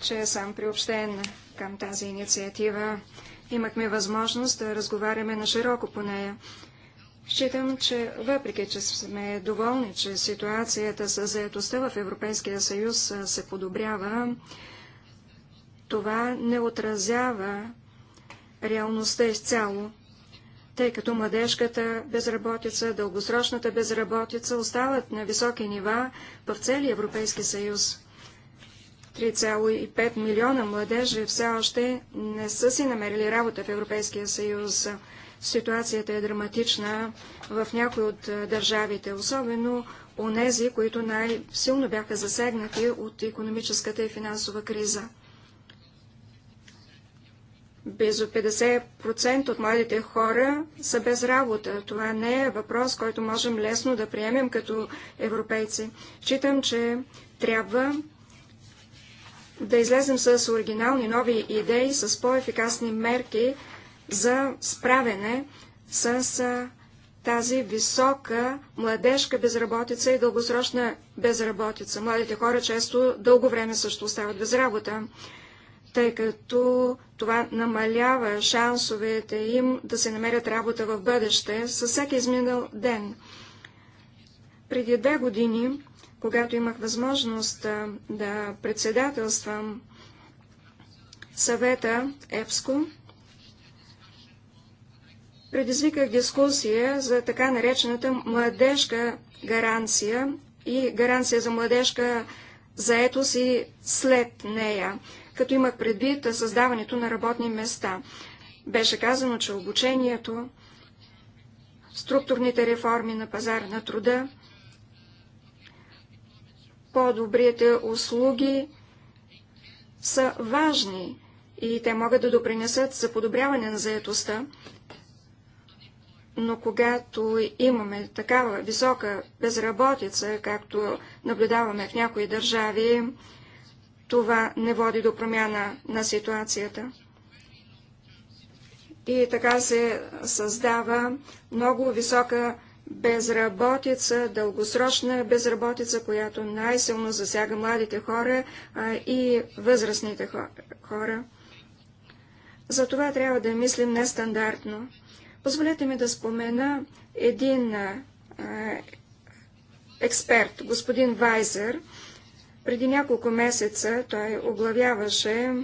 че съм приобщен към тази инициатива. Имахме възможност да разговаряме на широко по нея. Считам, че въпреки, че сме доволни, че ситуацията с заедостта в Европейския съюз се подобрява, това не отразява реалността изцяло, тъй като младежката безработица, дългосрочната безработица остават на високи нива в целия Европейски съюз. 3,5 милиона младежи все още не са си намерили работа в Европейския съюз. Ситуацията е драматична в някои от държавите, особено у нези, които най-силно бяха засегнати от економическата и финансова криза. Близо 50% от младите хора са без работа. Това не е въпрос, който можем лесно да приемем като европейци. Читам, че трябва да излезем с оригинални нови идеи, с по-ефикасни мерки за справене с тази висока младежка безработица и дългосрочна безработица. Младите хора често дълго време също остават без работа, тъй като това намалява шансовете им да се намерят работа в бъдеще със всеки изминал ден. Преди две години когато имах възможност да председателствам съвета ЕПСКО, предизвиках дискусия за така наречената младежка гаранция и гаранция за младежка заетост и след нея, като имах предвид създаването на работни места. Беше казано, че обучението, структурните реформи на пазар на труда по-добрите услуги са важни и те могат да допринесат за подобряване на заетостта. Но когато имаме такава висока безработица, както наблюдаваме в някои държави, това не води до промяна на ситуацията. И така се създава много висока безработица, дългосрочна безработица, която най-силно засяга младите хора а, и възрастните хора. За това трябва да мислим нестандартно. Позволете ми да спомена един а, експерт, господин Вайзер. Преди няколко месеца той оглавяваше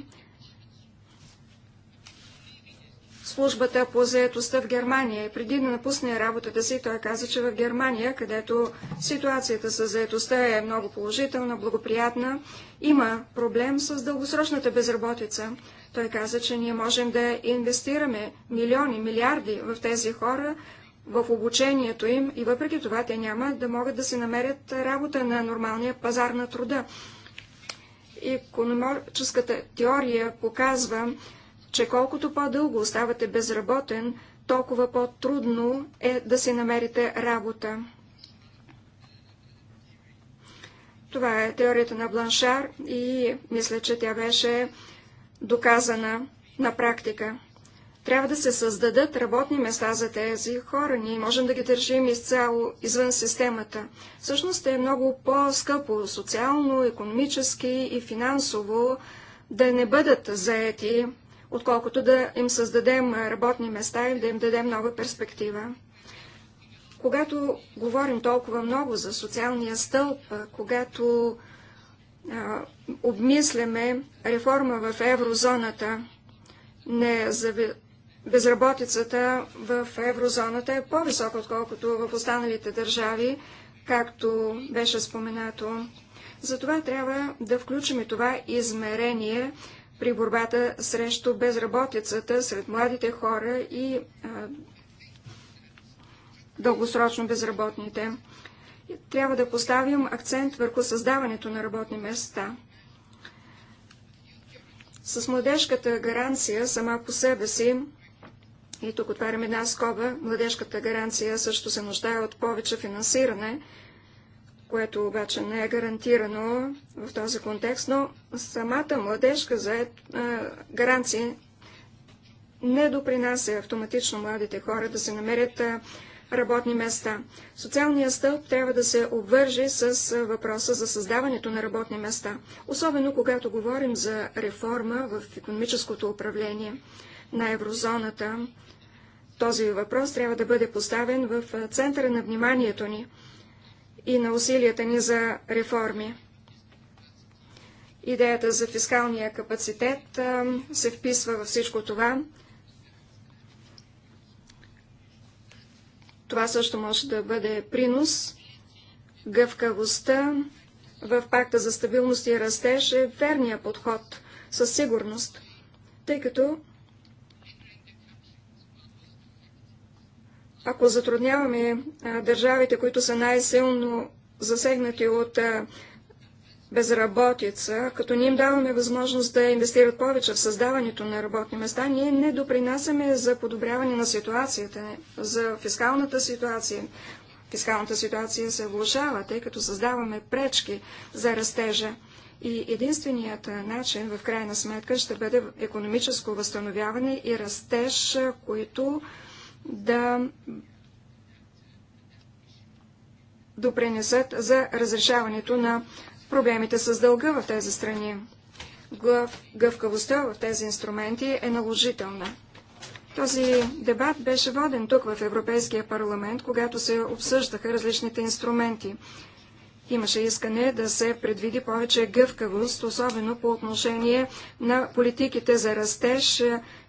службата по заетостта в Германия. И преди да напусне работата си, той каза, че в Германия, където ситуацията с заетостта е много положителна, благоприятна, има проблем с дългосрочната безработица. Той каза, че ние можем да инвестираме милиони, милиарди в тези хора, в обучението им и въпреки това те няма да могат да се намерят работа на нормалния пазар на труда. Економическата теория показва, че колкото по-дълго оставате безработен, толкова по-трудно е да си намерите работа. Това е теорията на Бланшар и мисля, че тя беше доказана на практика. Трябва да се създадат работни места за тези хора. Ние можем да ги държим изцяло извън системата. Всъщност е много по-скъпо социално, економически и финансово да не бъдат заети отколкото да им създадем работни места и да им дадем нова перспектива. Когато говорим толкова много за социалния стълб, когато а, обмисляме реформа в еврозоната, не за безработицата в еврозоната е по-висока, отколкото в останалите държави, както беше споменато. Затова трябва да включим това измерение при борбата срещу безработицата сред младите хора и а, дългосрочно безработните. Трябва да поставим акцент върху създаването на работни места. С младежката гаранция сама по себе си, и тук отварям една скоба, младежката гаранция също се нуждае от повече финансиране, което обаче не е гарантирано в този контекст, но самата младежка за гаранция не допринася автоматично младите хора да се намерят работни места. Социалният стълб трябва да се обвържи с въпроса за създаването на работни места, особено когато говорим за реформа в економическото управление на еврозоната. Този въпрос трябва да бъде поставен в центъра на вниманието ни и на усилията ни за реформи. Идеята за фискалния капацитет се вписва във всичко това. Това също може да бъде принос. Гъвкавостта в пакта за стабилност и растеж е верния подход, със сигурност, тъй като Ако затрудняваме държавите, които са най-силно засегнати от безработица, като ние им даваме възможност да инвестират повече в създаването на работни места, ние не допринасяме за подобряване на ситуацията, за фискалната ситуация. Фискалната ситуация се влушава, тъй като създаваме пречки за растежа. И единственият начин, в крайна сметка, ще бъде економическо възстановяване и растеж, които да допринесат за разрешаването на проблемите с дълга в тези страни. гъвкавостта в тези инструменти е наложителна. Този дебат беше воден тук в Европейския парламент, когато се обсъждаха различните инструменти. Имаше искане да се предвиди повече гъвкавост, особено по отношение на политиките за растеж,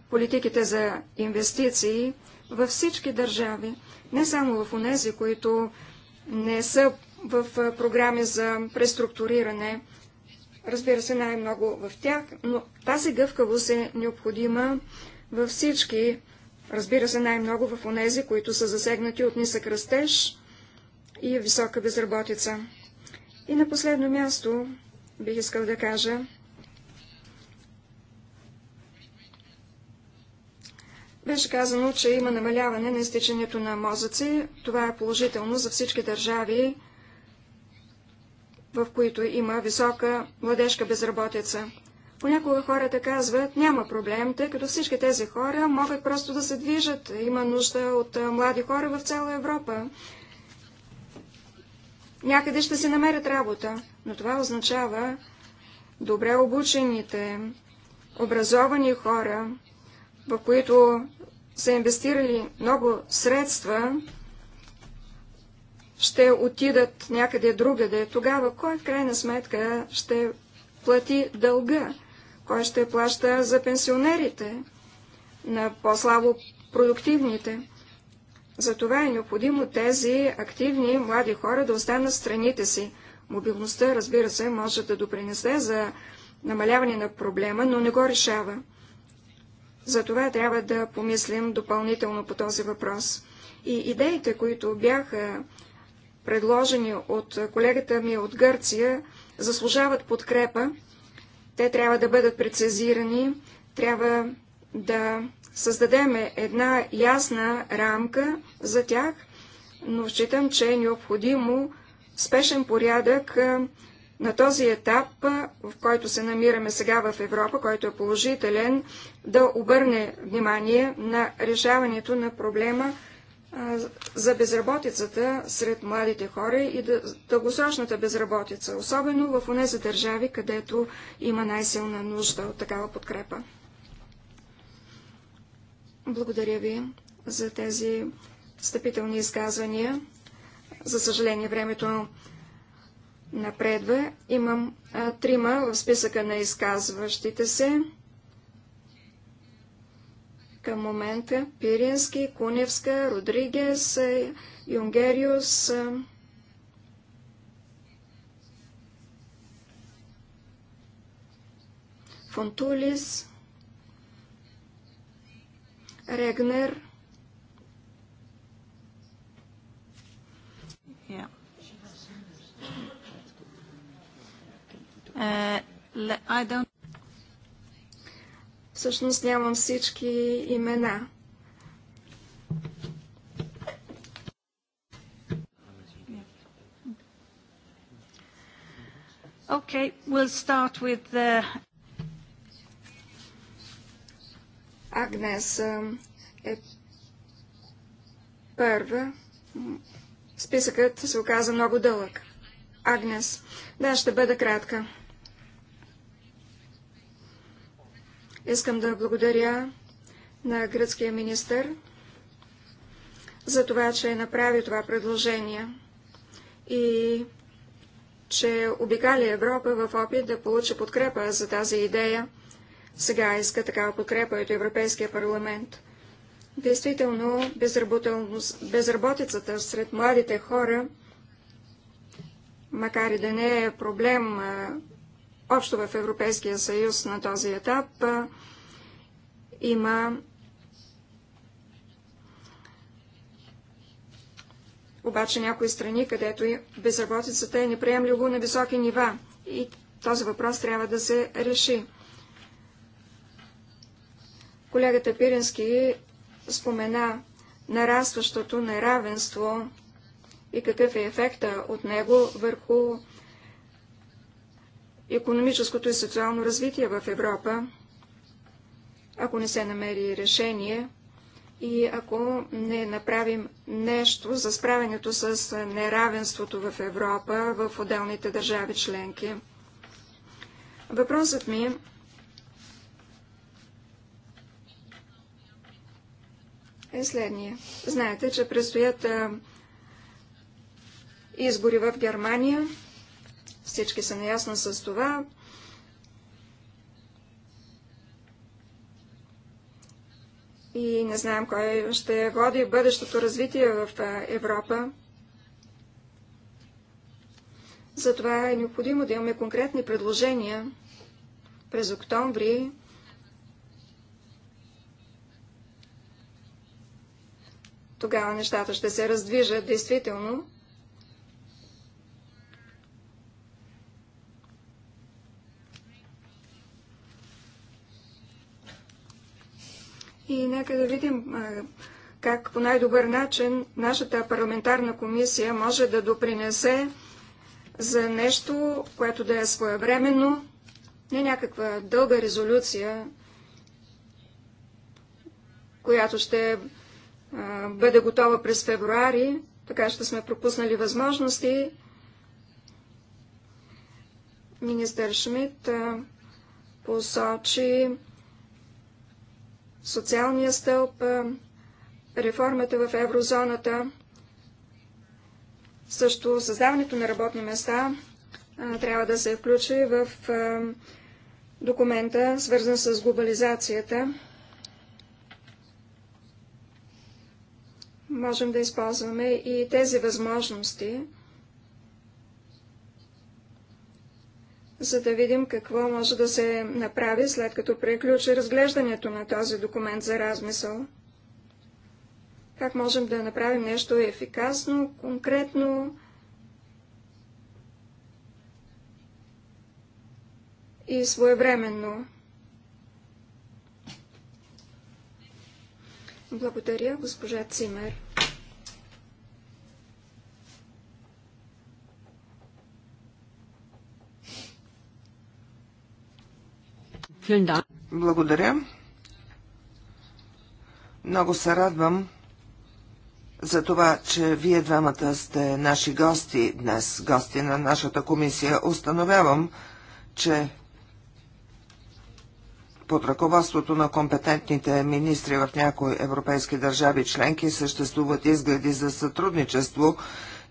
политиките за инвестиции във всички държави, не само в унези, които не са в програми за преструктуриране, разбира се, най-много в тях, но тази гъвкавост е необходима във всички, разбира се, най-много в унези, които са засегнати от нисък растеж и висока безработица. И на последно място бих искал да кажа, Беше казано, че има намаляване на изтичането на мозъци. Това е положително за всички държави, в които има висока младежка безработица. Понякога хората казват, няма проблем, тъй като всички тези хора могат просто да се движат. Има нужда от млади хора в цяла Европа. Някъде ще се намерят работа, но това означава добре обучените, образовани хора, в които са инвестирали много средства, ще отидат някъде другаде. Тогава кой в крайна сметка ще плати дълга? Кой ще плаща за пенсионерите, на по-слабо продуктивните? Затова е необходимо тези активни млади хора да останат в страните си. Мобилността, разбира се, може да допринесе за намаляване на проблема, но не го решава. Затова трябва да помислим допълнително по този въпрос. И идеите, които бяха предложени от колегата ми от Гърция, заслужават подкрепа. Те трябва да бъдат прецизирани, трябва да създадем една ясна рамка за тях, но считам, че е необходимо спешен порядък на този етап, в който се намираме сега в Европа, който е положителен, да обърне внимание на решаването на проблема за безработицата сред младите хора и да, дългосрочната безработица, особено в онези държави, където има най-силна нужда от такава подкрепа. Благодаря ви за тези стъпителни изказвания. За съжаление, времето напредва. Имам а, трима в списъка на изказващите се. Към момента Пирински, Куневска, Родригес, Юнгериус. Фонтулис, Регнер, Е, Всъщност нямам всички имена. Okay, we'll start with the... Агнес е първа. Списъкът се оказа много дълъг. Агнес. Да, ще бъда кратка. Искам да благодаря на гръцкия министр за това, че направи това предложение и че обикали Европа в опит да получи подкрепа за тази идея. Сега иска такава подкрепа от Европейския парламент. Действително, безработицата сред младите хора, макар и да не е проблем общо в Европейския съюз на този етап има обаче някои страни, където безработицата е неприемливо на високи нива и този въпрос трябва да се реши. Колегата Пирински спомена нарастващото неравенство и какъв е ефекта от него върху економическото и социално развитие в Европа, ако не се намери решение и ако не направим нещо за справянето с неравенството в Европа в отделните държави членки. Въпросът ми е следния. Знаете, че предстоят избори в Германия всички са наясно с това. И не знаем кой ще води бъдещото развитие в Европа. Затова е необходимо да имаме конкретни предложения. През октомври тогава нещата ще се раздвижат действително. И нека да видим как по най-добър начин нашата парламентарна комисия може да допринесе за нещо, което да е своевременно, не някаква дълга резолюция, която ще а, бъде готова през февруари, така ще сме пропуснали възможности. Министър Шмидт посочи социалния стълб, реформата в еврозоната, също създаването на работни места трябва да се включи в документа, свързан с глобализацията. Можем да използваме и тези възможности за да видим какво може да се направи, след като приключи разглеждането на този документ за размисъл. Как можем да направим нещо ефикасно, конкретно и своевременно. Благодаря, госпожа Цимер. Благодаря. Много се радвам за това, че вие двамата сте наши гости днес, гости на нашата комисия. Установявам, че под ръководството на компетентните министри в някои европейски държави членки съществуват изгледи за сътрудничество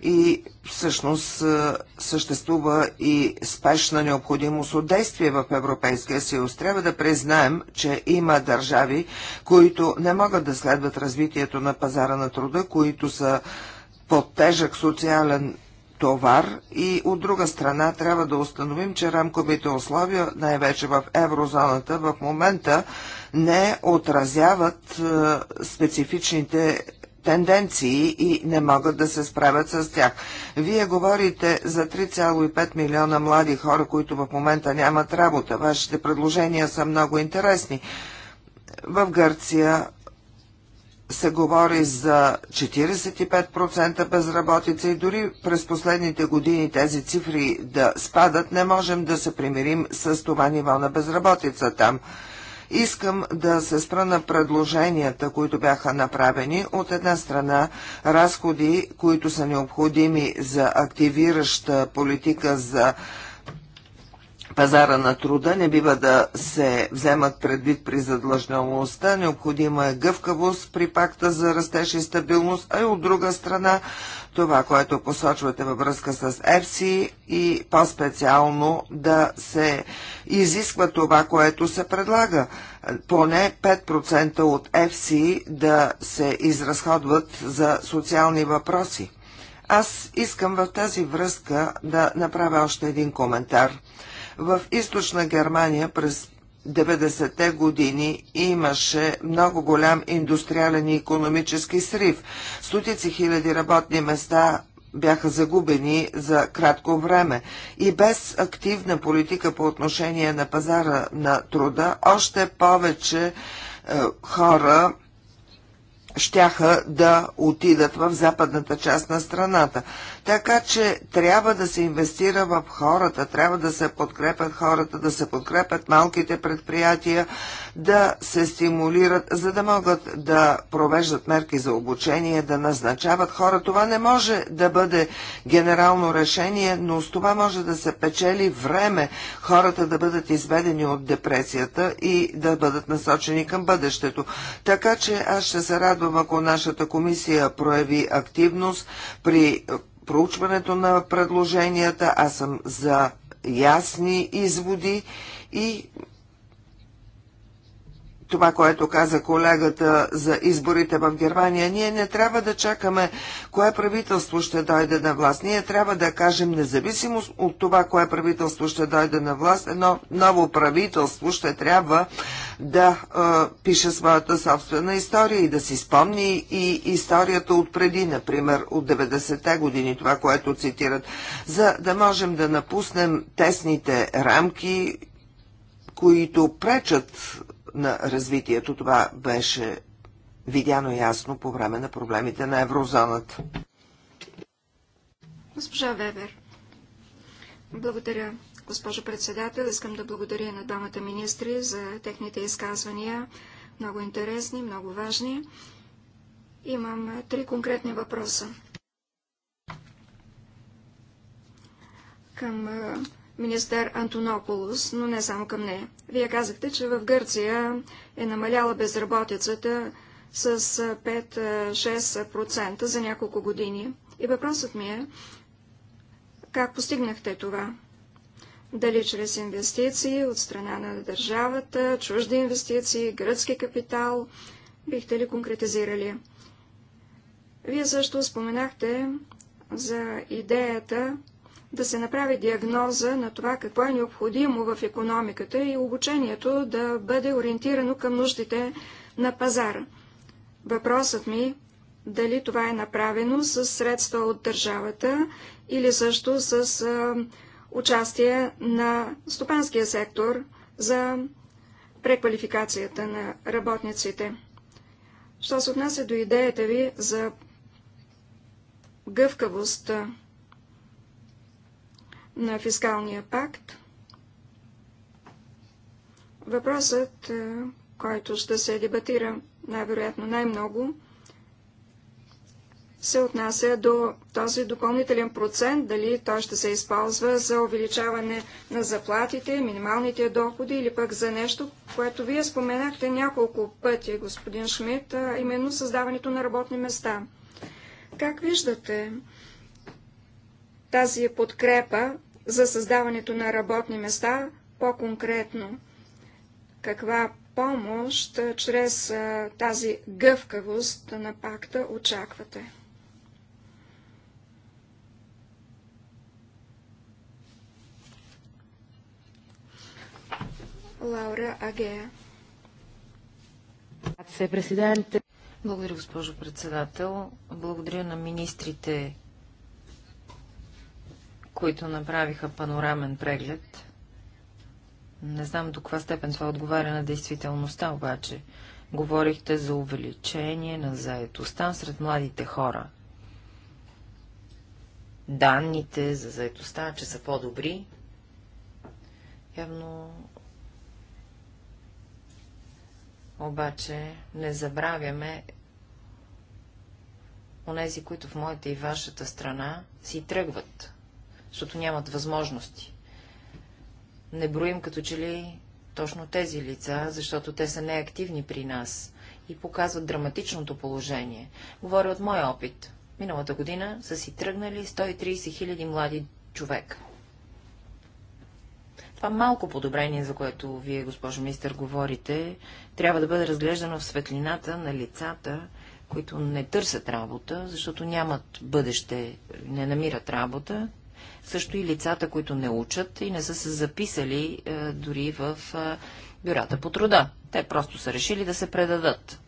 и всъщност е, съществува и спешна необходимост от действие в Европейския съюз. Трябва да признаем, че има държави, които не могат да следват развитието на пазара на труда, които са под тежък социален товар и от друга страна трябва да установим, че рамковите условия, най-вече в еврозоната, в момента не отразяват е, специфичните тенденции и не могат да се справят с тях. Вие говорите за 3,5 милиона млади хора, които в момента нямат работа. Вашите предложения са много интересни. В Гърция се говори за 45% безработица и дори през последните години тези цифри да спадат, не можем да се примирим с това ниво на безработица там. Искам да се спра на предложенията, които бяха направени. От една страна разходи, които са необходими за активираща политика за пазара на труда не бива да се вземат предвид при задлъжнялостта, необходима е гъвкавост при пакта за растеж и стабилност, а и от друга страна това, което посочвате във връзка с ЕФСИ и по-специално да се изисква това, което се предлага. Поне 5% от ЕФСИ да се изразходват за социални въпроси. Аз искам в тази връзка да направя още един коментар – в източна Германия през 90-те години имаше много голям индустриален и економически срив. Стотици хиляди работни места бяха загубени за кратко време и без активна политика по отношение на пазара на труда, още повече е, хора щяха да отидат в западната част на страната. Така че трябва да се инвестира в хората, трябва да се подкрепят хората, да се подкрепят малките предприятия, да се стимулират, за да могат да провеждат мерки за обучение, да назначават хора. Това не може да бъде генерално решение, но с това може да се печели време хората да бъдат изведени от депресията и да бъдат насочени към бъдещето. Така че аз ще се радвам, ако нашата комисия прояви активност при проучването на предложенията, аз съм за ясни изводи и това, което каза колегата за изборите в Германия. Ние не трябва да чакаме кое правителство ще дойде на власт. Ние трябва да кажем, независимо от това, кое правителство ще дойде на власт, едно ново правителство ще трябва да е, пише своята собствена история и да си спомни и историята от преди, например, от 90-те години, това, което цитират, за да можем да напуснем тесните рамки, които пречат на развитието. Това беше видяно ясно по време на проблемите на еврозоната. Госпожа Вебер. Благодаря, госпожо председател. Искам да благодаря на двамата министри за техните изказвания. Много интересни, много важни. Имам три конкретни въпроса към министър Антонополос, но не само към нея. Вие казахте, че в Гърция е намаляла безработицата с 5-6% за няколко години. И въпросът ми е, как постигнахте това? Дали чрез инвестиции от страна на държавата, чужди инвестиции, гръцки капитал? Бихте ли конкретизирали? Вие също споменахте за идеята да се направи диагноза на това какво е необходимо в економиката и обучението да бъде ориентирано към нуждите на пазара. Въпросът ми е дали това е направено с средства от държавата или също с а, участие на стопанския сектор за преквалификацията на работниците. Що се отнася до идеята ви за гъвкавост на фискалния пакт. Въпросът, е, който ще се дебатира най-вероятно най-много, се отнася до този допълнителен процент, дали той ще се използва за увеличаване на заплатите, минималните доходи или пък за нещо, което вие споменахте няколко пъти, господин Шмидт, а именно създаването на работни места. Как виждате тази подкрепа за създаването на работни места, по-конкретно каква помощ чрез тази гъвкавост на пакта очаквате? Лаура Агея. Благодаря, госпожо председател. Благодаря на министрите които направиха панорамен преглед. Не знам до каква степен това отговаря на действителността, обаче. Говорихте за увеличение на заетостта сред младите хора. Данните за заетостта, че са по-добри, явно обаче не забравяме онези, които в моята и вашата страна си тръгват защото нямат възможности. Не броим като че ли точно тези лица, защото те са неактивни при нас и показват драматичното положение. Говоря от моя опит. Миналата година са си тръгнали 130 хиляди млади човек. Това малко подобрение, за което вие, госпожо министър, говорите, трябва да бъде разглеждано в светлината на лицата, които не търсят работа, защото нямат бъдеще, не намират работа също и лицата, които не учат и не са се записали е, дори в е, бюрата по труда. Те просто са решили да се предадат.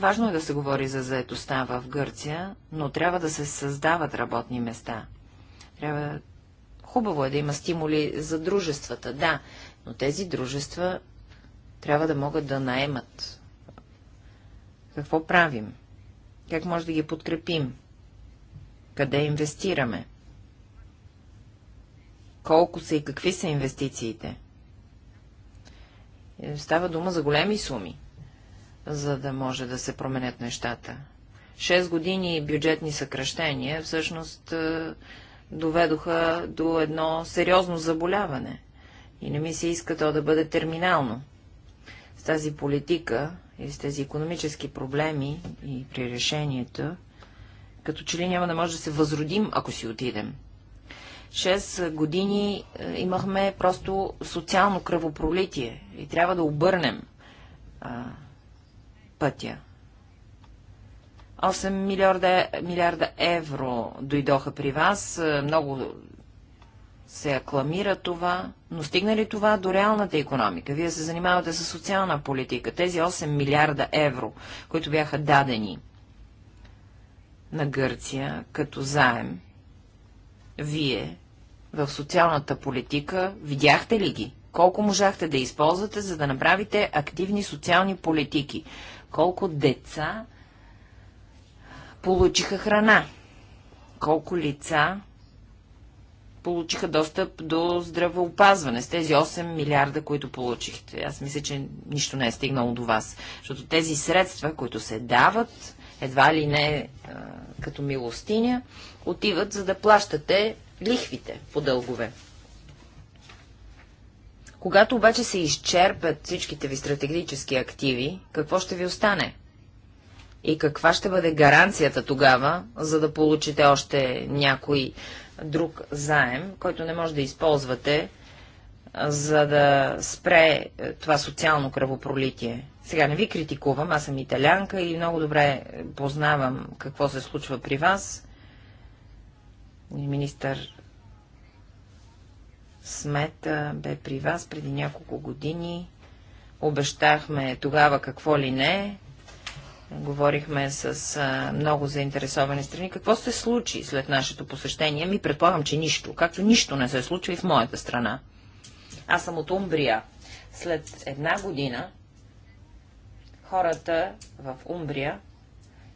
Важно е да се говори за заетостта в Гърция, но трябва да се създават работни места. Трябва... Хубаво е да има стимули за дружествата, да, но тези дружества трябва да могат да наемат какво правим? Как може да ги подкрепим? Къде инвестираме? Колко са и какви са инвестициите? Е, става дума за големи суми, за да може да се променят нещата. Шест години бюджетни съкръщения всъщност е, доведоха до едно сериозно заболяване и не ми се иска то да бъде терминално. С тази политика и с тези економически проблеми и при решенията, като че ли няма да може да се възродим, ако си отидем. 6 години е, имахме просто социално кръвопролитие и трябва да обърнем а, пътя. 8 милиарда, милиарда евро дойдоха при вас. Е, много се акламира това, но стигна ли това до реалната економика? Вие се занимавате с социална политика. Тези 8 милиарда евро, които бяха дадени на Гърция като заем, вие в социалната политика видяхте ли ги? Колко можахте да използвате, за да направите активни социални политики? Колко деца получиха храна? Колко лица получиха достъп до здравеопазване с тези 8 милиарда, които получихте. Аз мисля, че нищо не е стигнало до вас, защото тези средства, които се дават, едва ли не а, като милостиня, отиват за да плащате лихвите по дългове. Когато обаче се изчерпят всичките ви стратегически активи, какво ще ви остане? И каква ще бъде гаранцията тогава, за да получите още някои друг заем, който не може да използвате, за да спре е, това социално кръвопролитие. Сега не ви критикувам, аз съм италянка и много добре е, познавам какво се случва при вас. Министър смета, бе при вас преди няколко години. Обещахме тогава какво ли не. Говорихме с а, много заинтересовани страни. Какво се случи след нашето посещение? Ми предполагам, че нищо. Както нищо не се случва и в моята страна. Аз съм от Умбрия. След една година хората в Умбрия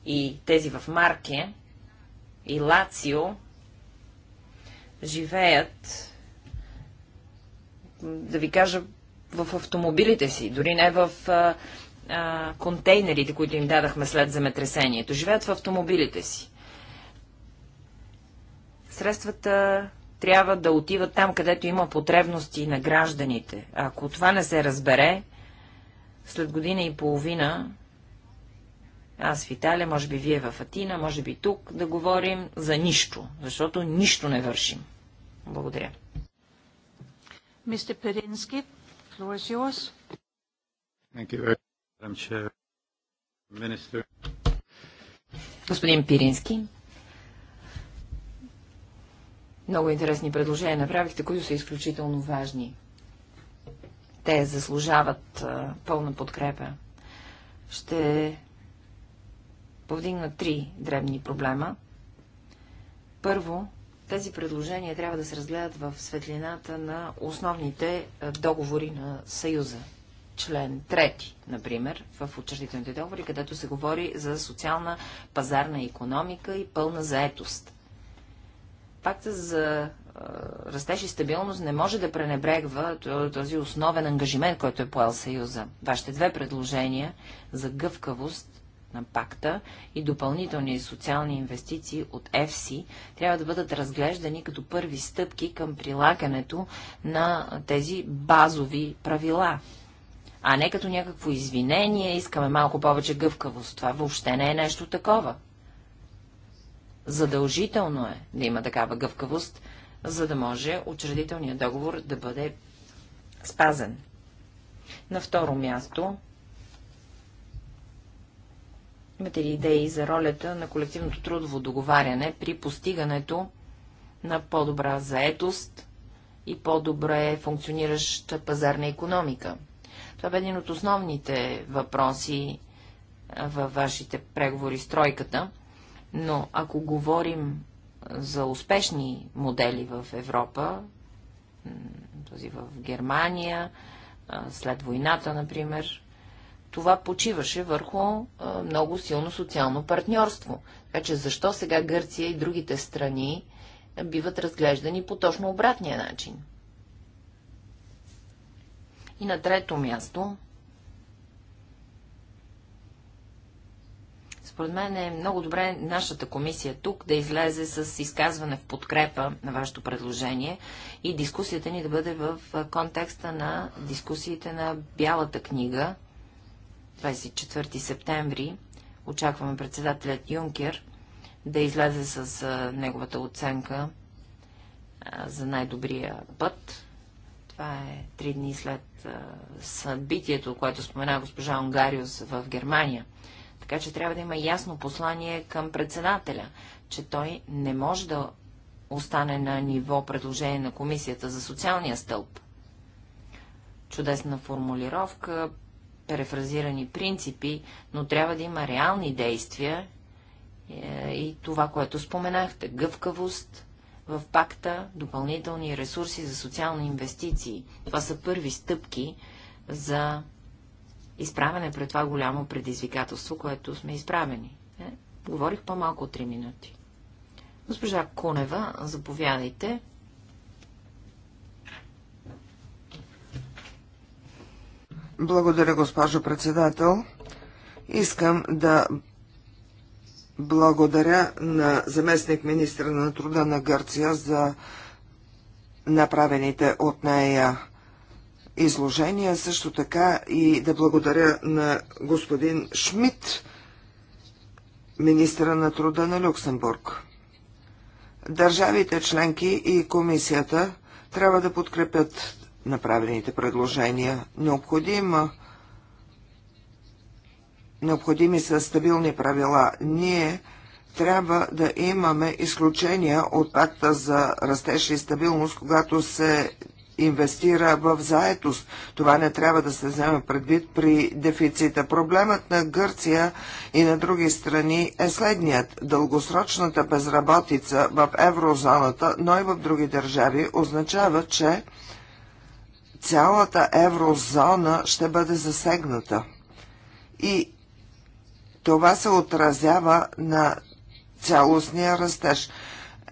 и тези в Марке и Лацио живеят, да ви кажа, в автомобилите си, дори не в а, а, контейнерите, които им дадахме след земетресението. Живеят в автомобилите си. Средствата трябва да отиват там, където има потребности на гражданите. Ако това не се разбере, след година и половина, аз в Италия, може би вие в Атина, може би тук, да говорим за нищо, защото нищо не вършим. Благодаря. Mr. Perinsky, floor is yours. Thank you very Господин Пирински, много интересни предложения направихте, които са изключително важни. Те заслужават а, пълна подкрепа. Ще повдигна три дребни проблема. Първо, тези предложения трябва да се разгледат в светлината на основните договори на Съюза, член 3, например, в учредителните договори, където се говори за социална пазарна економика и пълна заетост. Пакта за растеж и стабилност не може да пренебрегва този основен ангажимент, който е поел Съюза. Вашите две предложения за гъвкавост на пакта и допълнителни социални инвестиции от ЕФСИ трябва да бъдат разглеждани като първи стъпки към прилагането на тези базови правила а не като някакво извинение, искаме малко повече гъвкавост. Това въобще не е нещо такова. Задължително е да има такава гъвкавост, за да може учредителният договор да бъде спазен. На второ място, имате ли идеи за ролята на колективното трудово договаряне при постигането на по-добра заетост и по-добре функционираща пазарна економика? Това бе един от основните въпроси във вашите преговори с тройката, но ако говорим за успешни модели в Европа, този в Германия, след войната, например, това почиваше върху много силно социално партньорство. Така че защо сега Гърция и другите страни биват разглеждани по точно обратния начин? И на трето място, според мен е много добре нашата комисия тук да излезе с изказване в подкрепа на вашето предложение и дискусията ни да бъде в контекста на дискусиите на Бялата книга 24 септември. Очакваме председателят Юнкер да излезе с неговата оценка за най-добрия път това е три дни след събитието, което спомена госпожа Унгариус в Германия. Така че трябва да има ясно послание към председателя, че той не може да остане на ниво предложение на Комисията за социалния стълб. Чудесна формулировка, перефразирани принципи, но трябва да има реални действия е, и това, което споменахте – гъвкавост, в пакта допълнителни ресурси за социални инвестиции. Това са първи стъпки за изправене пред това голямо предизвикателство, което сме изправени. Е, говорих по-малко от 3 минути. Госпожа Кунева, заповядайте. Благодаря, госпожо председател. Искам да благодаря на заместник министра на труда на Гърция за направените от нея изложения. Също така и да благодаря на господин Шмидт, министра на труда на Люксембург. Държавите членки и комисията трябва да подкрепят направените предложения. Необходима необходими са стабилни правила. Ние трябва да имаме изключения от пакта за растеж и стабилност, когато се инвестира в заетост. Това не трябва да се вземе предвид при дефицита. Проблемът на Гърция и на други страни е следният. Дългосрочната безработица в еврозоната, но и в други държави, означава, че цялата еврозона ще бъде засегната. И това се отразява на цялостния растеж.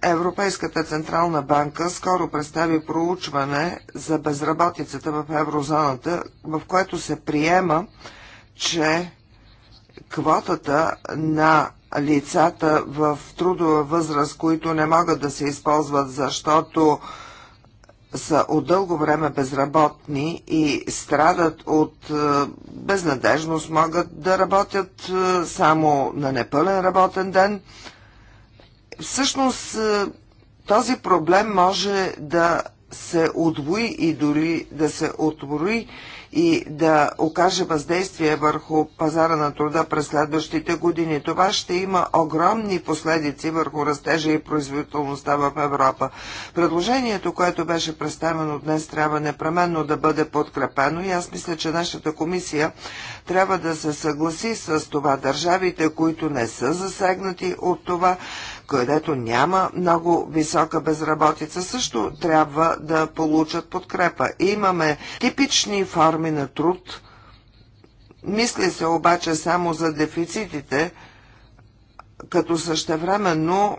Европейската Централна банка скоро представи проучване за безработицата в еврозоната, в което се приема, че квотата на лицата в трудова възраст, които не могат да се използват, защото са от дълго време безработни и страдат от е, безнадежност, могат да работят е, само на непълен работен ден. Всъщност е, този проблем може да се отвои и дори да се отвори и да окаже въздействие върху пазара на труда през следващите години. Това ще има огромни последици върху растежа и производителността в Европа. Предложението, което беше представено днес, трябва непременно да бъде подкрепено и аз мисля, че нашата комисия трябва да се съгласи с това държавите, които не са засегнати от това, където няма много висока безработица, също трябва да получат подкрепа. Имаме типични форми на труд. Мисли се обаче само за дефицитите, като същевременно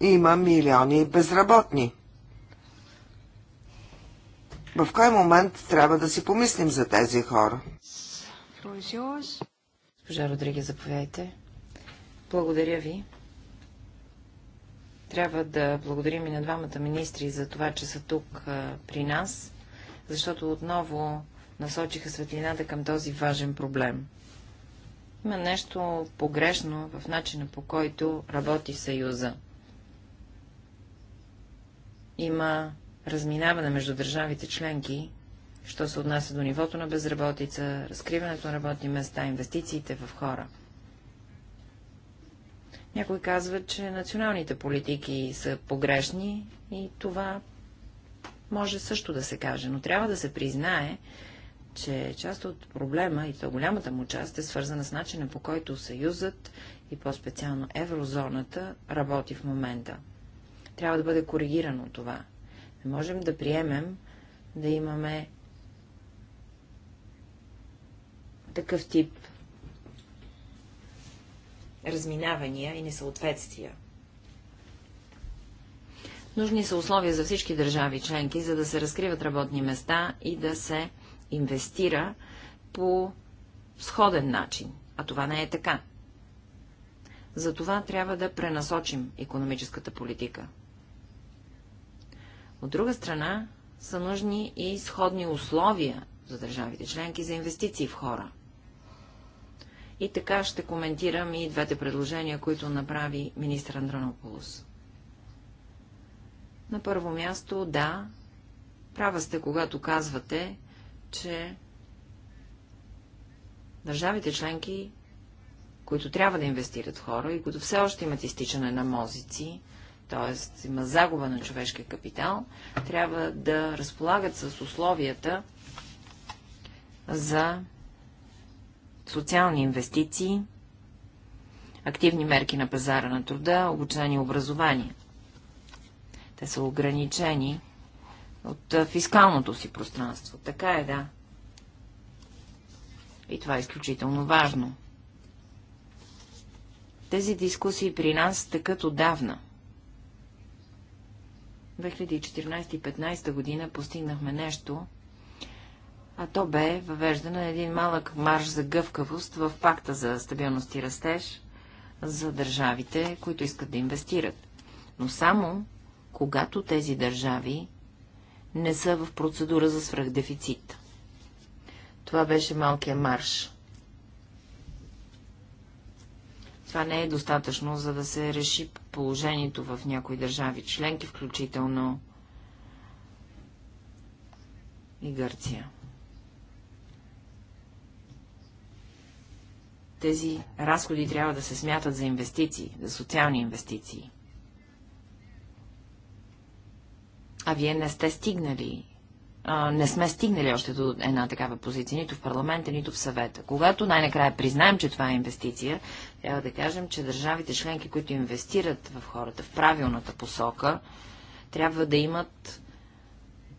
има милиони безработни. В кой момент трябва да си помислим за тези хора? Госпожа Родриге, заповядайте. Благодаря ви. Трябва да благодарим и на двамата министри за това, че са тук а, при нас, защото отново насочиха светлината към този важен проблем. Има нещо погрешно в начина по който работи Съюза. Има разминаване между държавите членки, що се отнася до нивото на безработица, разкриването на работни места, инвестициите в хора – някой казва, че националните политики са погрешни и това може също да се каже, но трябва да се признае, че част от проблема, и то голямата му част, е свързана с начина по който Съюзът и по-специално еврозоната работи в момента. Трябва да бъде коригирано това. Не можем да приемем да имаме такъв тип разминавания и несъответствия. Нужни са условия за всички държави членки, за да се разкриват работни места и да се инвестира по сходен начин, а това не е така. Затова трябва да пренасочим економическата политика. От друга страна са нужни и сходни условия за държавите членки за инвестиции в хора. И така ще коментирам и двете предложения, които направи министър Андранополос. На първо място, да, права сте, когато казвате, че държавите членки, които трябва да инвестират хора и които все още имат изтичане на мозици, т.е. има загуба на човешкия капитал, трябва да разполагат с условията за социални инвестиции, активни мерки на пазара на труда, обучение и образование. Те са ограничени от фискалното си пространство. Така е, да. И това е изключително важно. Тези дискусии при нас тъкат отдавна. 2014-2015 година постигнахме нещо, а то бе въвеждане на един малък марш за гъвкавост в пакта за стабилност и растеж за държавите, които искат да инвестират. Но само когато тези държави не са в процедура за свръхдефицит. Това беше малкия марш. Това не е достатъчно, за да се реши положението в някои държави членки, включително и Гърция. тези разходи трябва да се смятат за инвестиции, за социални инвестиции. А вие не сте стигнали, а, не сме стигнали още до една такава позиция, нито в парламента, нито в съвета. Когато най-накрая признаем, че това е инвестиция, трябва да кажем, че държавите членки, които инвестират в хората в правилната посока, трябва да имат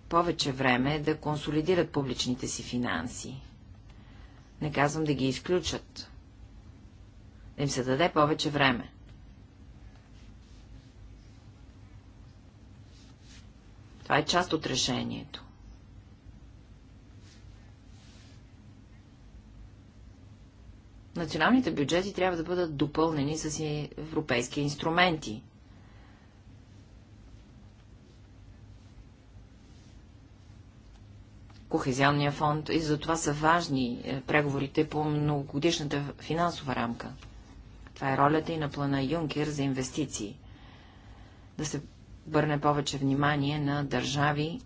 повече време да консолидират публичните си финанси. Не казвам да ги изключат да им се даде повече време. Това е част от решението. Националните бюджети трябва да бъдат допълнени с европейски инструменти. Кохезионния фонд и за това са важни е, преговорите по многогодишната финансова рамка. Това е ролята и на плана Юнкер за инвестиции. Да се върне повече внимание на държави,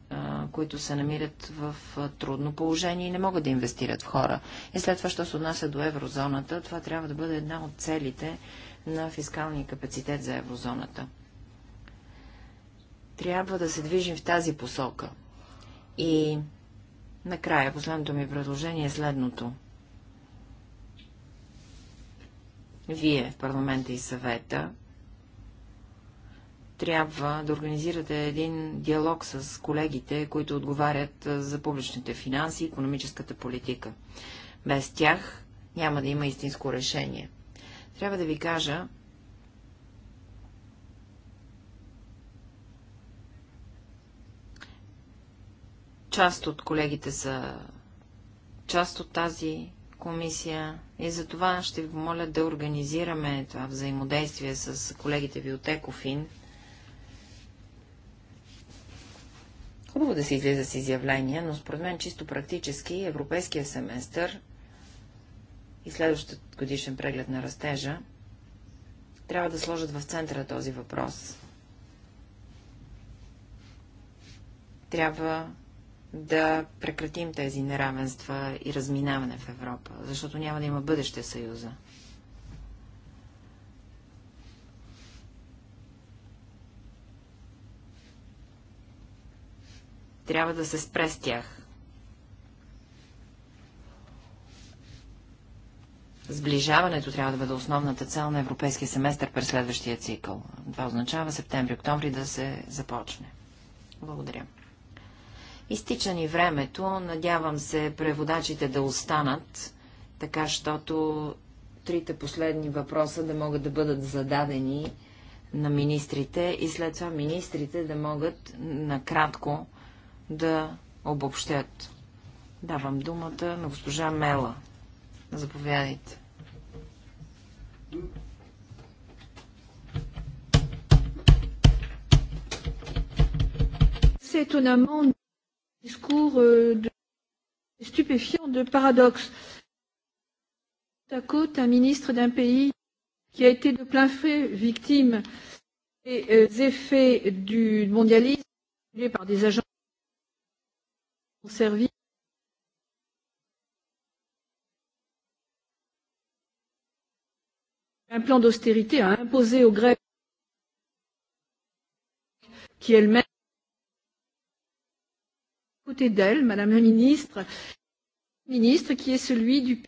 които се намират в трудно положение и не могат да инвестират в хора. И след това, що се отнася до еврозоната, това трябва да бъде една от целите на фискалния капацитет за еврозоната. Трябва да се движим в тази посока. И накрая, последното ми предложение е следното. вие в парламента и съвета трябва да организирате един диалог с колегите, които отговарят за публичните финанси и економическата политика. Без тях няма да има истинско решение. Трябва да ви кажа, част от колегите са част от тази комисия и за това ще ви помоля да организираме това взаимодействие с колегите ви от Екофин. Хубаво да се излиза с изявления, но според мен чисто практически европейския семестър и следващата годишен преглед на растежа трябва да сложат в центъра този въпрос. Трябва да прекратим тези неравенства и разминаване в Европа, защото няма да има бъдеще Съюза. Трябва да се спре с тях. Сближаването трябва да бъде основната цел на европейския семестър през следващия цикъл. Това означава септември-октомври да се започне. Благодаря. Изтича ни времето, надявам се преводачите да останат, така, щото трите последни въпроса да могат да бъдат зададени на министрите и след това министрите да могат накратко да обобщят. Давам думата на госпожа Мела. Заповядайте. C'est étonnamment discours de stupéfiant, de paradoxe. Côte à côte, un ministre d'un pays qui a été de plein fait victime des effets du mondialisme par des agents qui ont servi un plan d'austérité à imposer aux Grecs qui elles-mêmes côté d'elle, Madame la Ministre, ministre qui est celui du pays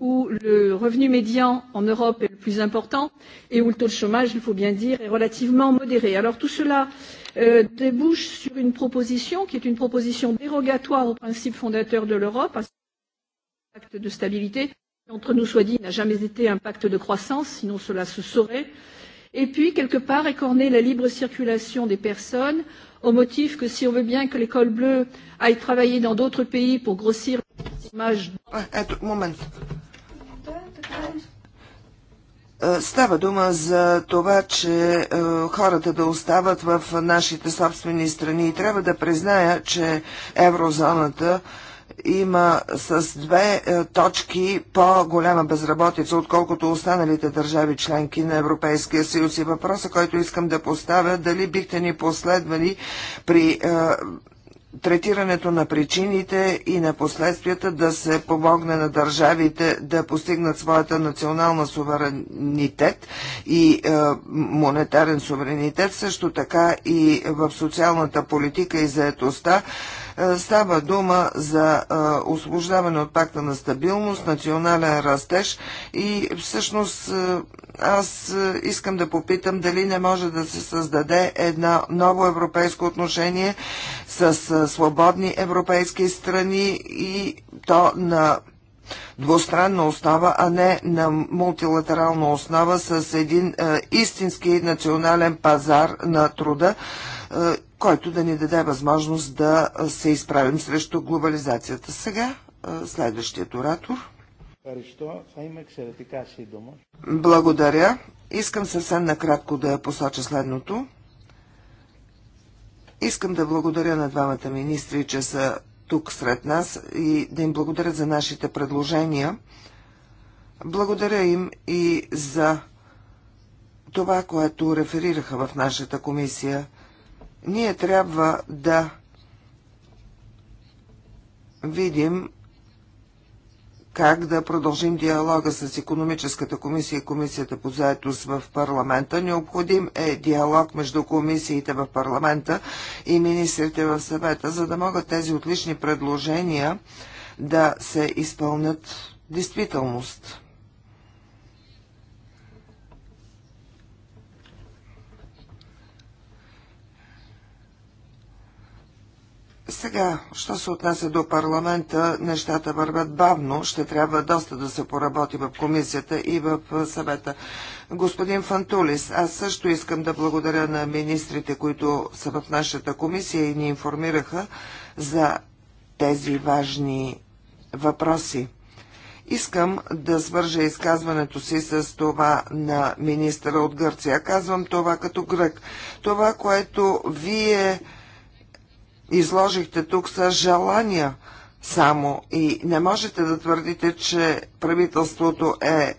où le revenu médian en Europe est le plus important et où le taux de chômage, il faut bien dire, est relativement modéré. Alors tout cela euh, débouche sur une proposition qui est une proposition dérogatoire aux principes fondateurs de l'Europe, un pacte de stabilité, qui, entre nous soit dit, n'a jamais été un pacte de croissance, sinon cela se saurait et puis, quelque part, écorner la libre circulation des personnes au motif que si on veut bien que l'école bleue aille travailler dans d'autres pays pour grossir l'image. Става дума за това, че е, хората да остават в нашите собствени страни и трябва да призная, че еврозоната е, има с две е, точки по-голяма безработица, отколкото останалите държави членки на Европейския съюз. И въпроса, който искам да поставя, дали бихте ни последвали при е, третирането на причините и на последствията да се помогне на държавите да постигнат своята национална суверенитет и е, монетарен суверенитет, също така и в социалната политика и заетостта е, става дума за е, освобождаване от пакта на стабилност, национален растеж и всъщност е, аз искам да попитам дали не може да се създаде едно ново европейско отношение с свободни европейски страни и то на двустранна основа, а не на мултилатерална основа с един е, истински национален пазар на труда е, който да ни даде възможност да се изправим срещу глобализацията. Сега следващият оратор. Благодаря. Искам съвсем накратко да посоча следното. Искам да благодаря на двамата министри, че са тук сред нас и да им благодаря за нашите предложения. Благодаря им и за това, което реферираха в нашата комисия. Ние трябва да видим как да продължим диалога с економическата комисия и комисията по заетост в парламента. Необходим е диалог между комисиите в парламента и министрите в съвета, за да могат тези отлични предложения да се изпълнят действителност. Сега, що се отнася до парламента, нещата върват бавно. Ще трябва доста да се поработи в комисията и в съвета. Господин Фантулис, аз също искам да благодаря на министрите, които са в нашата комисия и ни информираха за тези важни въпроси. Искам да свържа изказването си с това на министъра от Гърция. Казвам това като грък. Това, което вие изложихте тук са желания само и не можете да твърдите, че правителството е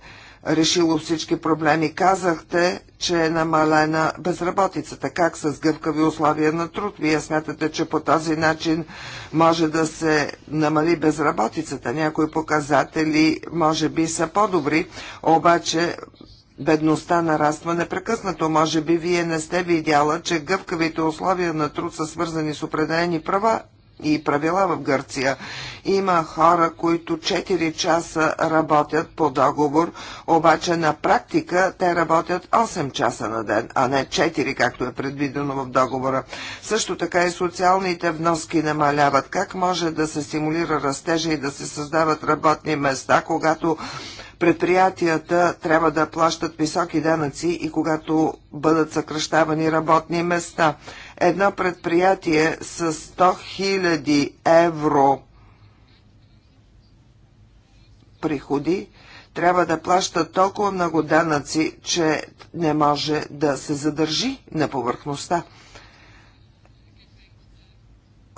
решило всички проблеми. Казахте, че е намалена безработицата. Как с гъвкави условия на труд? Вие смятате, че по този начин може да се намали безработицата. Някои показатели може би са по-добри, обаче Бедността нараства непрекъснато. Може би вие не сте видяла, че гъвкавите условия на труд са свързани с определени права и правила в Гърция. Има хора, които 4 часа работят по договор, обаче на практика те работят 8 часа на ден, а не 4, както е предвидено в договора. Също така и социалните вноски намаляват. Как може да се стимулира растежа и да се създават работни места, когато предприятията трябва да плащат високи данъци и когато бъдат съкръщавани работни места. Едно предприятие с 100 000 евро приходи трябва да плаща толкова много данъци, че не може да се задържи на повърхността.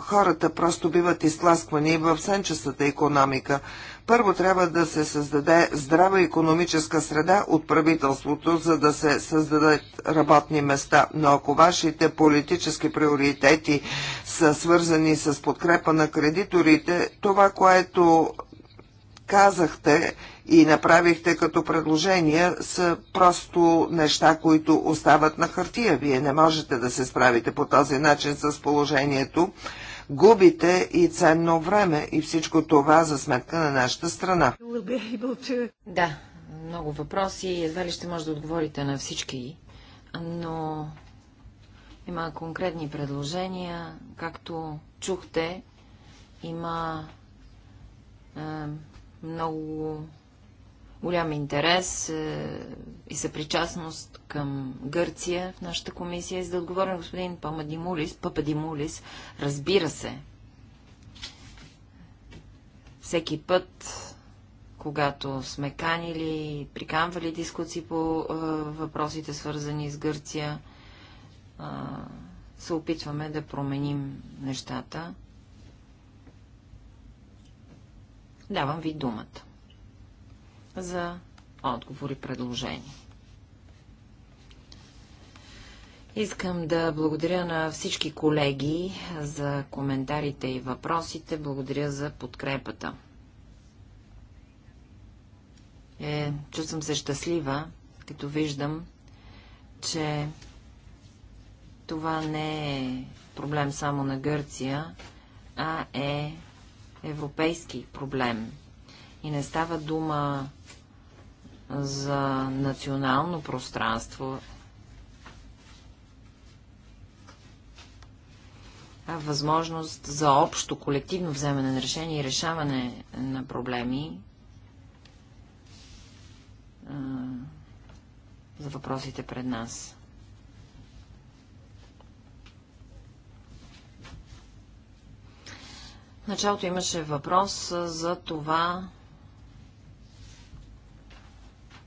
Хората просто биват изтласквани в сенчестата економика. Първо трябва да се създаде здрава економическа среда от правителството, за да се създадат работни места. Но ако вашите политически приоритети са свързани с подкрепа на кредиторите, това, което казахте и направихте като предложения са просто неща, които остават на хартия. Вие не можете да се справите по този начин с положението губите и ценно време и всичко това за сметка на нашата страна. Да, много въпроси. Едва ли ще може да отговорите на всички, но има конкретни предложения. Както чухте, има е, много голям интерес е, и съпричастност към Гърция в нашата комисия. За да отговоря на господин Памадимулис, Пападимулис, разбира се, всеки път, когато сме канили, приканвали дискуции по е, въпросите, свързани с Гърция, е, се опитваме да променим нещата. Давам ви думата за отговори и предложения. Искам да благодаря на всички колеги за коментарите и въпросите. Благодаря за подкрепата. Е, чувствам се щастлива, като виждам, че това не е проблем само на Гърция, а е европейски проблем. И не става дума за национално пространство, възможност за общо колективно вземане на решение и решаване на проблеми за въпросите пред нас. В началото имаше въпрос за това,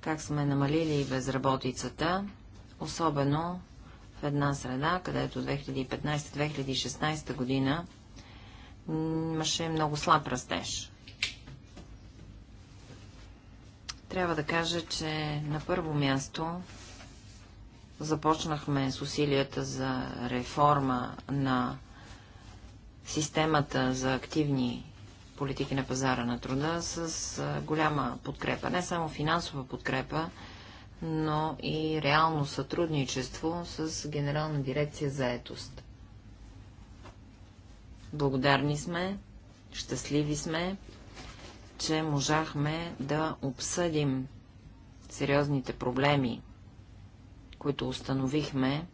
как сме намалили безработицата, особено в една среда, където 2015-2016 година имаше много слаб растеж. Трябва да кажа, че на първо място започнахме с усилията за реформа на системата за активни политики на пазара на труда с голяма подкрепа. Не само финансова подкрепа, но и реално сътрудничество с Генерална дирекция за етост. Благодарни сме, щастливи сме, че можахме да обсъдим сериозните проблеми, които установихме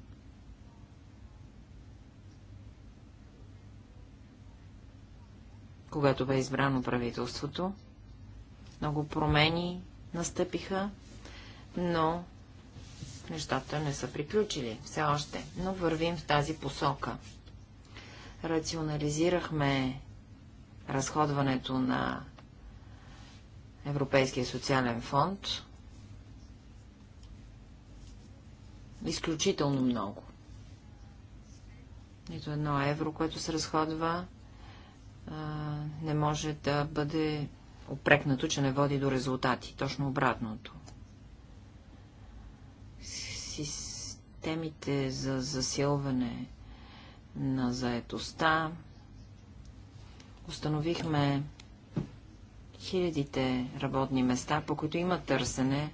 когато бе избрано правителството. Много промени настъпиха, но нещата не са приключили все още, но вървим в тази посока. Рационализирахме разходването на Европейския социален фонд изключително много. Нито едно евро, което се разходва, не може да бъде опрекнато, че не води до резултати. Точно обратното. Системите за засилване на заетостта установихме хилядите работни места, по които има търсене,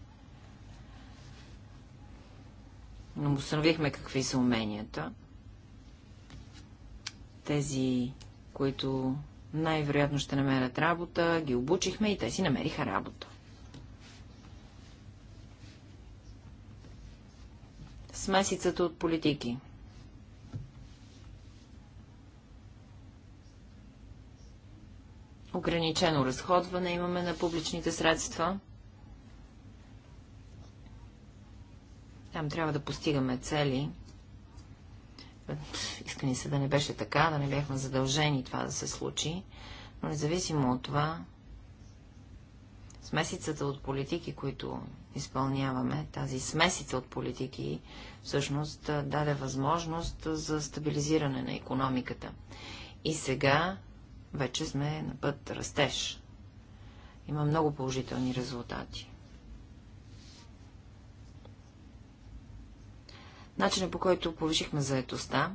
но установихме какви са уменията. Тези които най-вероятно ще намерят работа, ги обучихме и те си намериха работа. Смесицата от политики. Ограничено разходване имаме на публичните средства. Там трябва да постигаме цели иска ни се да не беше така, да не бяхме задължени това да се случи, но независимо от това, смесицата от политики, които изпълняваме, тази смесица от политики, всъщност даде възможност за стабилизиране на економиката. И сега вече сме на път растеж. Има много положителни резултати. Начинът по който повишихме заетостта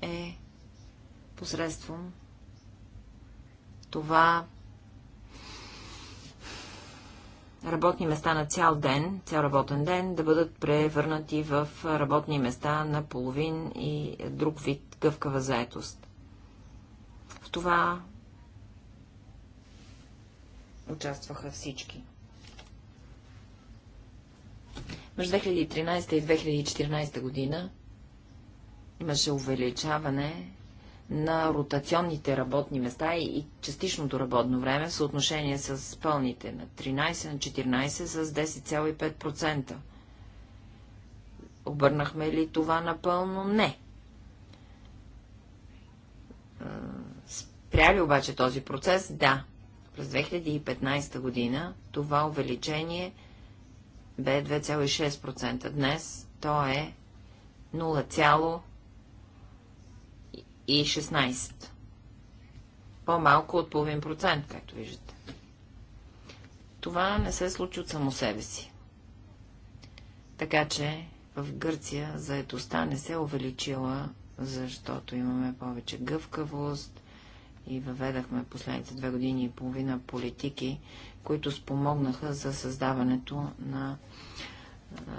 е посредством това работни места на цял ден, цял работен ден, да бъдат превърнати в работни места на половин и друг вид гъвкава заетост. В това участваха всички. Между 2013 и 2014 година имаше увеличаване на ротационните работни места и частичното работно време в съотношение с пълните на 13 на 14 с 10,5%. Обърнахме ли това напълно? Не. Спряли обаче този процес? Да. През 2015 година това увеличение бе 2,6%. Днес то е 0,16. По-малко от половин процент, както виждате. Това не се случи от само себе си. Така че в Гърция заедостта не се е увеличила, защото имаме повече гъвкавост и въведахме последните две години и половина политики, които спомогнаха за създаването на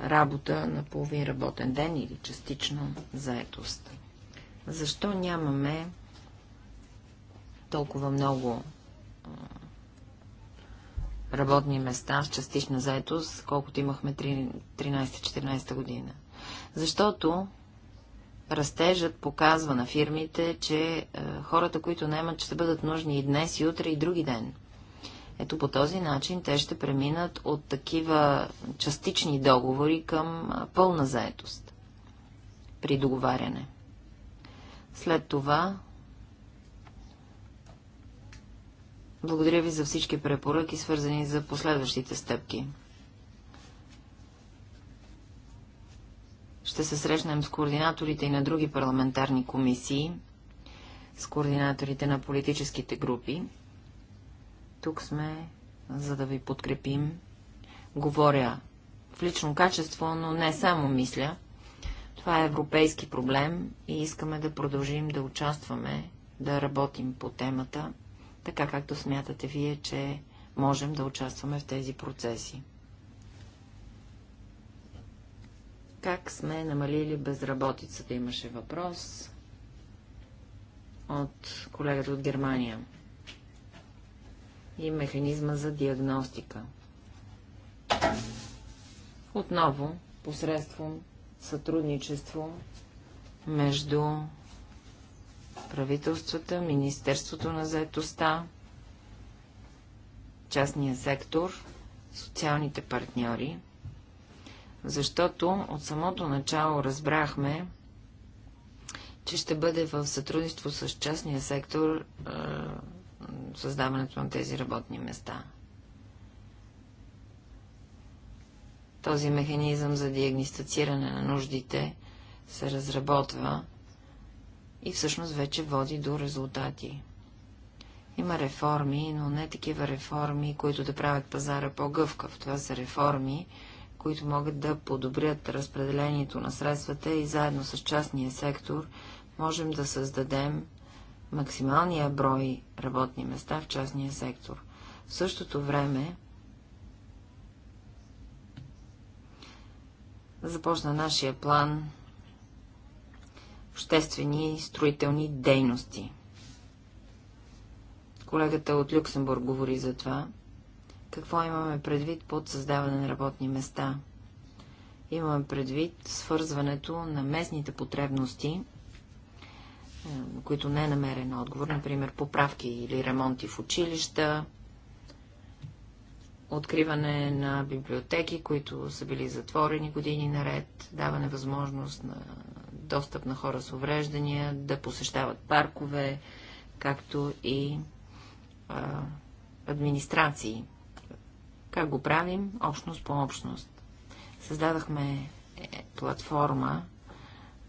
работа на половин работен ден или частично заетост. Защо нямаме толкова много работни места с частична заетост, колкото имахме 13-14 година? Защото растежът показва на фирмите, че хората, които наемат, ще бъдат нужни и днес, и утре, и други ден. Ето по този начин те ще преминат от такива частични договори към пълна заетост при договаряне. След това благодаря ви за всички препоръки, свързани за последващите стъпки. Ще се срещнем с координаторите и на други парламентарни комисии, с координаторите на политическите групи тук сме, за да ви подкрепим. Говоря в лично качество, но не само мисля. Това е европейски проблем и искаме да продължим да участваме, да работим по темата, така както смятате вие, че можем да участваме в тези процеси. Как сме намалили безработицата, имаше въпрос от колегата от Германия и механизма за диагностика. Отново посредством сътрудничество между правителствата, Министерството на заетостта, частния сектор, социалните партньори, защото от самото начало разбрахме, че ще бъде в сътрудничество с частния сектор създаването на тези работни места. Този механизъм за диагностициране на нуждите се разработва и всъщност вече води до резултати. Има реформи, но не такива реформи, които да правят пазара по-гъвкав. Това са реформи, които могат да подобрят разпределението на средствата и заедно с частния сектор можем да създадем максималния брой работни места в частния сектор. В същото време започна нашия план обществени строителни дейности. Колегата от Люксембург говори за това. Какво имаме предвид под създаване на работни места? Имаме предвид свързването на местните потребности на които не е намерен отговор, например поправки или ремонти в училища, откриване на библиотеки, които са били затворени години наред, даване възможност на достъп на хора с увреждания, да посещават паркове, както и а, администрации. Как го правим? Общност по общност. Създадахме е, платформа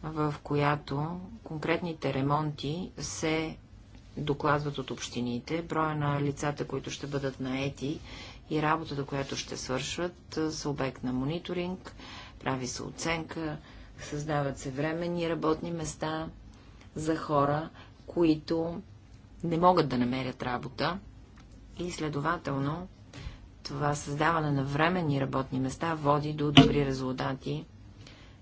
в която конкретните ремонти се докладват от общините, броя на лицата, които ще бъдат наети и работата, която ще свършват, е, са обект на мониторинг, прави се оценка, създават се временни работни места за хора, които не могат да намерят работа и следователно това създаване на временни работни места води до добри резултати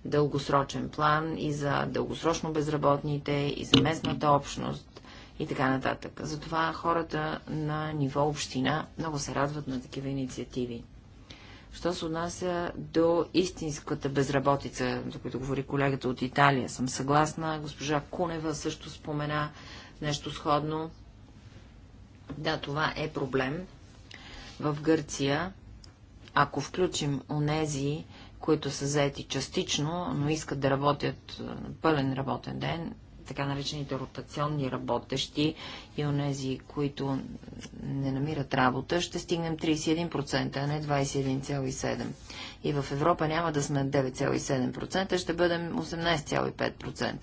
дългосрочен план и за дългосрочно безработните, и за местната общност и така нататък. Затова хората на ниво община много се радват на такива инициативи. Що се отнася до истинската безработица, за която говори колегата от Италия, съм съгласна. Госпожа Кунева също спомена нещо сходно. Да, това е проблем. В Гърция, ако включим онези, които са заети частично, но искат да работят е, пълен работен ден, така наречените ротационни работещи и онези, които не намират работа, ще стигнем 31%, а не 21,7%. И в Европа няма да сме 9,7%, ще бъдем 18,5%.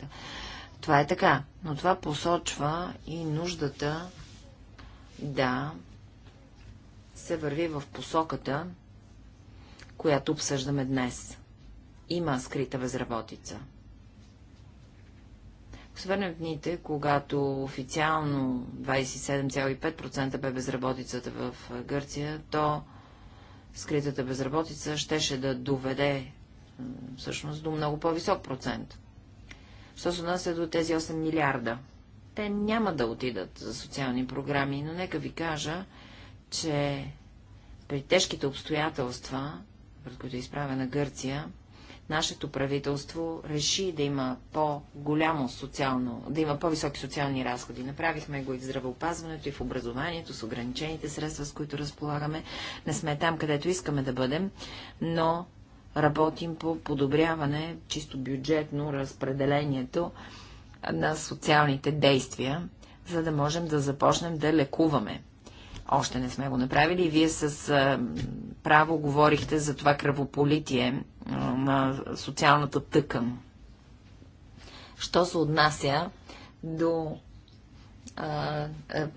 Това е така, но това посочва и нуждата да се върви в посоката която обсъждаме днес. Има скрита безработица. Освен в дните, когато официално 27,5% бе безработицата в Гърция, то скритата безработица щеше да доведе всъщност до много по-висок процент. Що се отнася до тези 8 милиарда? Те няма да отидат за социални програми, но нека ви кажа, че при тежките обстоятелства пред които е изправена Гърция, нашето правителство реши да има по-голямо социално, да има по-високи социални разходи. Направихме го и в здравеопазването, и в образованието, с ограничените средства, с които разполагаме. Не сме там, където искаме да бъдем, но работим по подобряване, чисто бюджетно, разпределението на социалните действия, за да можем да започнем да лекуваме. Още не сме го направили. Вие с право говорихте за това кръвополитие на социалната тъкан. Що се отнася до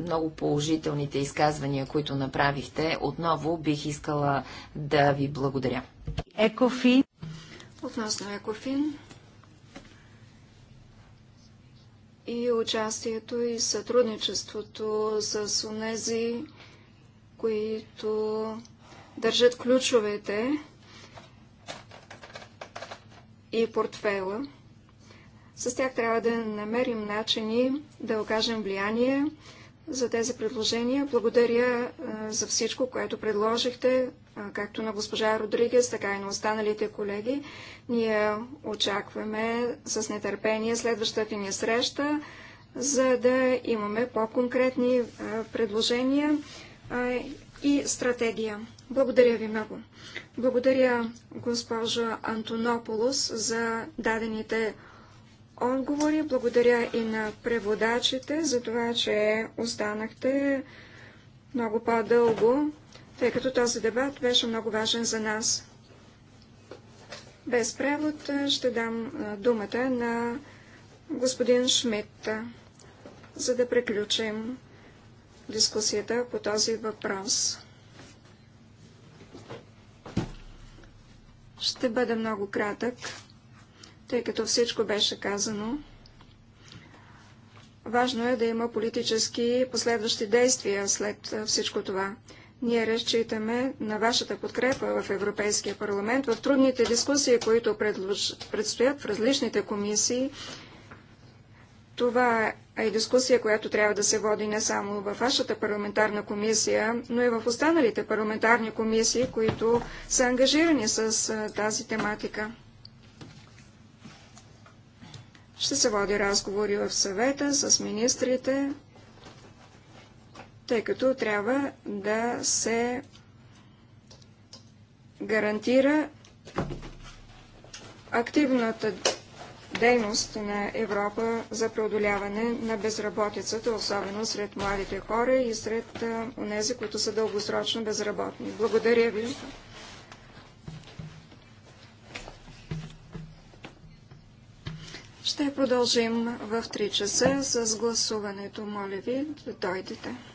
много положителните изказвания, които направихте, отново бих искала да ви благодаря. Екофин. Относно Екофин и участието и сътрудничеството с онези, които държат ключовете и портфела. С тях трябва да намерим начини да окажем влияние за тези предложения. Благодаря за всичко, което предложихте, както на госпожа Родригес, така и на останалите колеги. Ние очакваме с нетърпение следващата ни среща, за да имаме по-конкретни предложения и стратегия. Благодаря ви много. Благодаря, госпожа Антонополос, за дадените отговори. Благодаря и на преводачите за това, че останахте много по-дълго, тъй като този дебат беше много важен за нас. Без превод ще дам думата на господин Шмидт, за да приключим дискусията по този въпрос. Ще бъда много кратък, тъй като всичко беше казано. Важно е да има политически последващи действия след всичко това. Ние разчитаме на вашата подкрепа в Европейския парламент в трудните дискусии, които предстоят в различните комисии. Това е а и дискусия, която трябва да се води не само във вашата парламентарна комисия, но и в останалите парламентарни комисии, които са ангажирани с тази тематика. Ще се води разговори в съвета с министрите, тъй като трябва да се гарантира активната дейност на Европа за преодоляване на безработицата, особено сред младите хора и сред онези, които са дългосрочно безработни. Благодаря ви. Ще продължим в 3 часа с гласуването. Моля ви да дойдете.